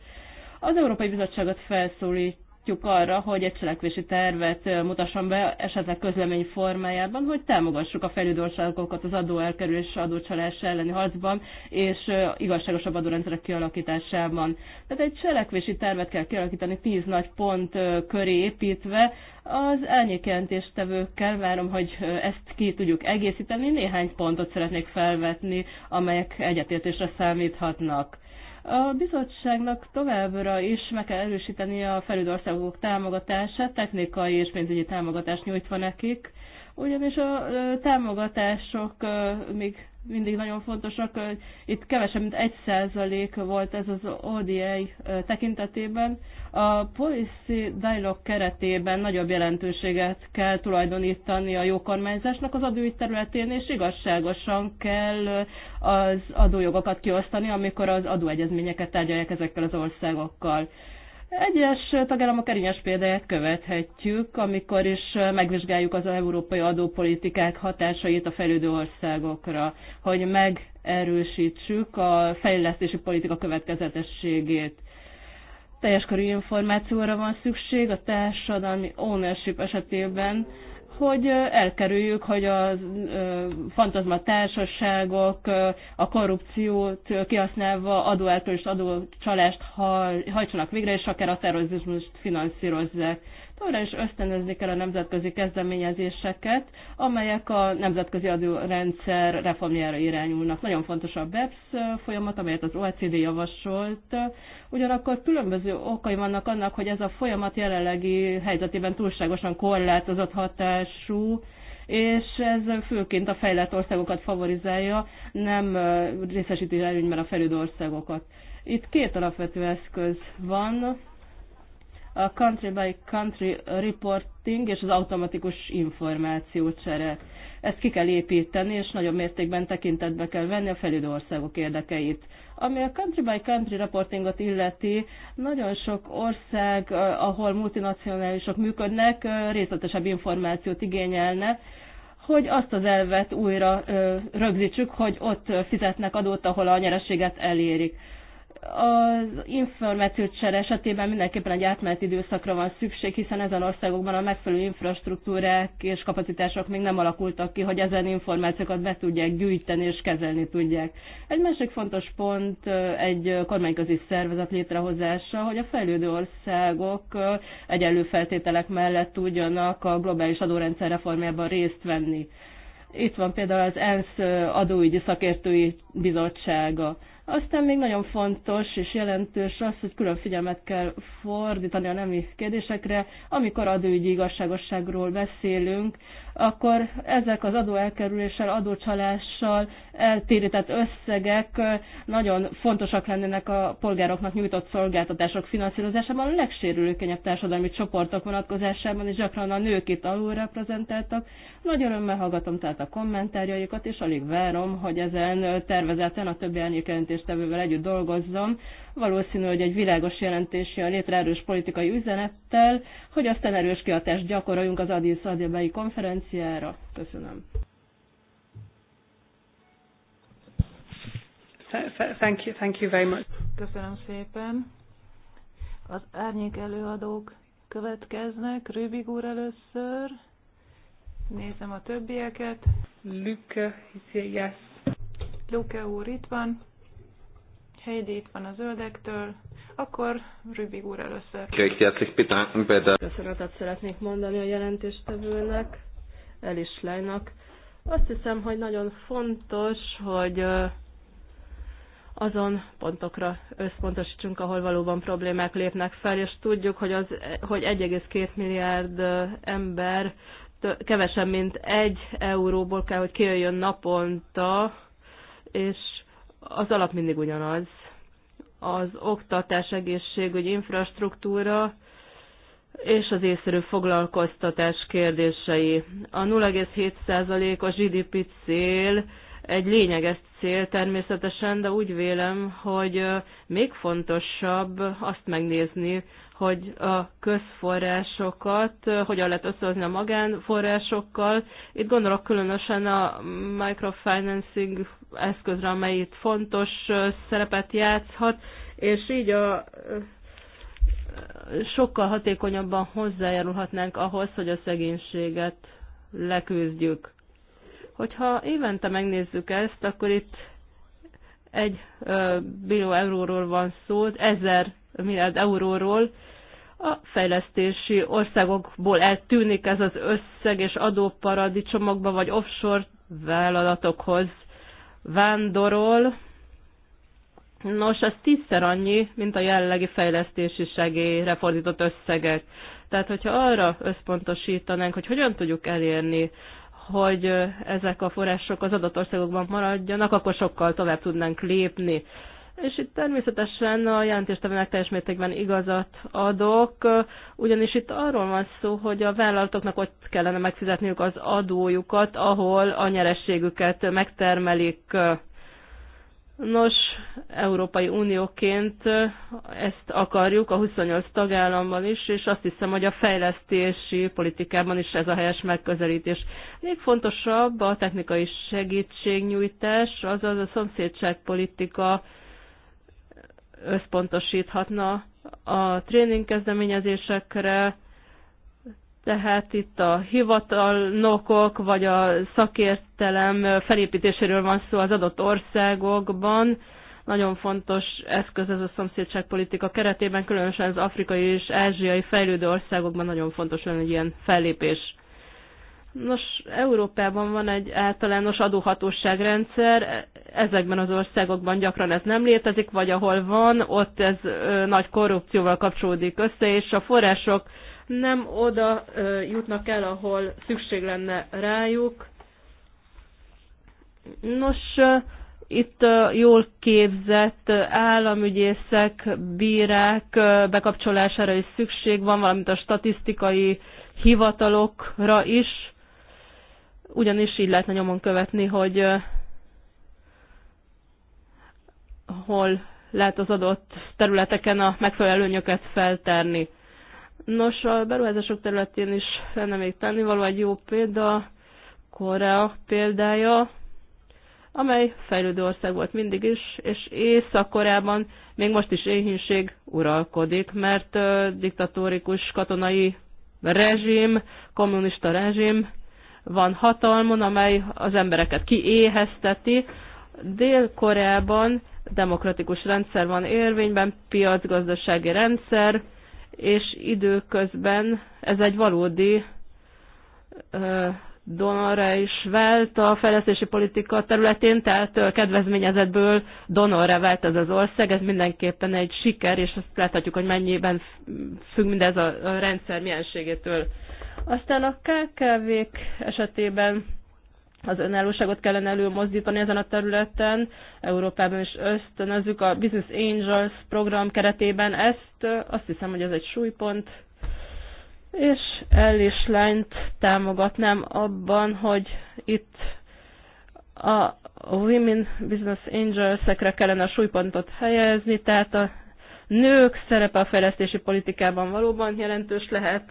Az Európai Bizottságot felszólít várhatjuk arra, hogy egy cselekvési tervet mutasson be, esetleg közlemény formájában, hogy támogassuk a fejlődő az adóelkerülés és adócsalás elleni harcban, és igazságosabb adórendszerek kialakításában. Tehát egy cselekvési tervet kell kialakítani tíz nagy pont köré építve, az elnyékjelentéstevőkkel várom, hogy ezt ki tudjuk egészíteni. Néhány pontot szeretnék felvetni, amelyek egyetértésre számíthatnak a bizottságnak továbbra is meg kell erősíteni a felüldországok támogatását, technikai és pénzügyi támogatást nyújtva nekik, ugyanis a támogatások még mindig nagyon fontosak. Itt kevesebb, mint 1% volt ez az ODA tekintetében. A Policy Dialog keretében nagyobb jelentőséget kell tulajdonítani a jókormányzásnak az adóügy területén, és igazságosan kell az adójogokat kiosztani, amikor az adóegyezményeket tárgyalják ezekkel az országokkal. Egyes tagállamok erényes példáját követhetjük, amikor is megvizsgáljuk az európai adópolitikák hatásait a fejlődő országokra, hogy megerősítsük a fejlesztési politika következetességét. Teljes körű információra van szükség a társadalmi ownership esetében, hogy elkerüljük, hogy a fantazma társaságok a korrupciót kihasználva adóeltől és adócsalást hajtsanak végre, és akár a terrorizmust finanszírozzák továbbra is ösztönözni kell a nemzetközi kezdeményezéseket, amelyek a nemzetközi adórendszer reformjára irányulnak. Nagyon fontos a BEPS folyamat, amelyet az OECD javasolt. Ugyanakkor különböző okai vannak annak, hogy ez a folyamat jelenlegi helyzetében túlságosan korlátozott hatású, és ez főként a fejlett országokat favorizálja, nem részesíti előnyben a fejlődő országokat. Itt két alapvető eszköz van, a country by country reporting és az automatikus információcsere. Ezt ki kell építeni, és nagyon mértékben tekintetbe kell venni a felüldő országok érdekeit. Ami a country by country reportingot illeti, nagyon sok ország, eh, ahol multinacionálisok működnek, eh, részletesebb információt igényelne, hogy azt az elvet újra eh, rögzítsük, hogy ott fizetnek adót, ahol a nyereséget elérik az információcsere esetében mindenképpen egy átmeneti időszakra van szükség, hiszen ezen országokban a megfelelő infrastruktúrák és kapacitások még nem alakultak ki, hogy ezen információkat be tudják gyűjteni és kezelni tudják. Egy másik fontos pont egy kormányközi szervezet létrehozása, hogy a fejlődő országok egyenlő feltételek mellett tudjanak a globális adórendszer reformjában részt venni. Itt van például az ENSZ adóügyi szakértői bizottsága aztán még nagyon fontos és jelentős az, hogy külön figyelmet kell fordítani a nemi kérdésekre, amikor adóügyi igazságosságról beszélünk, akkor ezek az adóelkerüléssel, adócsalással eltérített összegek nagyon fontosak lennének a polgároknak nyújtott szolgáltatások finanszírozásában, a legsérülékenyebb társadalmi csoportok vonatkozásában, és gyakran a nők itt alulreprezentáltak. Nagyon örömmel hallgatom tehát a kommentárjaikat, és alig várom, hogy ezen tervezeten a többi elnyékelentéstevővel együtt dolgozzam, Valószínű, hogy egy világos jelentés jön létre erős politikai üzenettel, hogy aztán erős kiatást gyakoroljunk az Addis Abebai konferenciára. Köszönöm. Thank you, thank you very much. Köszönöm szépen. Az árnyék előadók következnek. Rübig úr először. Nézem a többieket. Luke, yes. Luke úr itt van. Heidi itt van a zöldektől, akkor Rübig úr először. Köszönetet szeretnék mondani a jelentéstevőnek, Elis Lejnak. Azt hiszem, hogy nagyon fontos, hogy azon pontokra összpontosítsunk, ahol valóban problémák lépnek fel, és tudjuk, hogy, az, hogy 1,2 milliárd ember kevesebb, mint egy euróból kell, hogy kijöjjön naponta, és az alap mindig ugyanaz. Az oktatás, egészségügy, infrastruktúra és az észszerű foglalkoztatás kérdései. A 0,7%-os GDP cél egy lényeges cél természetesen, de úgy vélem, hogy még fontosabb azt megnézni, hogy a közforrásokat hogyan lehet összehozni a magánforrásokkal. Itt gondolok különösen a microfinancing eszközre, amely itt fontos szerepet játszhat, és így a sokkal hatékonyabban hozzájárulhatnánk ahhoz, hogy a szegénységet leküzdjük. Hogyha évente megnézzük ezt, akkor itt egy billió euróról van szó, ezer milliárd euróról, a fejlesztési országokból eltűnik ez az összeg, és adóparadicsomokba vagy offshore vállalatokhoz vándorol. Nos, ez tízszer annyi, mint a jellegi fejlesztési segélyre fordított összegek. Tehát, hogyha arra összpontosítanánk, hogy hogyan tudjuk elérni hogy ezek a források az adott országokban maradjanak, akkor sokkal tovább tudnánk lépni. És itt természetesen a jelentéstevőnek teljes mértékben igazat adok, ugyanis itt arról van szó, hogy a vállalatoknak ott kellene megfizetniük az adójukat, ahol a nyerességüket megtermelik Nos, Európai Unióként ezt akarjuk a 28 tagállamban is, és azt hiszem, hogy a fejlesztési politikában is ez a helyes megközelítés. Még fontosabb a technikai segítségnyújtás, azaz a szomszédságpolitika összpontosíthatna a tréning kezdeményezésekre, tehát itt a hivatalnokok vagy a szakértelem felépítéséről van szó az adott országokban. Nagyon fontos eszköz ez a szomszédságpolitika keretében, különösen az afrikai és ázsiai fejlődő országokban nagyon fontos lenne egy ilyen fellépés. Nos, Európában van egy általános adóhatóságrendszer, ezekben az országokban gyakran ez nem létezik, vagy ahol van, ott ez nagy korrupcióval kapcsolódik össze, és a források nem oda jutnak el, ahol szükség lenne rájuk. Nos, itt jól képzett államügyészek, bírák bekapcsolására is szükség van, valamint a statisztikai hivatalokra is, ugyanis így lehetne nyomon követni, hogy hol lehet az adott területeken a megfelelő előnyöket felterni. Nos, a beruházások területén is lenne még tennivaló egy jó példa, Korea példája, amely fejlődő ország volt mindig is, és Észak-Koreában még most is éhínség uralkodik, mert diktatórikus katonai rezsim, kommunista rezsim van hatalmon, amely az embereket kiéhezteti. Dél-Koreában demokratikus rendszer van érvényben, piacgazdasági rendszer, és időközben ez egy valódi donorra is vált a fejlesztési politika területén, tehát kedvezményezetből donorra vált ez az ország, ez mindenképpen egy siker, és azt láthatjuk, hogy mennyiben függ mindez a rendszer mienségétől. Aztán a KKV-k esetében az önállóságot kellene előmozdítani ezen a területen. Európában is ösztönözzük a Business Angels program keretében ezt. Azt hiszem, hogy ez egy súlypont. És is Lányt támogatnám abban, hogy itt a Women Business Angels-ekre kellene a súlypontot helyezni, tehát a nők szerepe a fejlesztési politikában valóban jelentős lehet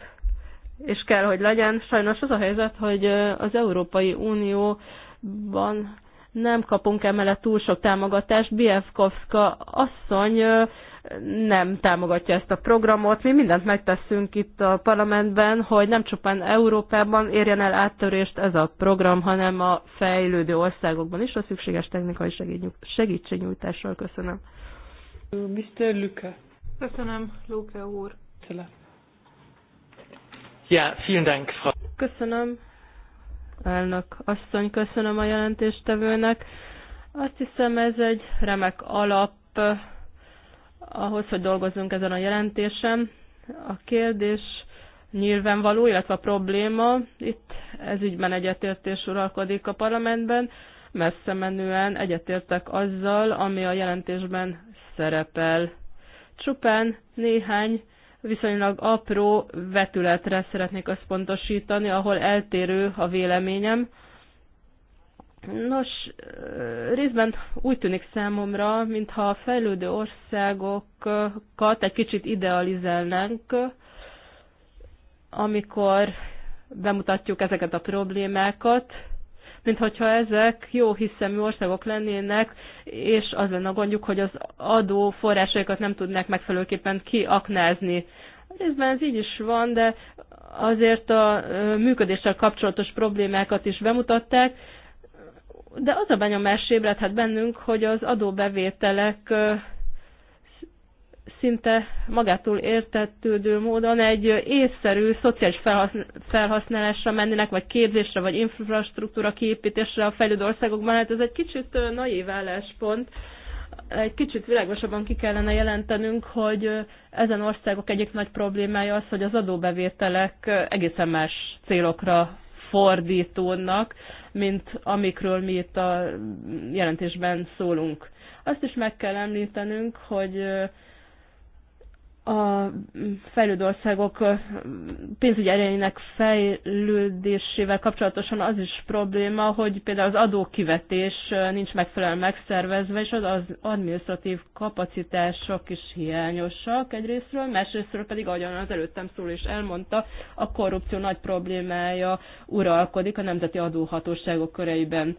és kell, hogy legyen. Sajnos az a helyzet, hogy az Európai Unióban nem kapunk emellett túl sok támogatást. Bievkovska asszony nem támogatja ezt a programot. Mi mindent megteszünk itt a parlamentben, hogy nem csupán Európában érjen el áttörést ez a program, hanem a fejlődő országokban is a szükséges technikai segítségnyújtással. Köszönöm. Mr. Luke. Köszönöm, Luke úr. Köszönöm. Ja, vielen Dank, Frau. Köszönöm, elnök asszony, köszönöm a jelentéstevőnek. Azt hiszem ez egy remek alap eh, ahhoz, hogy dolgozzunk ezen a jelentésen. A kérdés nyilvánvaló, illetve a probléma, itt ez ügyben egyetértés uralkodik a parlamentben, messze menően egyetértek azzal, ami a jelentésben szerepel. Csupán néhány viszonylag apró vetületre szeretnék összpontosítani, ahol eltérő a véleményem. Nos, részben úgy tűnik számomra, mintha a fejlődő országokat egy kicsit idealizálnánk, amikor bemutatjuk ezeket a problémákat, mint hogyha ezek jó hiszemű országok lennének, és az lenne a gondjuk, hogy az adó forrásaikat nem tudnák megfelelőképpen kiaknázni. Részben ez így is van, de azért a működéssel kapcsolatos problémákat is bemutatták, de az a benyomás ébredhet bennünk, hogy az adóbevételek szinte magától értetődő módon egy észszerű szociális felhasználásra mennének, vagy képzésre, vagy infrastruktúra kiépítésre a fejlődő országokban. Hát ez egy kicsit naív álláspont. Egy kicsit világosabban ki kellene jelentenünk, hogy ezen országok egyik nagy problémája az, hogy az adóbevételek egészen más célokra fordítódnak, mint amikről mi itt a jelentésben szólunk. Azt is meg kell említenünk, hogy a fejlődő országok pénzügyi erejének fejlődésével kapcsolatosan az is probléma, hogy például az adókivetés nincs megfelelően megszervezve, és az, az administratív kapacitások is hiányosak egyrésztről, másrésztről pedig, ahogyan az előttem szól és elmondta, a korrupció nagy problémája uralkodik a nemzeti adóhatóságok köreiben.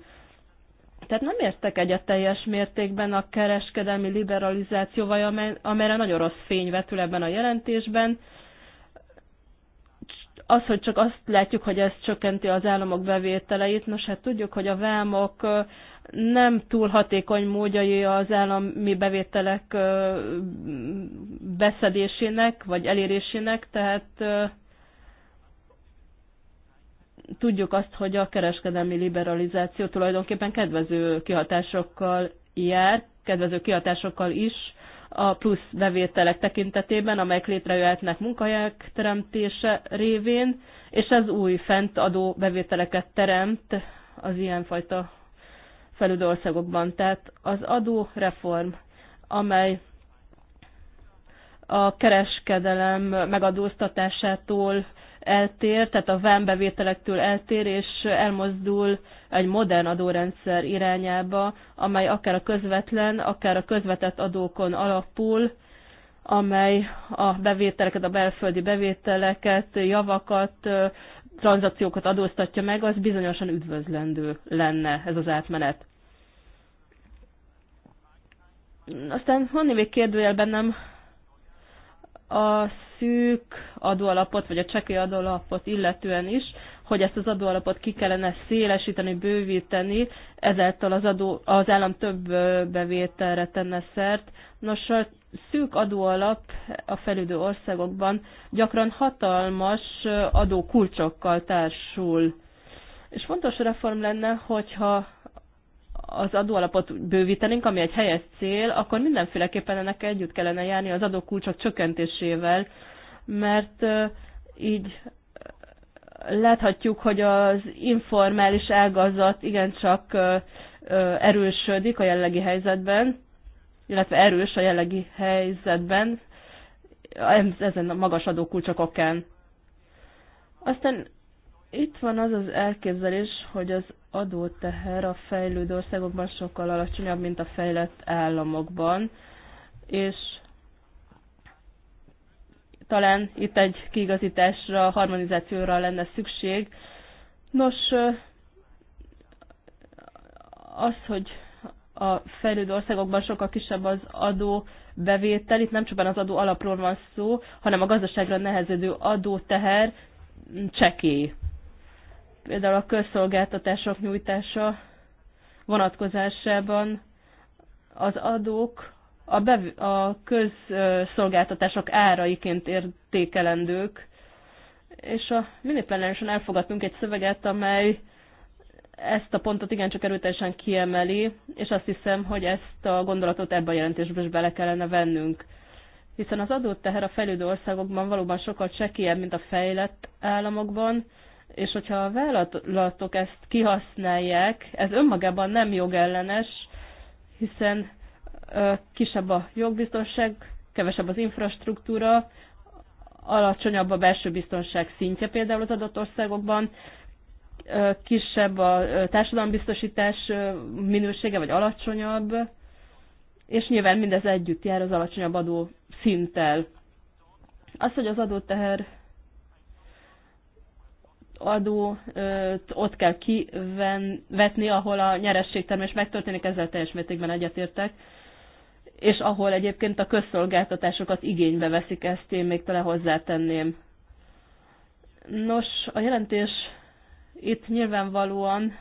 Tehát nem értek egyet teljes mértékben a kereskedelmi liberalizációval, amelyre nagyon rossz fény vetül ebben a jelentésben. Az, hogy csak azt látjuk, hogy ez csökkenti az államok bevételeit, nos hát tudjuk, hogy a vámok nem túl hatékony módjai az állami bevételek beszedésének, vagy elérésének, tehát tudjuk azt, hogy a kereskedelmi liberalizáció tulajdonképpen kedvező kihatásokkal jár, kedvező kihatásokkal is a plusz bevételek tekintetében, amelyek létrejöhetnek munkahelyek teremtése révén, és ez új fent adó bevételeket teremt az ilyenfajta felüldő országokban. Tehát az adóreform, amely a kereskedelem megadóztatásától eltér, tehát a bevételektől eltér, és elmozdul egy modern adórendszer irányába, amely akár a közvetlen, akár a közvetett adókon alapul, amely a bevételeket, a belföldi bevételeket, javakat, tranzakciókat adóztatja meg, az bizonyosan üdvözlendő lenne ez az átmenet. Aztán van még kérdőjel bennem az, szűk adóalapot, vagy a csekély adóalapot illetően is, hogy ezt az adóalapot ki kellene szélesíteni, bővíteni, ezáltal az, adó, az állam több bevételre tenne szert. Nos, a szűk adóalap a felüldő országokban gyakran hatalmas adókulcsokkal társul. És fontos reform lenne, hogyha az adóalapot bővítenénk, ami egy helyes cél, akkor mindenféleképpen ennek együtt kellene járni az adókulcsok csökkentésével, mert így láthatjuk, hogy az informális ágazat igencsak erősödik a jellegi helyzetben, illetve erős a jellegi helyzetben, ezen a magas adókulcsok okán. Aztán itt van az az elképzelés, hogy az adóteher a fejlődő országokban sokkal alacsonyabb, mint a fejlett államokban, és talán itt egy kiigazításra, harmonizációra lenne szükség. Nos, az, hogy a fejlődő országokban sokkal kisebb az adó bevétel, itt nem csupán az adó alapról van szó, hanem a gazdaságra nehezedő adóteher csekély például a közszolgáltatások nyújtása vonatkozásában az adók a, bev- a közszolgáltatások áraiként értékelendők, és a miniplenárison elfogadtunk egy szöveget, amely ezt a pontot igencsak erőteljesen kiemeli, és azt hiszem, hogy ezt a gondolatot ebben a jelentésben is bele kellene vennünk. Hiszen az adóteher a fejlődő országokban valóban sokkal csekélyebb, mint a fejlett államokban, és hogyha a vállalatok ezt kihasználják, ez önmagában nem jogellenes, hiszen kisebb a jogbiztonság, kevesebb az infrastruktúra, alacsonyabb a belső biztonság szintje például az adott országokban, kisebb a társadalombiztosítás minősége, vagy alacsonyabb, és nyilván mindez együtt jár az alacsonyabb adó szinttel. Az, hogy az adóteher adót ott kell kivetni, ahol a nyerességtermés megtörténik, ezzel teljes mértékben egyetértek, és ahol egyébként a közszolgáltatásokat igénybe veszik, ezt én még tele hozzátenném. Nos, a jelentés itt nyilvánvalóan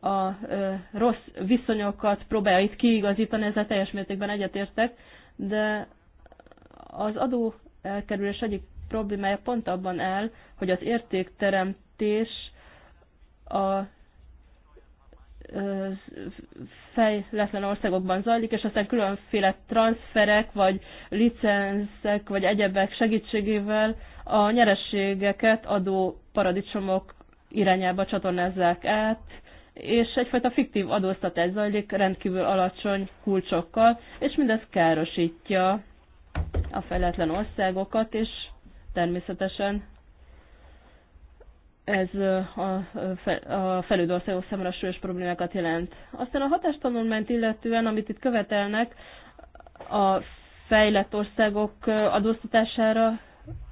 a ö, rossz viszonyokat próbálja itt kiigazítani, ezzel teljes mértékben egyetértek, de az adó elkerülés egyik problémája pont abban áll, hogy az értékteremtés a fejletlen országokban zajlik, és aztán különféle transferek, vagy licenszek, vagy egyebek segítségével a nyerességeket adó paradicsomok irányába csatornázzák át, és egyfajta fiktív adóztatás zajlik rendkívül alacsony kulcsokkal, és mindez károsítja a fejletlen országokat, és Természetesen ez a fejlődő országok számára súlyos problémákat jelent. Aztán a hatástanulmányt illetően, amit itt követelnek, a fejlett országok adóztatására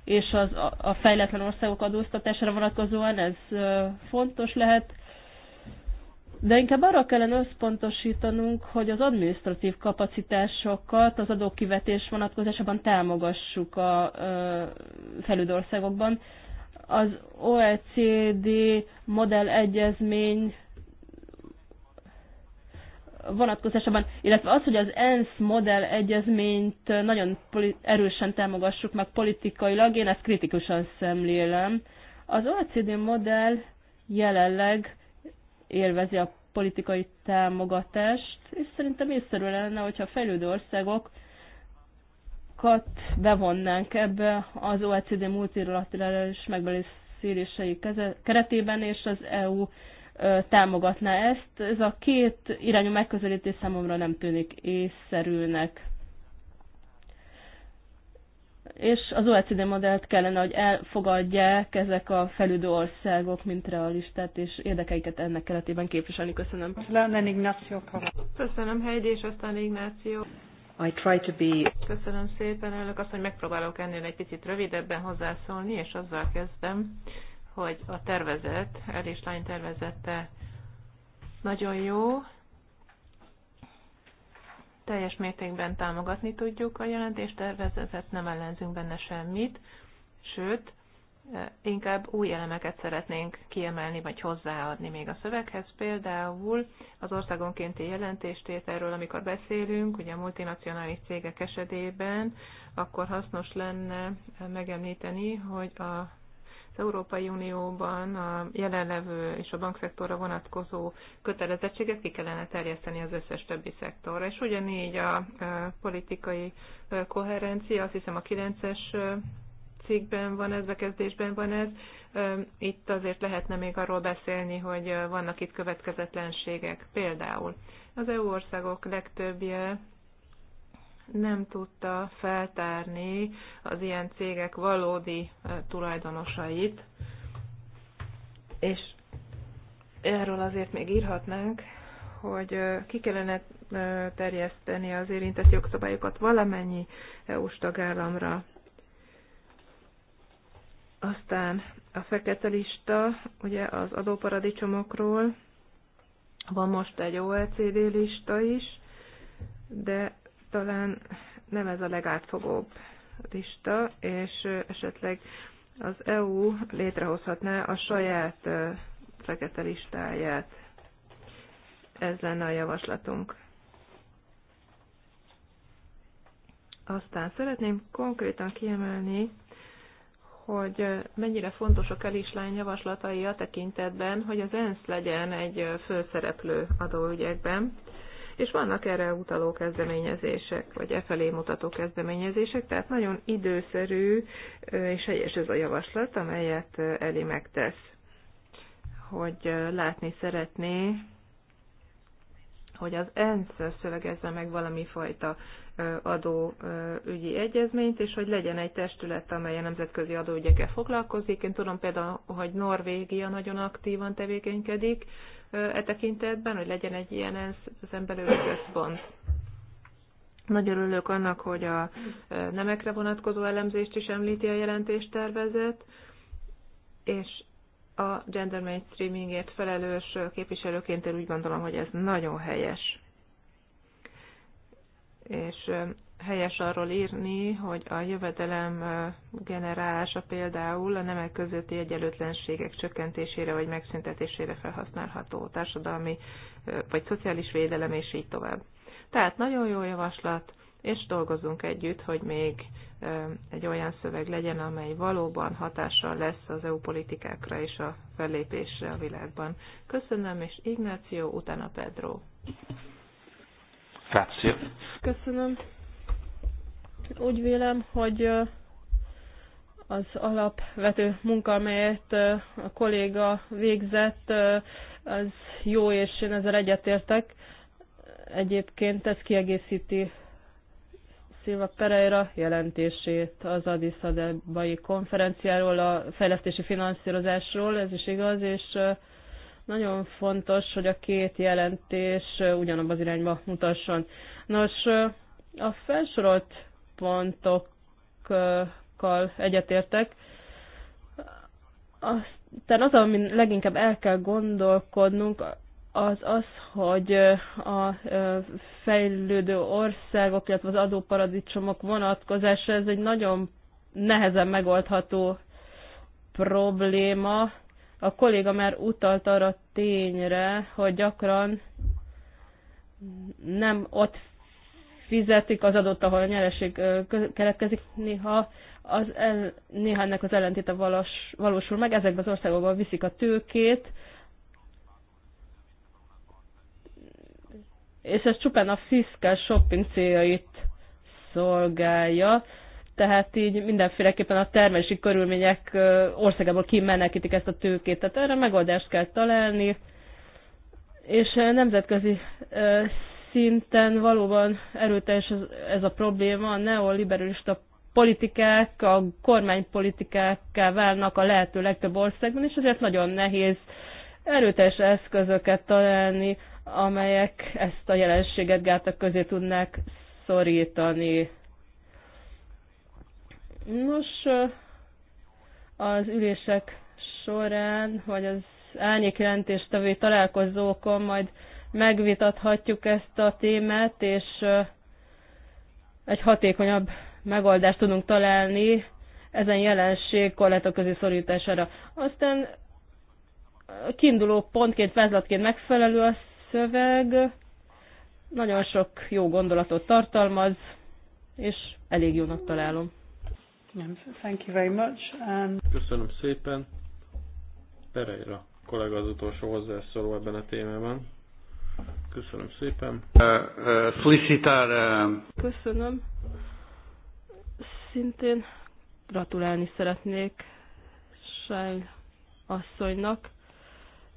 és az, a fejletlen országok adóztatására vonatkozóan ez fontos lehet. De inkább arra kellene összpontosítanunk, hogy az administratív kapacitásokat az adókivetés vonatkozásában támogassuk a fejlődő országokban. Az OECD modellegyezmény vonatkozásában, illetve az, hogy az ENSZ modell egyezményt nagyon erősen támogassuk meg politikailag, én ezt kritikusan szemlélem. Az OECD modell jelenleg élvezi a politikai támogatást, és szerintem észszerű lenne, hogyha a fejlődő országokat bevonnánk ebbe az OECD multilaterális megbeszélései keretében, és az EU támogatná ezt. Ez a két irányú megközelítés számomra nem tűnik észszerűnek és az OECD modellt kellene, hogy elfogadják ezek a felüldő országok, mint realistát, és érdekeiket ennek keretében képviselni. Köszönöm. Lennon Ignáció Köszönöm, Heidi, és aztán Ignáció. I try to be... Köszönöm szépen, elnök azt, hogy megpróbálok ennél egy picit rövidebben hozzászólni, és azzal kezdem, hogy a tervezet, Elis Lány tervezette nagyon jó, teljes mértékben támogatni tudjuk a jelentést, tervezetet nem ellenzünk benne semmit, sőt, e, inkább új elemeket szeretnénk kiemelni vagy hozzáadni még a szöveghez. Például az országonkénti erről, amikor beszélünk, ugye a multinacionális cégek esetében, akkor hasznos lenne megemlíteni, hogy a az Európai Unióban a jelenlevő és a bankszektorra vonatkozó kötelezettséget ki kellene terjeszteni az összes többi szektorra. És ugyanígy a politikai koherencia, azt hiszem a 9-es cikkben van ez, bekezdésben van ez. Itt azért lehetne még arról beszélni, hogy vannak itt következetlenségek. Például az EU országok legtöbbje nem tudta feltárni az ilyen cégek valódi tulajdonosait, és erről azért még írhatnánk, hogy ki kellene terjeszteni az érintett jogszabályokat valamennyi EU-s tagállamra. Aztán a fekete lista, ugye az adóparadicsomokról, van most egy OECD lista is, de talán nem ez a legátfogóbb lista, és esetleg az EU létrehozhatná a saját fekete listáját. Ez lenne a javaslatunk. Aztán szeretném konkrétan kiemelni, hogy mennyire fontos a Kelislány javaslatai a tekintetben, hogy az ENSZ legyen egy főszereplő adóügyekben, és vannak erre utaló kezdeményezések, vagy e felé mutató kezdeményezések, tehát nagyon időszerű és helyes ez a javaslat, amelyet Eli megtesz, hogy látni szeretné, hogy az ENSZ szövegezze meg valami fajta adóügyi egyezményt, és hogy legyen egy testület, amely a nemzetközi adóügyekkel foglalkozik. Én tudom például, hogy Norvégia nagyon aktívan tevékenykedik e tekintetben, hogy legyen egy ilyen ENSZ az belül központ. Nagyon örülök annak, hogy a nemekre vonatkozó elemzést is említi a jelentéstervezet, és a gender mainstreamingért felelős képviselőként én úgy gondolom, hogy ez nagyon helyes. És helyes arról írni, hogy a jövedelem generálása például a nemek közötti egyenlőtlenségek csökkentésére vagy megszüntetésére felhasználható társadalmi vagy szociális védelem, és így tovább. Tehát nagyon jó javaslat, és dolgozunk együtt, hogy még egy olyan szöveg legyen, amely valóban hatással lesz az EU politikákra és a fellépésre a világban. Köszönöm, és Ignáció, utána Pedro. Grazie. Köszönöm. Úgy vélem, hogy az alapvető munka, amelyet a kolléga végzett, az jó, és én ezzel egyetértek. Egyébként ez kiegészíti Szilva Pereira jelentését az Addis Adebai konferenciáról, a fejlesztési finanszírozásról, ez is igaz, és nagyon fontos, hogy a két jelentés ugyanabban az irányba mutasson. Nos, a felsorolt pontokkal egyetértek. Aztán az, amin leginkább el kell gondolkodnunk, az az, hogy a fejlődő országok, illetve az adóparadicsomok vonatkozása, ez egy nagyon nehezen megoldható probléma. A kolléga már utalt arra tényre, hogy gyakran nem ott fizetik az adott ahol a nyereség keletkezik. Néha, az el, néha ennek az ellentéte valós, valósul meg, ezekben az országokban viszik a tőkét, és ez csupán a fiskál shopping céljait szolgálja, tehát így mindenféleképpen a termelési körülmények országából kimenekítik ezt a tőkét, tehát erre megoldást kell találni, és nemzetközi szinten valóban erőteljes ez a probléma, a neoliberalista politikák, a kormánypolitikákká válnak a lehető legtöbb országban, és ezért nagyon nehéz erőteljes eszközöket találni, amelyek ezt a jelenséget gátak közé tudnák szorítani. Nos, az ülések során, vagy az jelentéstevői találkozókon majd megvitathatjuk ezt a témát, és egy hatékonyabb megoldást tudunk találni ezen jelenség korlátoközi szorítására. Aztán kiinduló pontként, vázlatként megfelelő a szöveg, nagyon sok jó gondolatot tartalmaz, és elég jónak találom. Thank you very much. And... Köszönöm szépen. Pereira kollega az utolsó hozzászóló ebben a témában. Köszönöm szépen. Uh, uh, Felicitár. Uh, Köszönöm. Szintén gratulálni szeretnék Sáj asszonynak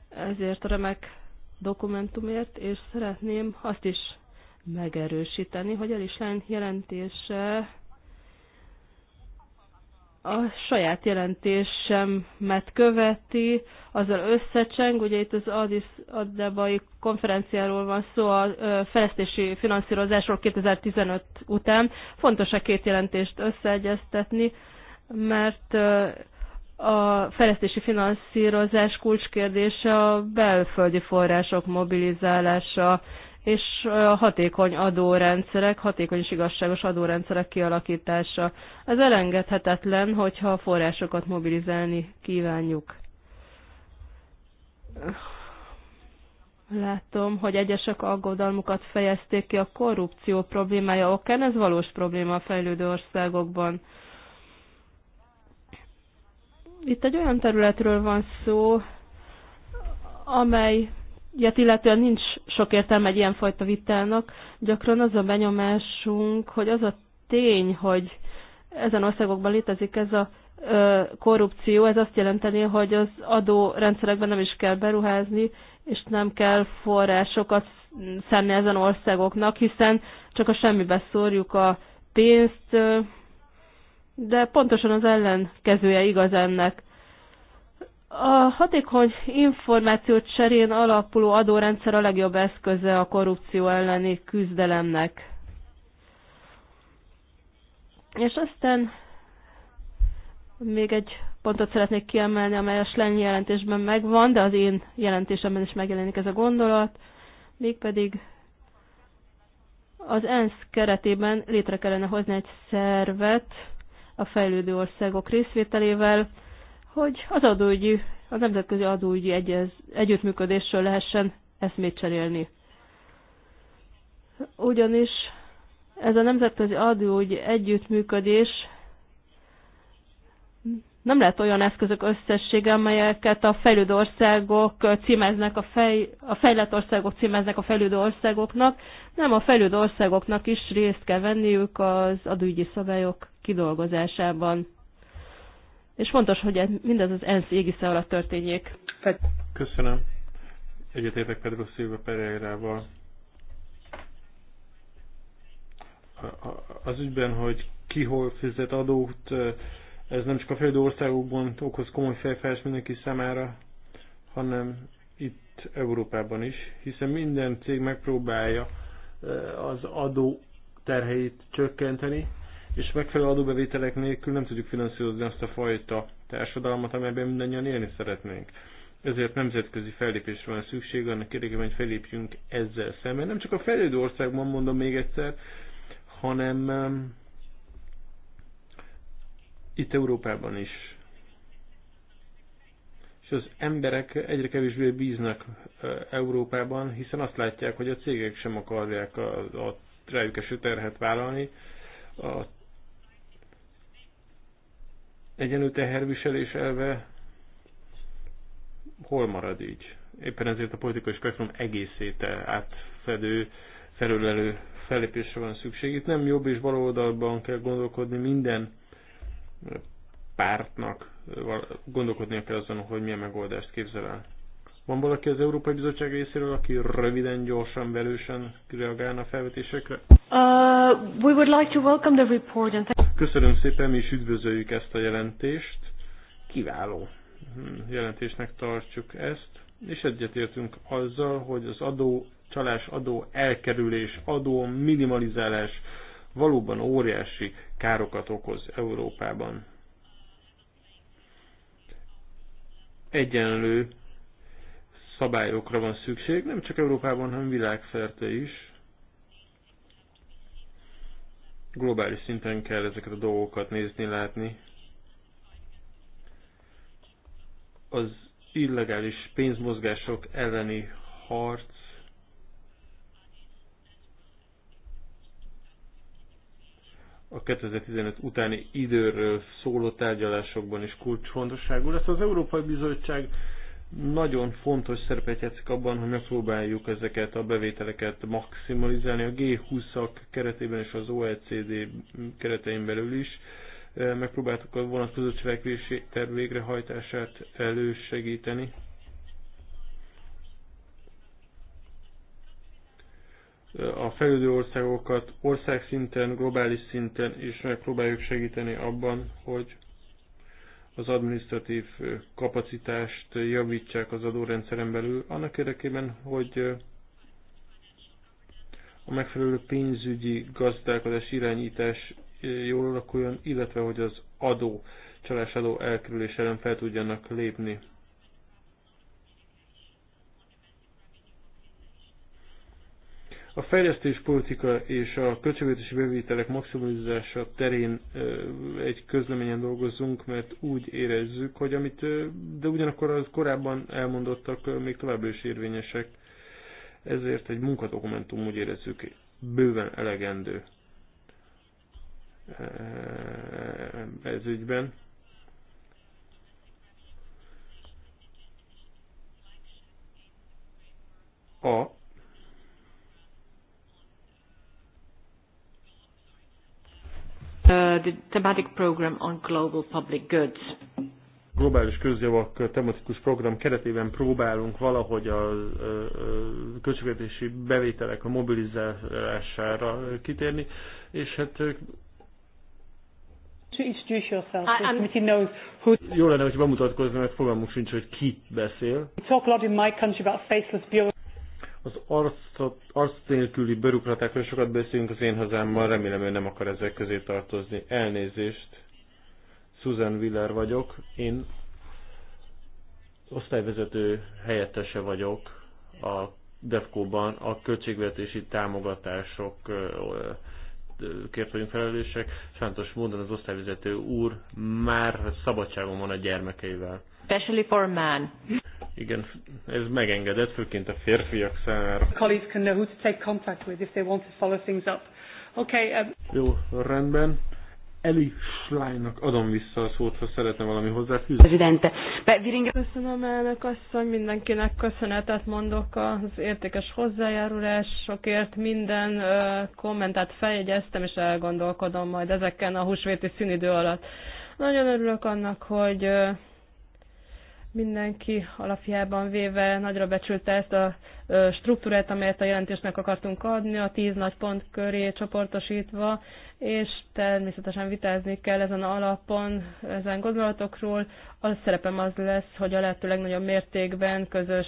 ezért a remek dokumentumért, és szeretném azt is megerősíteni, hogy Elislen jelentése a saját jelentésemet követi, azzal összecseng, ugye itt az Addis Adebai konferenciáról van szó, a fejlesztési finanszírozásról 2015 után. Fontos a két jelentést összeegyeztetni, mert a fejlesztési finanszírozás kulcskérdése a belföldi források mobilizálása, és a hatékony adórendszerek, hatékony és igazságos adórendszerek kialakítása. Ez elengedhetetlen, hogyha a forrásokat mobilizálni kívánjuk. Látom, hogy egyesek aggodalmukat fejezték ki a korrupció problémája okán, ez valós probléma a fejlődő országokban. Itt egy olyan területről van szó, amely ilyet illetően nincs sok értelme egy ilyenfajta vitának. Gyakran az a benyomásunk, hogy az a tény, hogy ezen országokban létezik ez a ö, korrupció, ez azt jelenteni, hogy az rendszerekben nem is kell beruházni, és nem kell forrásokat szenni ezen országoknak, hiszen csak a semmibe szórjuk a pénzt, de pontosan az ellenkezője igaz ennek. A hatékony információt cserén alapuló adórendszer a legjobb eszköze a korrupció elleni küzdelemnek. És aztán még egy pontot szeretnék kiemelni, amely a Slenny jelentésben megvan, de az én jelentésemben is megjelenik ez a gondolat, mégpedig az ENSZ keretében létre kellene hozni egy szervet a fejlődő országok részvételével, hogy az adóügyi, a nemzetközi adóügyi egyez, együttműködésről lehessen eszmét cserélni. Ugyanis ez a nemzetközi adóügyi együttműködés nem lehet olyan eszközök összessége, amelyeket a fejlődő országok címeznek, a, fej, a fejlett országok címeznek a fejlődő országoknak, nem a fejlődő országoknak is részt kell venniük az adóügyi szabályok kidolgozásában és fontos, hogy mindez az ENSZ égisze alatt történjék. Köszönöm. Egyetértek Pedro Silva Pereirával. Az ügyben, hogy ki hol fizet adót, ez nem csak a fejlődő országokban okoz komoly fejfájást mindenki számára, hanem itt Európában is, hiszen minden cég megpróbálja eh, az adó terheit csökkenteni, és megfelelő adóbevételek nélkül nem tudjuk finanszírozni azt a fajta társadalmat, amelyben mindannyian élni szeretnénk. Ezért nemzetközi fellépésre van szükség, annak érdekében, hogy fellépjünk ezzel szemben. Nem csak a fejlődő országban, mondom még egyszer, hanem um, itt Európában is. És az emberek egyre kevésbé bíznak uh, Európában, hiszen azt látják, hogy a cégek sem akarják a, a rájuk eső terhet vállalni, a egyenlő teherviselés elve hol marad így? Éppen ezért a politikai spektrum egészét átfedő, felülelő felépésre van szükség. Itt nem jobb és baloldalban kell gondolkodni minden pártnak, gondolkodnia kell azon, hogy milyen megoldást képzel el. Van valaki az Európai Bizottság részéről, aki röviden, gyorsan, velősen reagálna a felvetésekre? Uh, we would like to welcome the report and Köszönöm szépen, mi is üdvözöljük ezt a jelentést. Kiváló hmm, jelentésnek tartjuk ezt, és egyetértünk azzal, hogy az adó, csalás adó elkerülés, adó minimalizálás valóban óriási károkat okoz Európában. Egyenlő szabályokra van szükség, nem csak Európában, hanem világszerte is. Globális szinten kell ezeket a dolgokat nézni, látni. Az illegális pénzmozgások elleni harc a 2015 utáni időről szóló tárgyalásokban is kulcsfontosságú lesz. Az Európai Bizottság nagyon fontos szerepet játszik abban, hogy megpróbáljuk ezeket a bevételeket maximalizálni a G20-ak keretében és az OECD keretein belül is. Megpróbáltuk a vonatkozó cselekvési terv végrehajtását elősegíteni. A fejlődő országokat országszinten, globális szinten is megpróbáljuk segíteni abban, hogy az administratív kapacitást javítsák az adórendszeren belül, annak érdekében, hogy a megfelelő pénzügyi gazdálkodás irányítás jól alakuljon, illetve hogy az adó, csalás elkerülés ellen fel tudjanak lépni. A fejlesztéspolitika és a költségvetési bevételek maximalizása terén egy közleményen dolgozunk, mert úgy érezzük, hogy amit, de ugyanakkor az korábban elmondottak még továbbra is érvényesek, ezért egy munkadokumentum úgy érezzük bőven elegendő ez ügyben. A Uh, the thematic program on global public goods. Globális közjavak uh, tematikus program keretében próbálunk valahogy a uh, költségvetési bevételek a mobilizálására kitérni, és hát Jó lenne, hogy bemutatkozni, mert fogalmunk sincs, hogy ki beszél. talk a lot in my country about faceless bureau. Az arc, nélküli bürokratákról sokat beszélünk az én hazámmal, remélem ő nem akar ezek közé tartozni. Elnézést, Susan Willer vagyok, én osztályvezető helyettese vagyok a DEFCO-ban, a költségvetési támogatások kért vagyunk felelősek. Fontos módon az osztályvezető úr már szabadságon van a gyermekeivel. Especially for a man. Igen, ez megengedett, főként a férfiak számára. Colleagues can know who to take contact with if they want to follow things up. Okay, um... Jó, rendben. Eli Schleinnak adom vissza a szót, ha szeretne valami hozzáfűzni. Presidente, köszönöm elnök asszony, mindenkinek köszönetet mondok az értékes hozzájárulásokért, minden uh, kommentát feljegyeztem, és elgondolkodom majd ezeken a húsvéti színidő alatt. Nagyon örülök annak, hogy mindenki alapjában véve nagyra becsülte ezt a struktúrát, amelyet a jelentésnek akartunk adni, a tíz nagy pont köré csoportosítva, és természetesen vitázni kell ezen alapon, ezen gondolatokról. A szerepem az lesz, hogy a lehető legnagyobb mértékben közös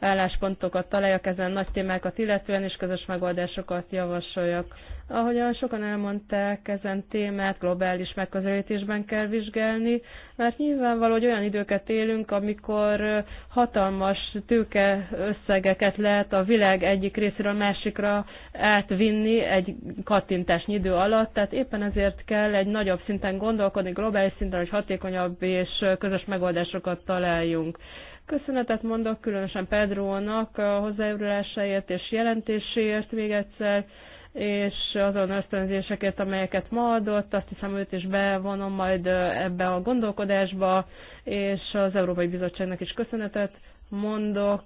álláspontokat találjak ezen nagy témákat illetően, és közös megoldásokat javasoljak. Ahogyan sokan elmondták, ezen témát globális megközelítésben kell vizsgálni, mert nyilvánvaló, hogy olyan időket élünk, amikor hatalmas tőke összegeket lehet a világ egyik részéről másikra átvinni egy kattintásnyi idő alatt, alatt, tehát éppen ezért kell egy nagyobb szinten gondolkodni, globális szinten, hogy hatékonyabb és közös megoldásokat találjunk. Köszönetet mondok különösen Pedrónak a hozzájárulásáért és jelentéséért még egyszer, és azon ösztönzéseket, amelyeket ma adott, azt hiszem őt is bevonom majd ebbe a gondolkodásba, és az Európai Bizottságnak is köszönetet mondok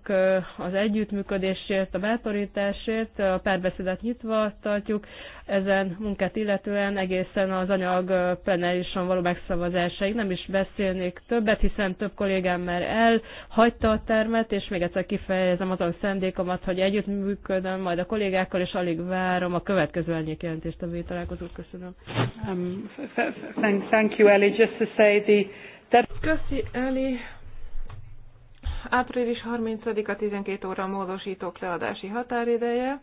az együttműködésért, a bátorításért, a párbeszédet nyitva tartjuk. Ezen munkát illetően egészen az anyag plenárison való megszavazásaig nem is beszélnék többet, hiszen több kollégám már elhagyta a termet, és még egyszer kifejezem azon szendékomat, hogy együttműködöm majd a kollégákkal, és alig várom a következő elnyékjelentést a találkozunk. Köszönöm. Um, thank you, Ellie. Just to say the... Köszi, Ellie április 30-a 12 óra módosítók leadási határideje,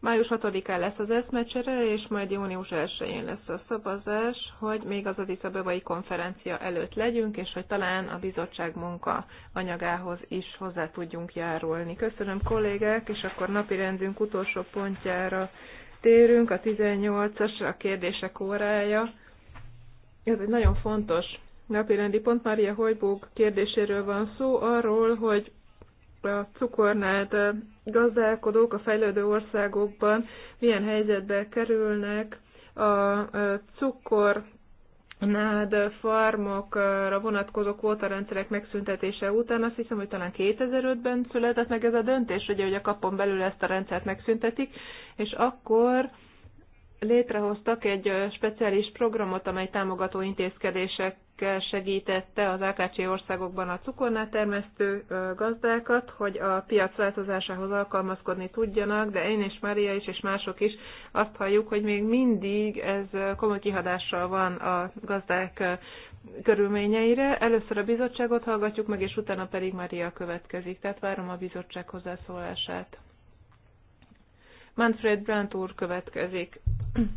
május 6-án lesz az eszmecsere, és majd június 1-én lesz a szavazás, hogy még az Addis Abebai konferencia előtt legyünk, és hogy talán a bizottság munka anyagához is hozzá tudjunk járulni. Köszönöm kollégák, és akkor rendünk utolsó pontjára térünk, a 18-as, a kérdések órája. Ez egy nagyon fontos napirendi pont Mária Hojbók kérdéséről van szó, arról, hogy a cukornád gazdálkodók a fejlődő országokban milyen helyzetbe kerülnek a cukor nád farmokra vonatkozó kvótarendszerek megszüntetése után azt hiszem, hogy talán 2005-ben született meg ez a döntés, ugye, hogy a kapon belül ezt a rendszert megszüntetik, és akkor létrehoztak egy speciális programot, amely támogató intézkedésekkel segítette az AKC országokban a cukornát termesztő gazdákat, hogy a piac változásához alkalmazkodni tudjanak, de én és Mária is, és mások is azt halljuk, hogy még mindig ez komoly kihadással van a gazdák körülményeire. Először a bizottságot hallgatjuk meg, és utána pedig Mária következik. Tehát várom a bizottság hozzászólását. Manfred Brandt úr következik.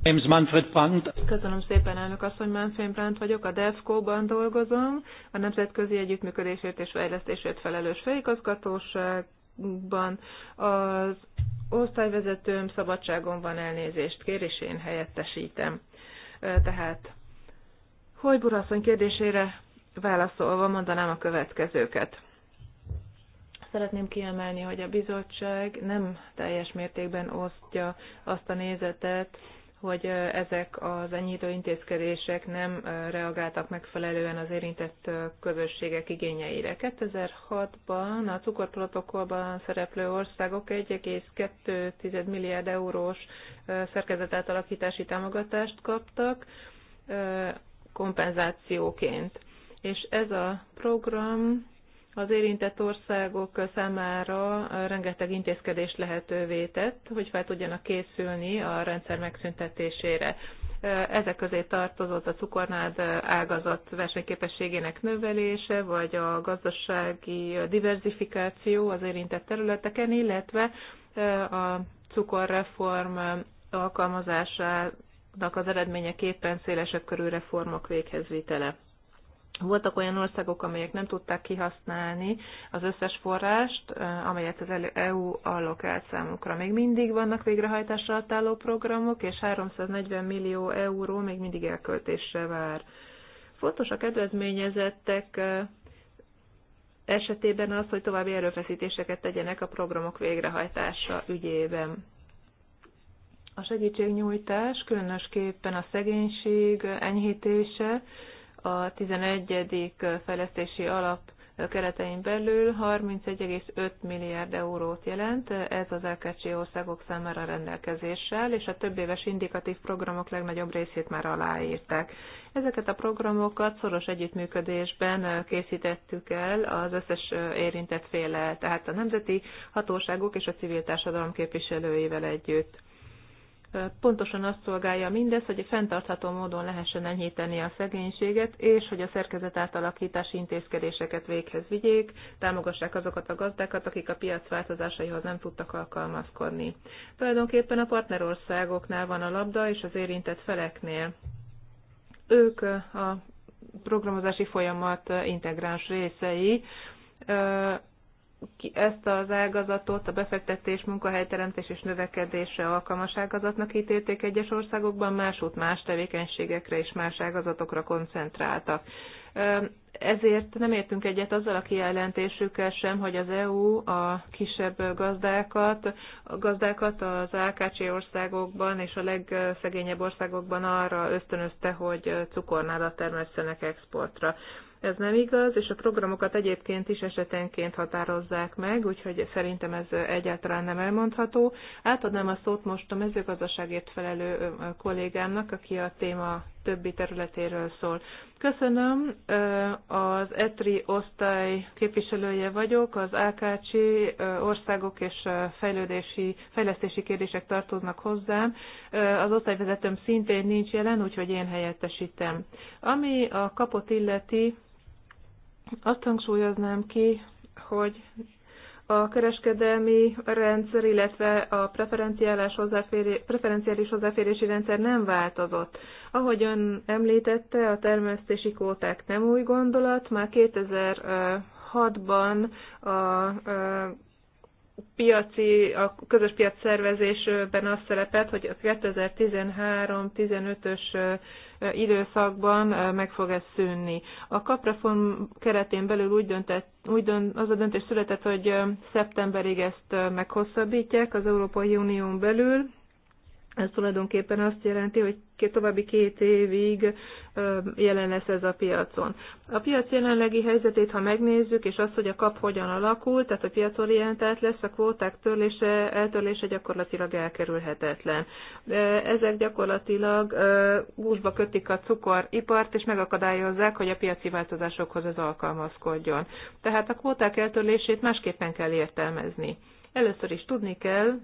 James Manfred Brandt. Köszönöm szépen, elnök asszony, Manfred Brandt vagyok, a DEFCO-ban dolgozom, a Nemzetközi Együttműködésért és Fejlesztésért Felelős Főigazgatóságban. Az osztályvezetőm szabadságon van elnézést, kér, és én helyettesítem. Tehát, hogy asszony kérdésére válaszolva mondanám a következőket. Szeretném kiemelni, hogy a bizottság nem teljes mértékben osztja azt a nézetet, hogy ezek az enyhítő intézkedések nem reagáltak megfelelően az érintett közösségek igényeire. 2006-ban a cukorprotokollban szereplő országok 1,2 milliárd eurós szerkezetátalakítási támogatást kaptak kompenzációként. És ez a program az érintett országok számára rengeteg intézkedést lehetővé tett, hogy fel tudjanak készülni a rendszer megszüntetésére. Ezek közé tartozott a cukornád ágazat versenyképességének növelése, vagy a gazdasági diversifikáció az érintett területeken, illetve a cukorreform alkalmazásának az eredményeképpen szélesebb körű reformok véghezvitele. Voltak olyan országok, amelyek nem tudták kihasználni az összes forrást, amelyet az EU allokált számukra. Még mindig vannak végrehajtásra álló programok, és 340 millió euró még mindig elköltésre vár. Fontos a kedvezményezettek esetében az, hogy további erőfeszítéseket tegyenek a programok végrehajtása ügyében. A segítségnyújtás, különösképpen a szegénység enyhítése, a 11. fejlesztési alap keretein belül 31,5 milliárd eurót jelent, ez az LKC országok számára rendelkezéssel, és a több éves indikatív programok legnagyobb részét már aláírták. Ezeket a programokat szoros együttműködésben készítettük el az összes érintett féle, tehát a nemzeti hatóságok és a civil társadalom képviselőivel együtt pontosan azt szolgálja mindez, hogy fenntartható módon lehessen enyhíteni a szegénységet, és hogy a szerkezet átalakítási intézkedéseket véghez vigyék, támogassák azokat a gazdákat, akik a piac változásaihoz nem tudtak alkalmazkodni. Tulajdonképpen a partnerországoknál van a labda, és az érintett feleknél. Ők a programozási folyamat integráns részei, ezt az ágazatot a befektetés, munkahelyteremtés és növekedésre alkalmas ágazatnak ítélték egyes országokban, másút más tevékenységekre és más ágazatokra koncentráltak. Ezért nem értünk egyet azzal a kijelentésükkel sem, hogy az EU a kisebb gazdákat, a gazdákat az AKC országokban és a legszegényebb országokban arra ösztönözte, hogy cukornádat termesszenek exportra ez nem igaz, és a programokat egyébként is esetenként határozzák meg, úgyhogy szerintem ez egyáltalán nem elmondható. Átadnám a szót most a mezőgazdaságért felelő kollégámnak, aki a téma többi területéről szól. Köszönöm, az ETRI osztály képviselője vagyok, az AKC országok és fejlődési, fejlesztési kérdések tartoznak hozzám. Az osztályvezetőm szintén nincs jelen, úgyhogy én helyettesítem. Ami a kapot illeti, azt hangsúlyoznám ki, hogy a kereskedelmi rendszer, illetve a preferenciális, hozzáféré, preferenciális hozzáférési rendszer nem változott. Ahogy ön említette, a termesztési kóták nem új gondolat, már 2006-ban a piaci, a közös piac szervezésben az szerepet, hogy a 2013-15-ös időszakban meg fog ez szűnni. A kapreform keretén belül úgy döntett, úgy dönt, az a döntés született, hogy szeptemberig ezt meghosszabbítják az Európai Unión belül, ez tulajdonképpen azt jelenti, hogy további két évig jelen lesz ez a piacon. A piac jelenlegi helyzetét, ha megnézzük, és azt, hogy a kap hogyan alakul, tehát a piacorientált lesz, a kvóták törlése, eltörlése gyakorlatilag elkerülhetetlen. Ezek gyakorlatilag húsba kötik a cukoripart, és megakadályozzák, hogy a piaci változásokhoz ez alkalmazkodjon. Tehát a kvóták eltörlését másképpen kell értelmezni. Először is tudni kell,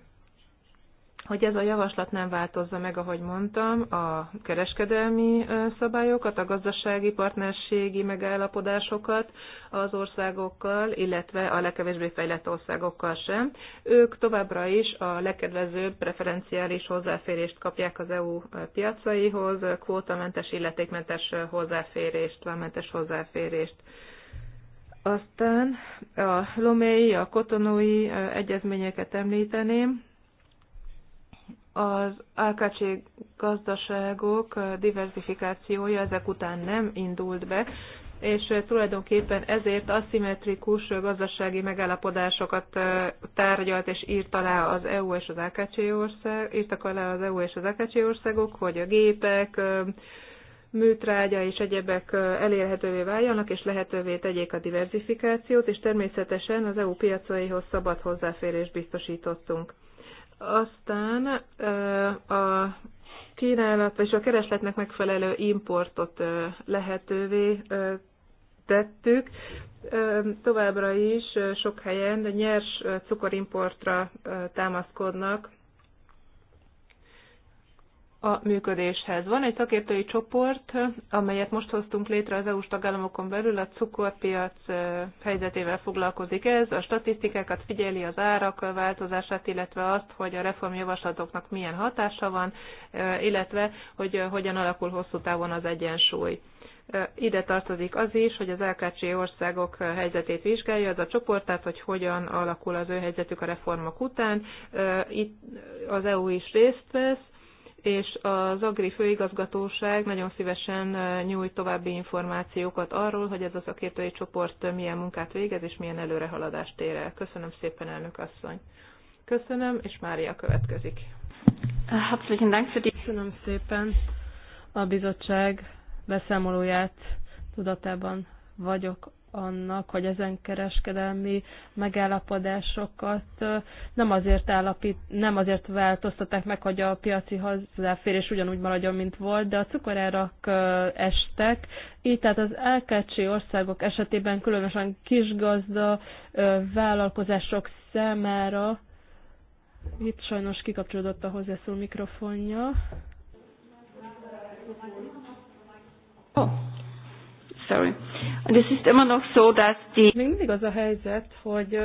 hogy ez a javaslat nem változza meg, ahogy mondtam, a kereskedelmi szabályokat, a gazdasági partnerségi megállapodásokat az országokkal, illetve a legkevésbé fejlett országokkal sem. Ők továbbra is a legkedvezőbb preferenciális hozzáférést kapják az EU piacaihoz, kvótamentes, illetékmentes hozzáférést, vámmentes hozzáférést. Aztán a lomei, a kotonói egyezményeket említeném, az AKC gazdaságok diversifikációja ezek után nem indult be, és tulajdonképpen ezért aszimmetrikus gazdasági megállapodásokat tárgyalt és írt alá az EU és az AKC ország, írtak alá az EU és az AKC országok, hogy a gépek, műtrágya és egyebek elérhetővé váljanak, és lehetővé tegyék a diversifikációt, és természetesen az EU piacaihoz szabad hozzáférést biztosítottunk. Aztán a kínálat és a keresletnek megfelelő importot lehetővé tettük. Továbbra is sok helyen nyers cukorimportra támaszkodnak a működéshez. Van egy szakértői csoport, amelyet most hoztunk létre az EU-s tagállamokon belül, a cukorpiac helyzetével foglalkozik ez, a statisztikákat figyeli az árak változását, illetve azt, hogy a reformjavaslatoknak milyen hatása van, illetve hogy hogyan alakul hosszú távon az egyensúly. Ide tartozik az is, hogy az LKC országok helyzetét vizsgálja az a csoport, tehát hogy hogyan alakul az ő helyzetük a reformok után. Itt az EU is részt vesz, és az Agri főigazgatóság nagyon szívesen nyújt további információkat arról, hogy ez a szakértői csoport milyen munkát végez, és milyen előrehaladást ér el. Köszönöm szépen, elnök asszony. Köszönöm, és Mária következik. Köszönöm szépen a bizottság beszámolóját tudatában vagyok annak, hogy ezen kereskedelmi megállapodásokat nem azért, állapít, nem azért változtatták meg, hogy a piaci hozzáférés ugyanúgy maradjon, mint volt, de a cukorárak estek, így tehát az elkecsi országok esetében különösen kisgazda vállalkozások számára itt sajnos kikapcsolódott a hozzászól mikrofonja. Oh sorry. And es ist immer noch so, dass die... Még mindig az a helyzet, hogy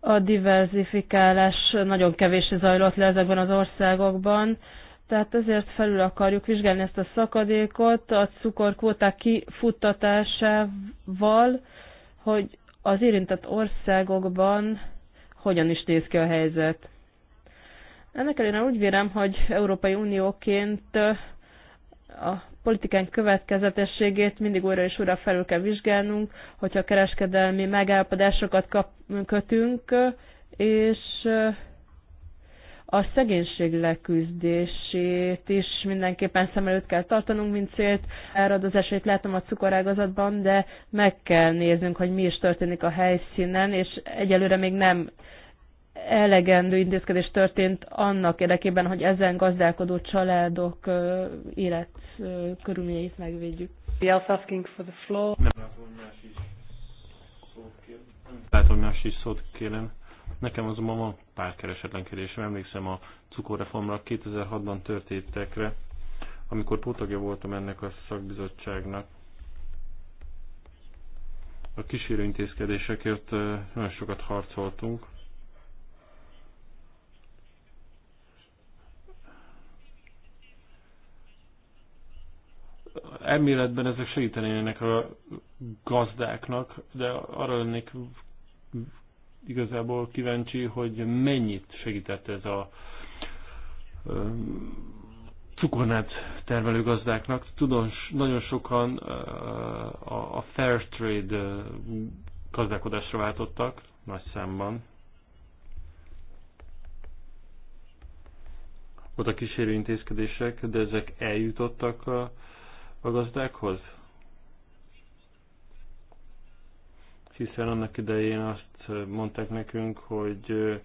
a diversifikálás nagyon kevés zajlott le ezekben az országokban, tehát ezért felül akarjuk vizsgálni ezt a szakadékot a cukorkvóták kifuttatásával, hogy az érintett országokban hogyan is néz ki a helyzet. Ennek ellenére úgy vélem, hogy Európai Unióként a politikánk következetességét mindig újra és újra felül kell vizsgálnunk, hogyha kereskedelmi megállapodásokat kap, kötünk, és a szegénység leküzdését is mindenképpen szem előtt kell tartanunk, mint célt. esélyt, látom a cukorágazatban, de meg kell néznünk, hogy mi is történik a helyszínen, és egyelőre még nem elegendő intézkedés történt annak érdekében, hogy ezen gazdálkodó családok körülményeit megvédjük. Asking for the floor. Nem látom, hogy más is szót kérem. Nekem azonban van pár keresetlen kérdésem. Emlékszem a cukorreformra 2006-ban történtekre, amikor pótagja voltam ennek a szakbizottságnak. A kísérő intézkedésekért nagyon sokat harcoltunk elméletben ezek segítenének a gazdáknak, de arra lennék igazából kíváncsi, hogy mennyit segített ez a cukornát termelő gazdáknak. Tudom, nagyon sokan a fair trade gazdálkodásra váltottak nagy számban. Voltak kísérő intézkedések, de ezek eljutottak a a gazdákhoz? Hiszen annak idején azt mondták nekünk, hogy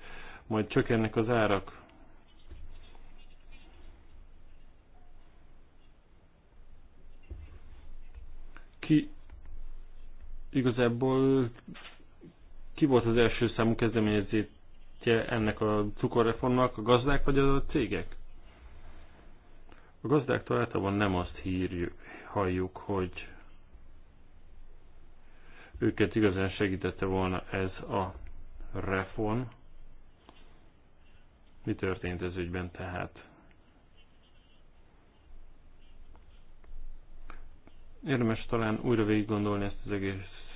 majd csökkennek az árak. Ki igazából ki volt az első számú kezdeményezétje ennek a cukorreformnak, a gazdák vagy a cégek? A gazdák általában nem azt hírjük, halljuk, hogy őket igazán segítette volna ez a reform. Mi történt ez ügyben tehát? Érdemes talán újra végig gondolni ezt az egész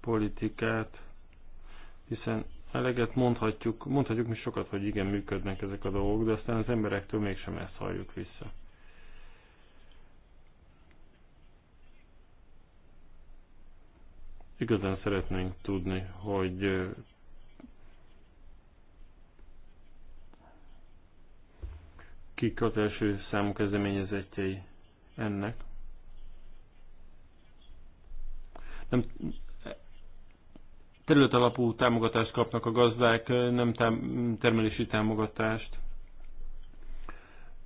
politikát, hiszen eleget mondhatjuk, mondhatjuk mi sokat, hogy igen, működnek ezek a dolgok, de aztán az emberektől mégsem ezt halljuk vissza. Igazán szeretnénk tudni, hogy kik az első számú kezdeményezettjei ennek. Nem, terület alapú támogatást kapnak a gazdák, nem termelési támogatást,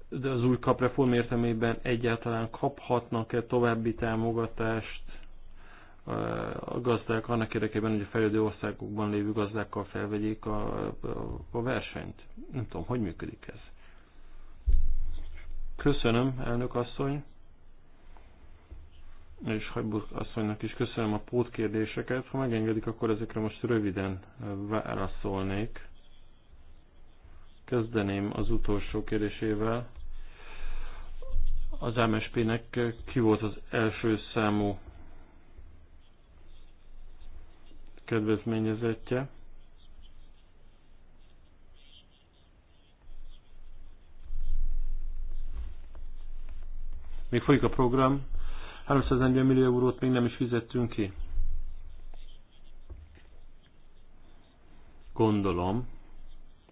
de az új kapreform értelmében egyáltalán kaphatnak-e további támogatást a gazdák annak érdekében, hogy a fejlődő országokban lévő gazdákkal felvegyék a, a, a versenyt. Nem tudom, hogy működik ez. Köszönöm, elnök asszony, és Hajburg asszonynak is köszönöm a pótkérdéseket. Ha megengedik, akkor ezekre most röviden válaszolnék. Kezdeném az utolsó kérdésével. Az MSP-nek ki volt az első számú kedvezményezettje. Még folyik a program, 340 millió eurót még nem is fizettünk ki. Gondolom,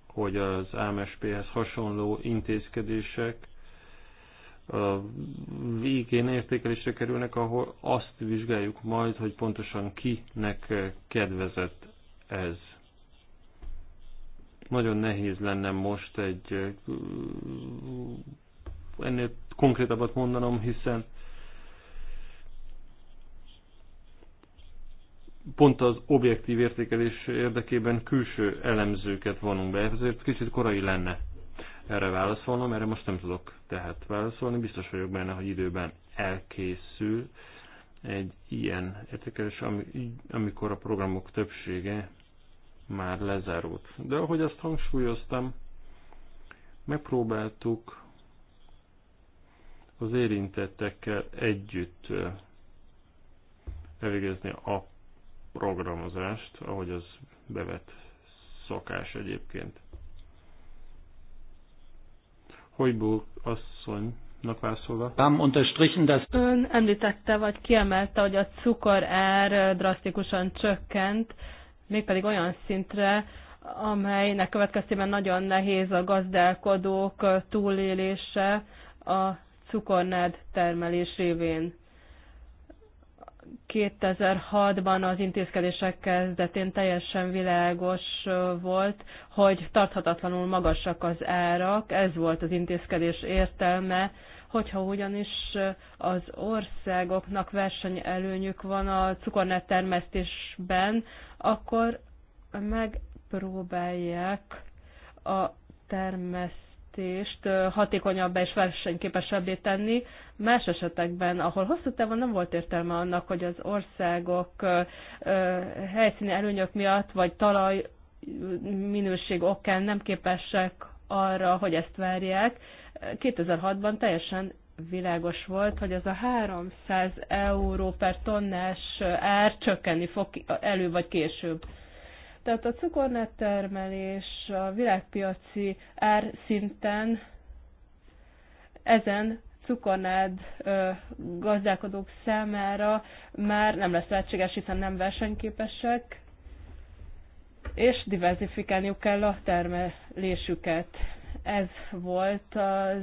hogy az msp hez hasonló intézkedések végén értékelésre kerülnek, ahol azt vizsgáljuk majd, hogy pontosan kinek kedvezett ez. Nagyon nehéz lenne most egy ennél konkrétabbat mondanom, hiszen pont az objektív értékelés érdekében külső elemzőket vonunk be, ezért kicsit korai lenne erre válaszolnom, erre most nem tudok tehát válaszolni, biztos vagyok benne, hogy időben elkészül egy ilyen értékelés, amikor a programok többsége már lezárult. De ahogy azt hangsúlyoztam, megpróbáltuk az érintettekkel együtt elvégezni a programozást, ahogy az bevet szokás egyébként. Hojbó asszonynak válaszolva. Ám unterstrichen, dass... Ön említette, vagy kiemelte, hogy a cukorár drasztikusan csökkent, mégpedig olyan szintre, amelynek következtében nagyon nehéz a gazdálkodók túlélése a cukornád termelés révén. 2006-ban az intézkedések kezdetén teljesen világos volt, hogy tarthatatlanul magasak az árak, ez volt az intézkedés értelme, hogyha ugyanis az országoknak versenyelőnyük van a cukornát termesztésben, akkor megpróbálják a termesztés költségvetést hatékonyabbá és versenyképesebbé tenni. Más esetekben, ahol hosszú távon nem volt értelme annak, hogy az országok helyszíni előnyök miatt, vagy talaj minőség okán nem képesek arra, hogy ezt várják. 2006-ban teljesen világos volt, hogy az a 300 euró per tonnás ár csökkenni fog elő vagy később. Tehát a cukornet termelés a világpiaci R-szinten ezen cukornád gazdálkodók számára már nem lesz lehetséges, hiszen nem versenyképesek, és diversifikálniuk kell a termelésüket. Ez volt az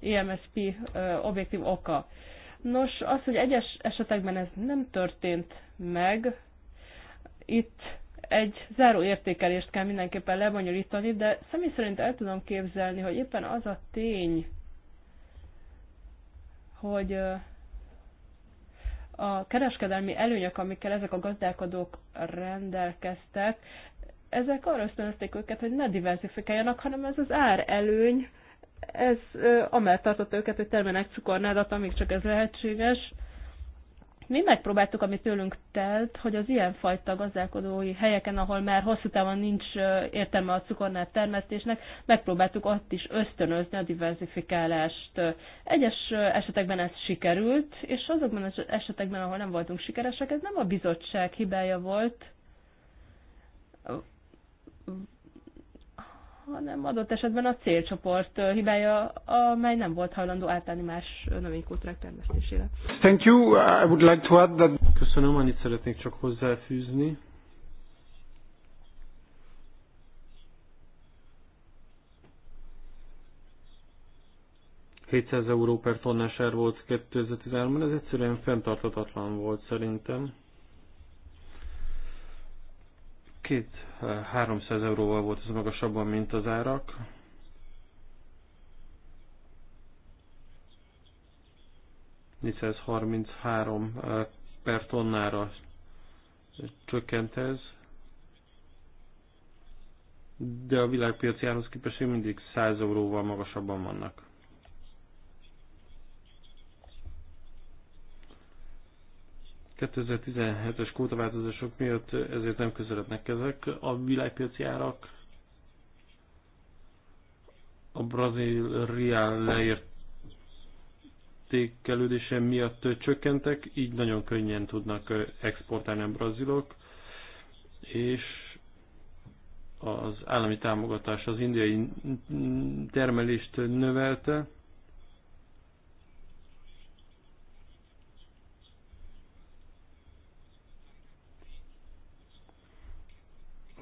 IMSP objektív oka. Nos, az, hogy egyes esetekben ez nem történt meg, itt egy záró értékelést kell mindenképpen lebonyolítani, de személy szerint el tudom képzelni, hogy éppen az a tény, hogy a kereskedelmi előnyök, amikkel ezek a gazdálkodók rendelkeztek, ezek arra ösztönözték őket, hogy ne diversifikáljanak, hanem ez az ár előny, ez amellett tartott őket, hogy termelnek cukornádat, amíg csak ez lehetséges, mi megpróbáltuk, ami tőlünk telt, hogy az ilyenfajta gazdálkodói helyeken, ahol már hosszú távon nincs értelme a cukornát termesztésnek, megpróbáltuk ott is ösztönözni a diversifikálást. Egyes esetekben ez sikerült, és azokban az esetekben, ahol nem voltunk sikeresek, ez nem a bizottság hibája volt, hanem adott esetben a célcsoport hibája, amely nem volt hajlandó átállni más növénykultúrák termesztésére. Thank you. I would like to add that... Köszönöm, annyit szeretnék csak hozzáfűzni. ...700 euró per tonnás ár volt 2013-ban, ez egyszerűen fenntartatatlan volt szerintem. Két 300 euróval volt ez magasabban, mint az árak. ...433 eh, per tonnára csökkent ez, de a világpiaci árhoz képest mindig 100 euróval magasabban vannak. 2017-es kótaváltozások miatt ezért nem közelednek ezek. A világpiaci árak a brazil real leértékelődése miatt csökkentek, így nagyon könnyen tudnak exportálni a brazilok, és az állami támogatás az indiai termelést növelte,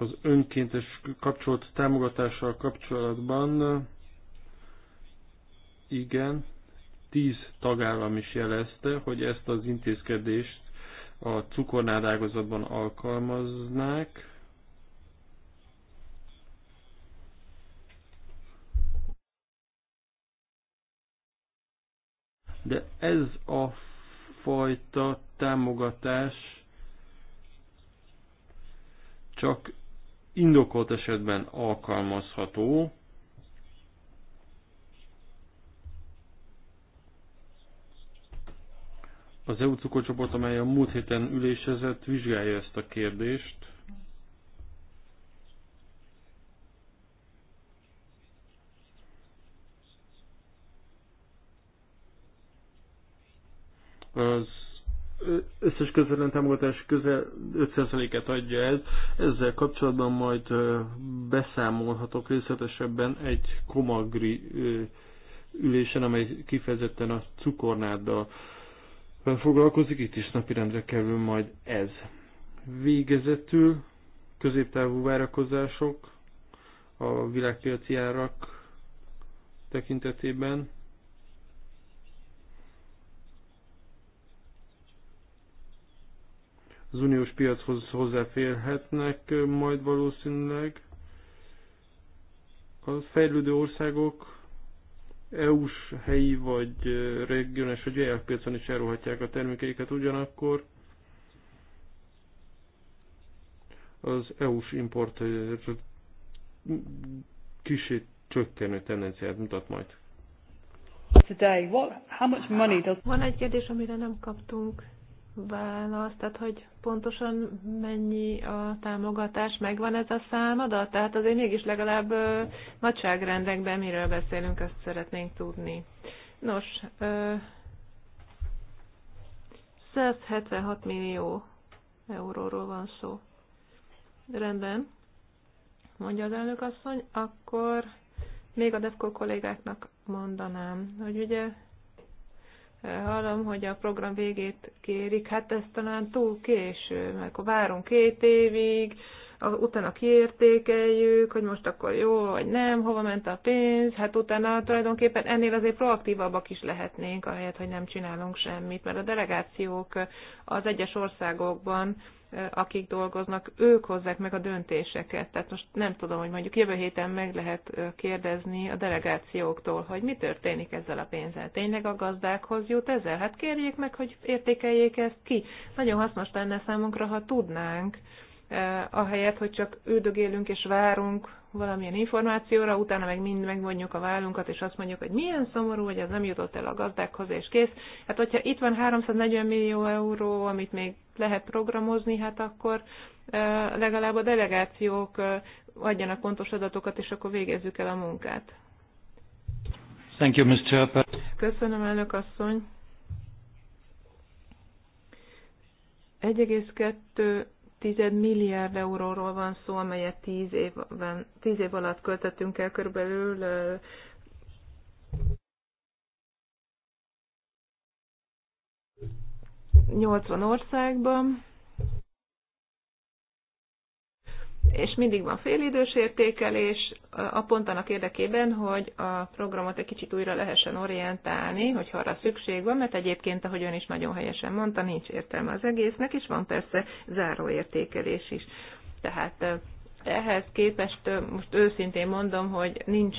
az önkéntes kapcsolat támogatással kapcsolatban igen, tíz tagállam is jelezte, hogy ezt az intézkedést a cukornádágazatban alkalmaznák. De ez a fajta támogatás csak indokolt esetben alkalmazható, az EU cukorcsoport, amely a múlt héten ülésezett, vizsgálja ezt a kérdést. Az összes közvetlen támogatás közel 5%-et adja ez. Ezzel kapcsolatban majd beszámolhatok részletesebben egy komagri ülésen, amely kifejezetten a cukornáddal foglalkozik, itt is napirendre kerül majd ez. Végezetül középtávú várakozások a világpiaci árak tekintetében az uniós piachoz hozzáférhetnek majd valószínűleg. A fejlődő országok EU-s helyi vagy regionális vagy világpiacon is elruhatják a termékeiket ugyanakkor. Az EU-s import kicsit csökkenő tendenciát mutat majd. Today, what, how much money does... Van egy kérdés, amire nem kaptunk választ, tehát hogy pontosan mennyi a támogatás, megvan ez a számadat? Tehát azért mégis legalább ö, nagyságrendekben miről beszélünk, azt szeretnénk tudni. Nos, ö, 176 millió euróról van szó. Rendben, mondja az elnök asszony, akkor még a DEFCO kollégáknak mondanám, hogy ugye hallom, hogy a program végét kérik, hát ez talán túl késő, mert akkor várunk két évig, utána kiértékeljük, hogy most akkor jó, vagy nem, hova ment a pénz, hát utána tulajdonképpen ennél azért proaktívabbak is lehetnénk, ahelyett, hogy nem csinálunk semmit, mert a delegációk az egyes országokban akik dolgoznak, ők hozzák meg a döntéseket. Tehát most nem tudom, hogy mondjuk jövő héten meg lehet kérdezni a delegációktól, hogy mi történik ezzel a pénzzel. Tényleg a gazdákhoz jut ezzel? Hát kérjék meg, hogy értékeljék ezt ki. Nagyon hasznos lenne számunkra, ha tudnánk, ahelyett, hogy csak üldögélünk és várunk valamilyen információra, utána meg mind megmondjuk a vállunkat, és azt mondjuk, hogy milyen szomorú, hogy ez nem jutott el a gazdákhoz, és kész. Hát, hogyha itt van 340 millió euró, amit még lehet programozni, hát akkor legalább a delegációk adjanak pontos adatokat, és akkor végezzük el a munkát. Thank you, Mr. Chairper. Köszönöm, elnök asszony milliárd euróról van szó, amelyet tíz évben, tíz év alatt költöttünk el körülbelül Nyolcvan országban, és mindig van félidős értékelés a pont annak érdekében, hogy a programot egy kicsit újra lehessen orientálni, hogyha arra szükség van, mert egyébként, ahogy ön is nagyon helyesen mondta, nincs értelme az egésznek, és van persze záróértékelés is. Tehát ehhez képest most őszintén mondom, hogy nincs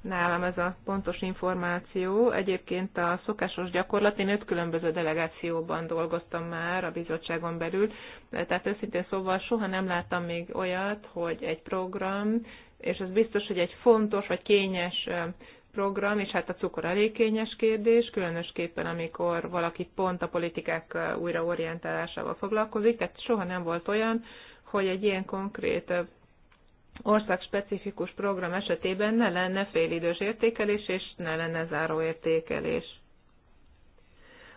nálam ez a pontos információ. Egyébként a szokásos gyakorlat, én öt különböző delegációban dolgoztam már a bizottságon belül, tehát őszintén szóval soha nem láttam még olyat, hogy egy program, és ez biztos, hogy egy fontos vagy kényes program, és hát a cukor elég kényes kérdés, különösképpen amikor valaki pont a politikák újraorientálásával foglalkozik, tehát soha nem volt olyan, hogy egy ilyen konkrét országspecifikus program esetében ne lenne félidős értékelés, és ne lenne záróértékelés.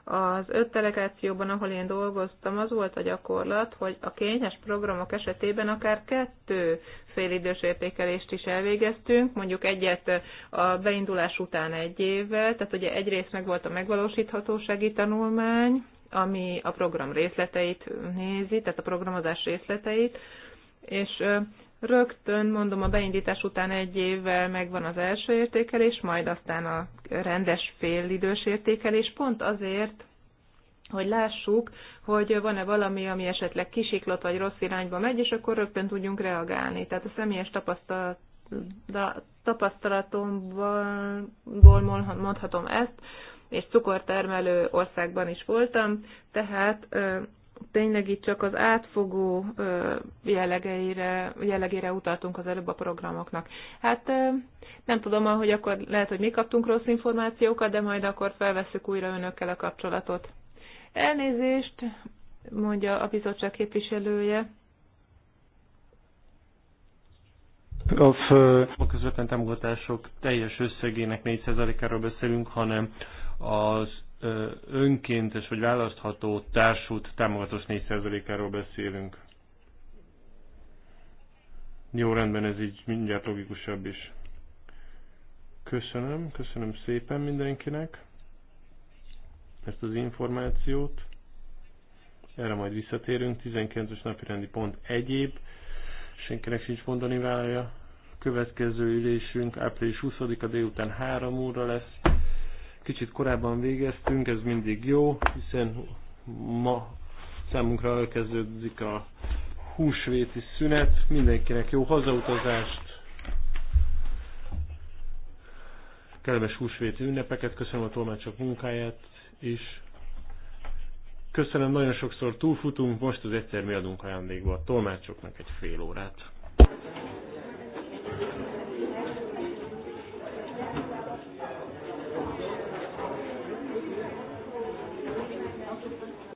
Az öt delegációban, ahol én dolgoztam, az volt a gyakorlat, hogy a kényes programok esetében akár kettő félidős értékelést is elvégeztünk, mondjuk egyet a beindulás után egy évvel, tehát ugye egyrészt meg volt a megvalósíthatósági tanulmány, ami a program részleteit nézi, tehát a programozás részleteit, és rögtön, mondom, a beindítás után egy évvel megvan az első értékelés, majd aztán a rendes félidős értékelés, pont azért, hogy lássuk, hogy van-e valami, ami esetleg kisiklott vagy rossz irányba megy, és akkor rögtön tudjunk reagálni. Tehát a személyes tapasztalat tapasztalatomból mondhatom ezt, és cukortermelő országban is voltam, tehát tényleg itt csak az átfogó jellegeire, jellegére utaltunk az előbb a programoknak. Hát nem tudom, hogy akkor lehet, hogy mi kaptunk rossz információkat, de majd akkor felveszük újra önökkel a kapcsolatot. Elnézést, mondja a bizottság képviselője. A közvetlen támogatások teljes összegének 4%-áról beszélünk, hanem az önkéntes vagy választható társult támogatós 4%-áról beszélünk. Jó, rendben, ez így mindjárt logikusabb is. Köszönöm, köszönöm szépen mindenkinek ezt az információt. Erre majd visszatérünk. 19-es napi rendi pont egyéb. Senkinek sincs mondani válja. Következő ülésünk április 20-a délután 3 óra lesz Kicsit korábban végeztünk, ez mindig jó, hiszen ma számunkra elkezdődik a húsvéti szünet. Mindenkinek jó hazautazást, kellemes húsvéti ünnepeket, köszönöm a tolmácsok munkáját is. Köszönöm, nagyon sokszor túlfutunk, most az egyszer mi adunk ajándékba a tolmácsoknak egy fél órát. Thank you.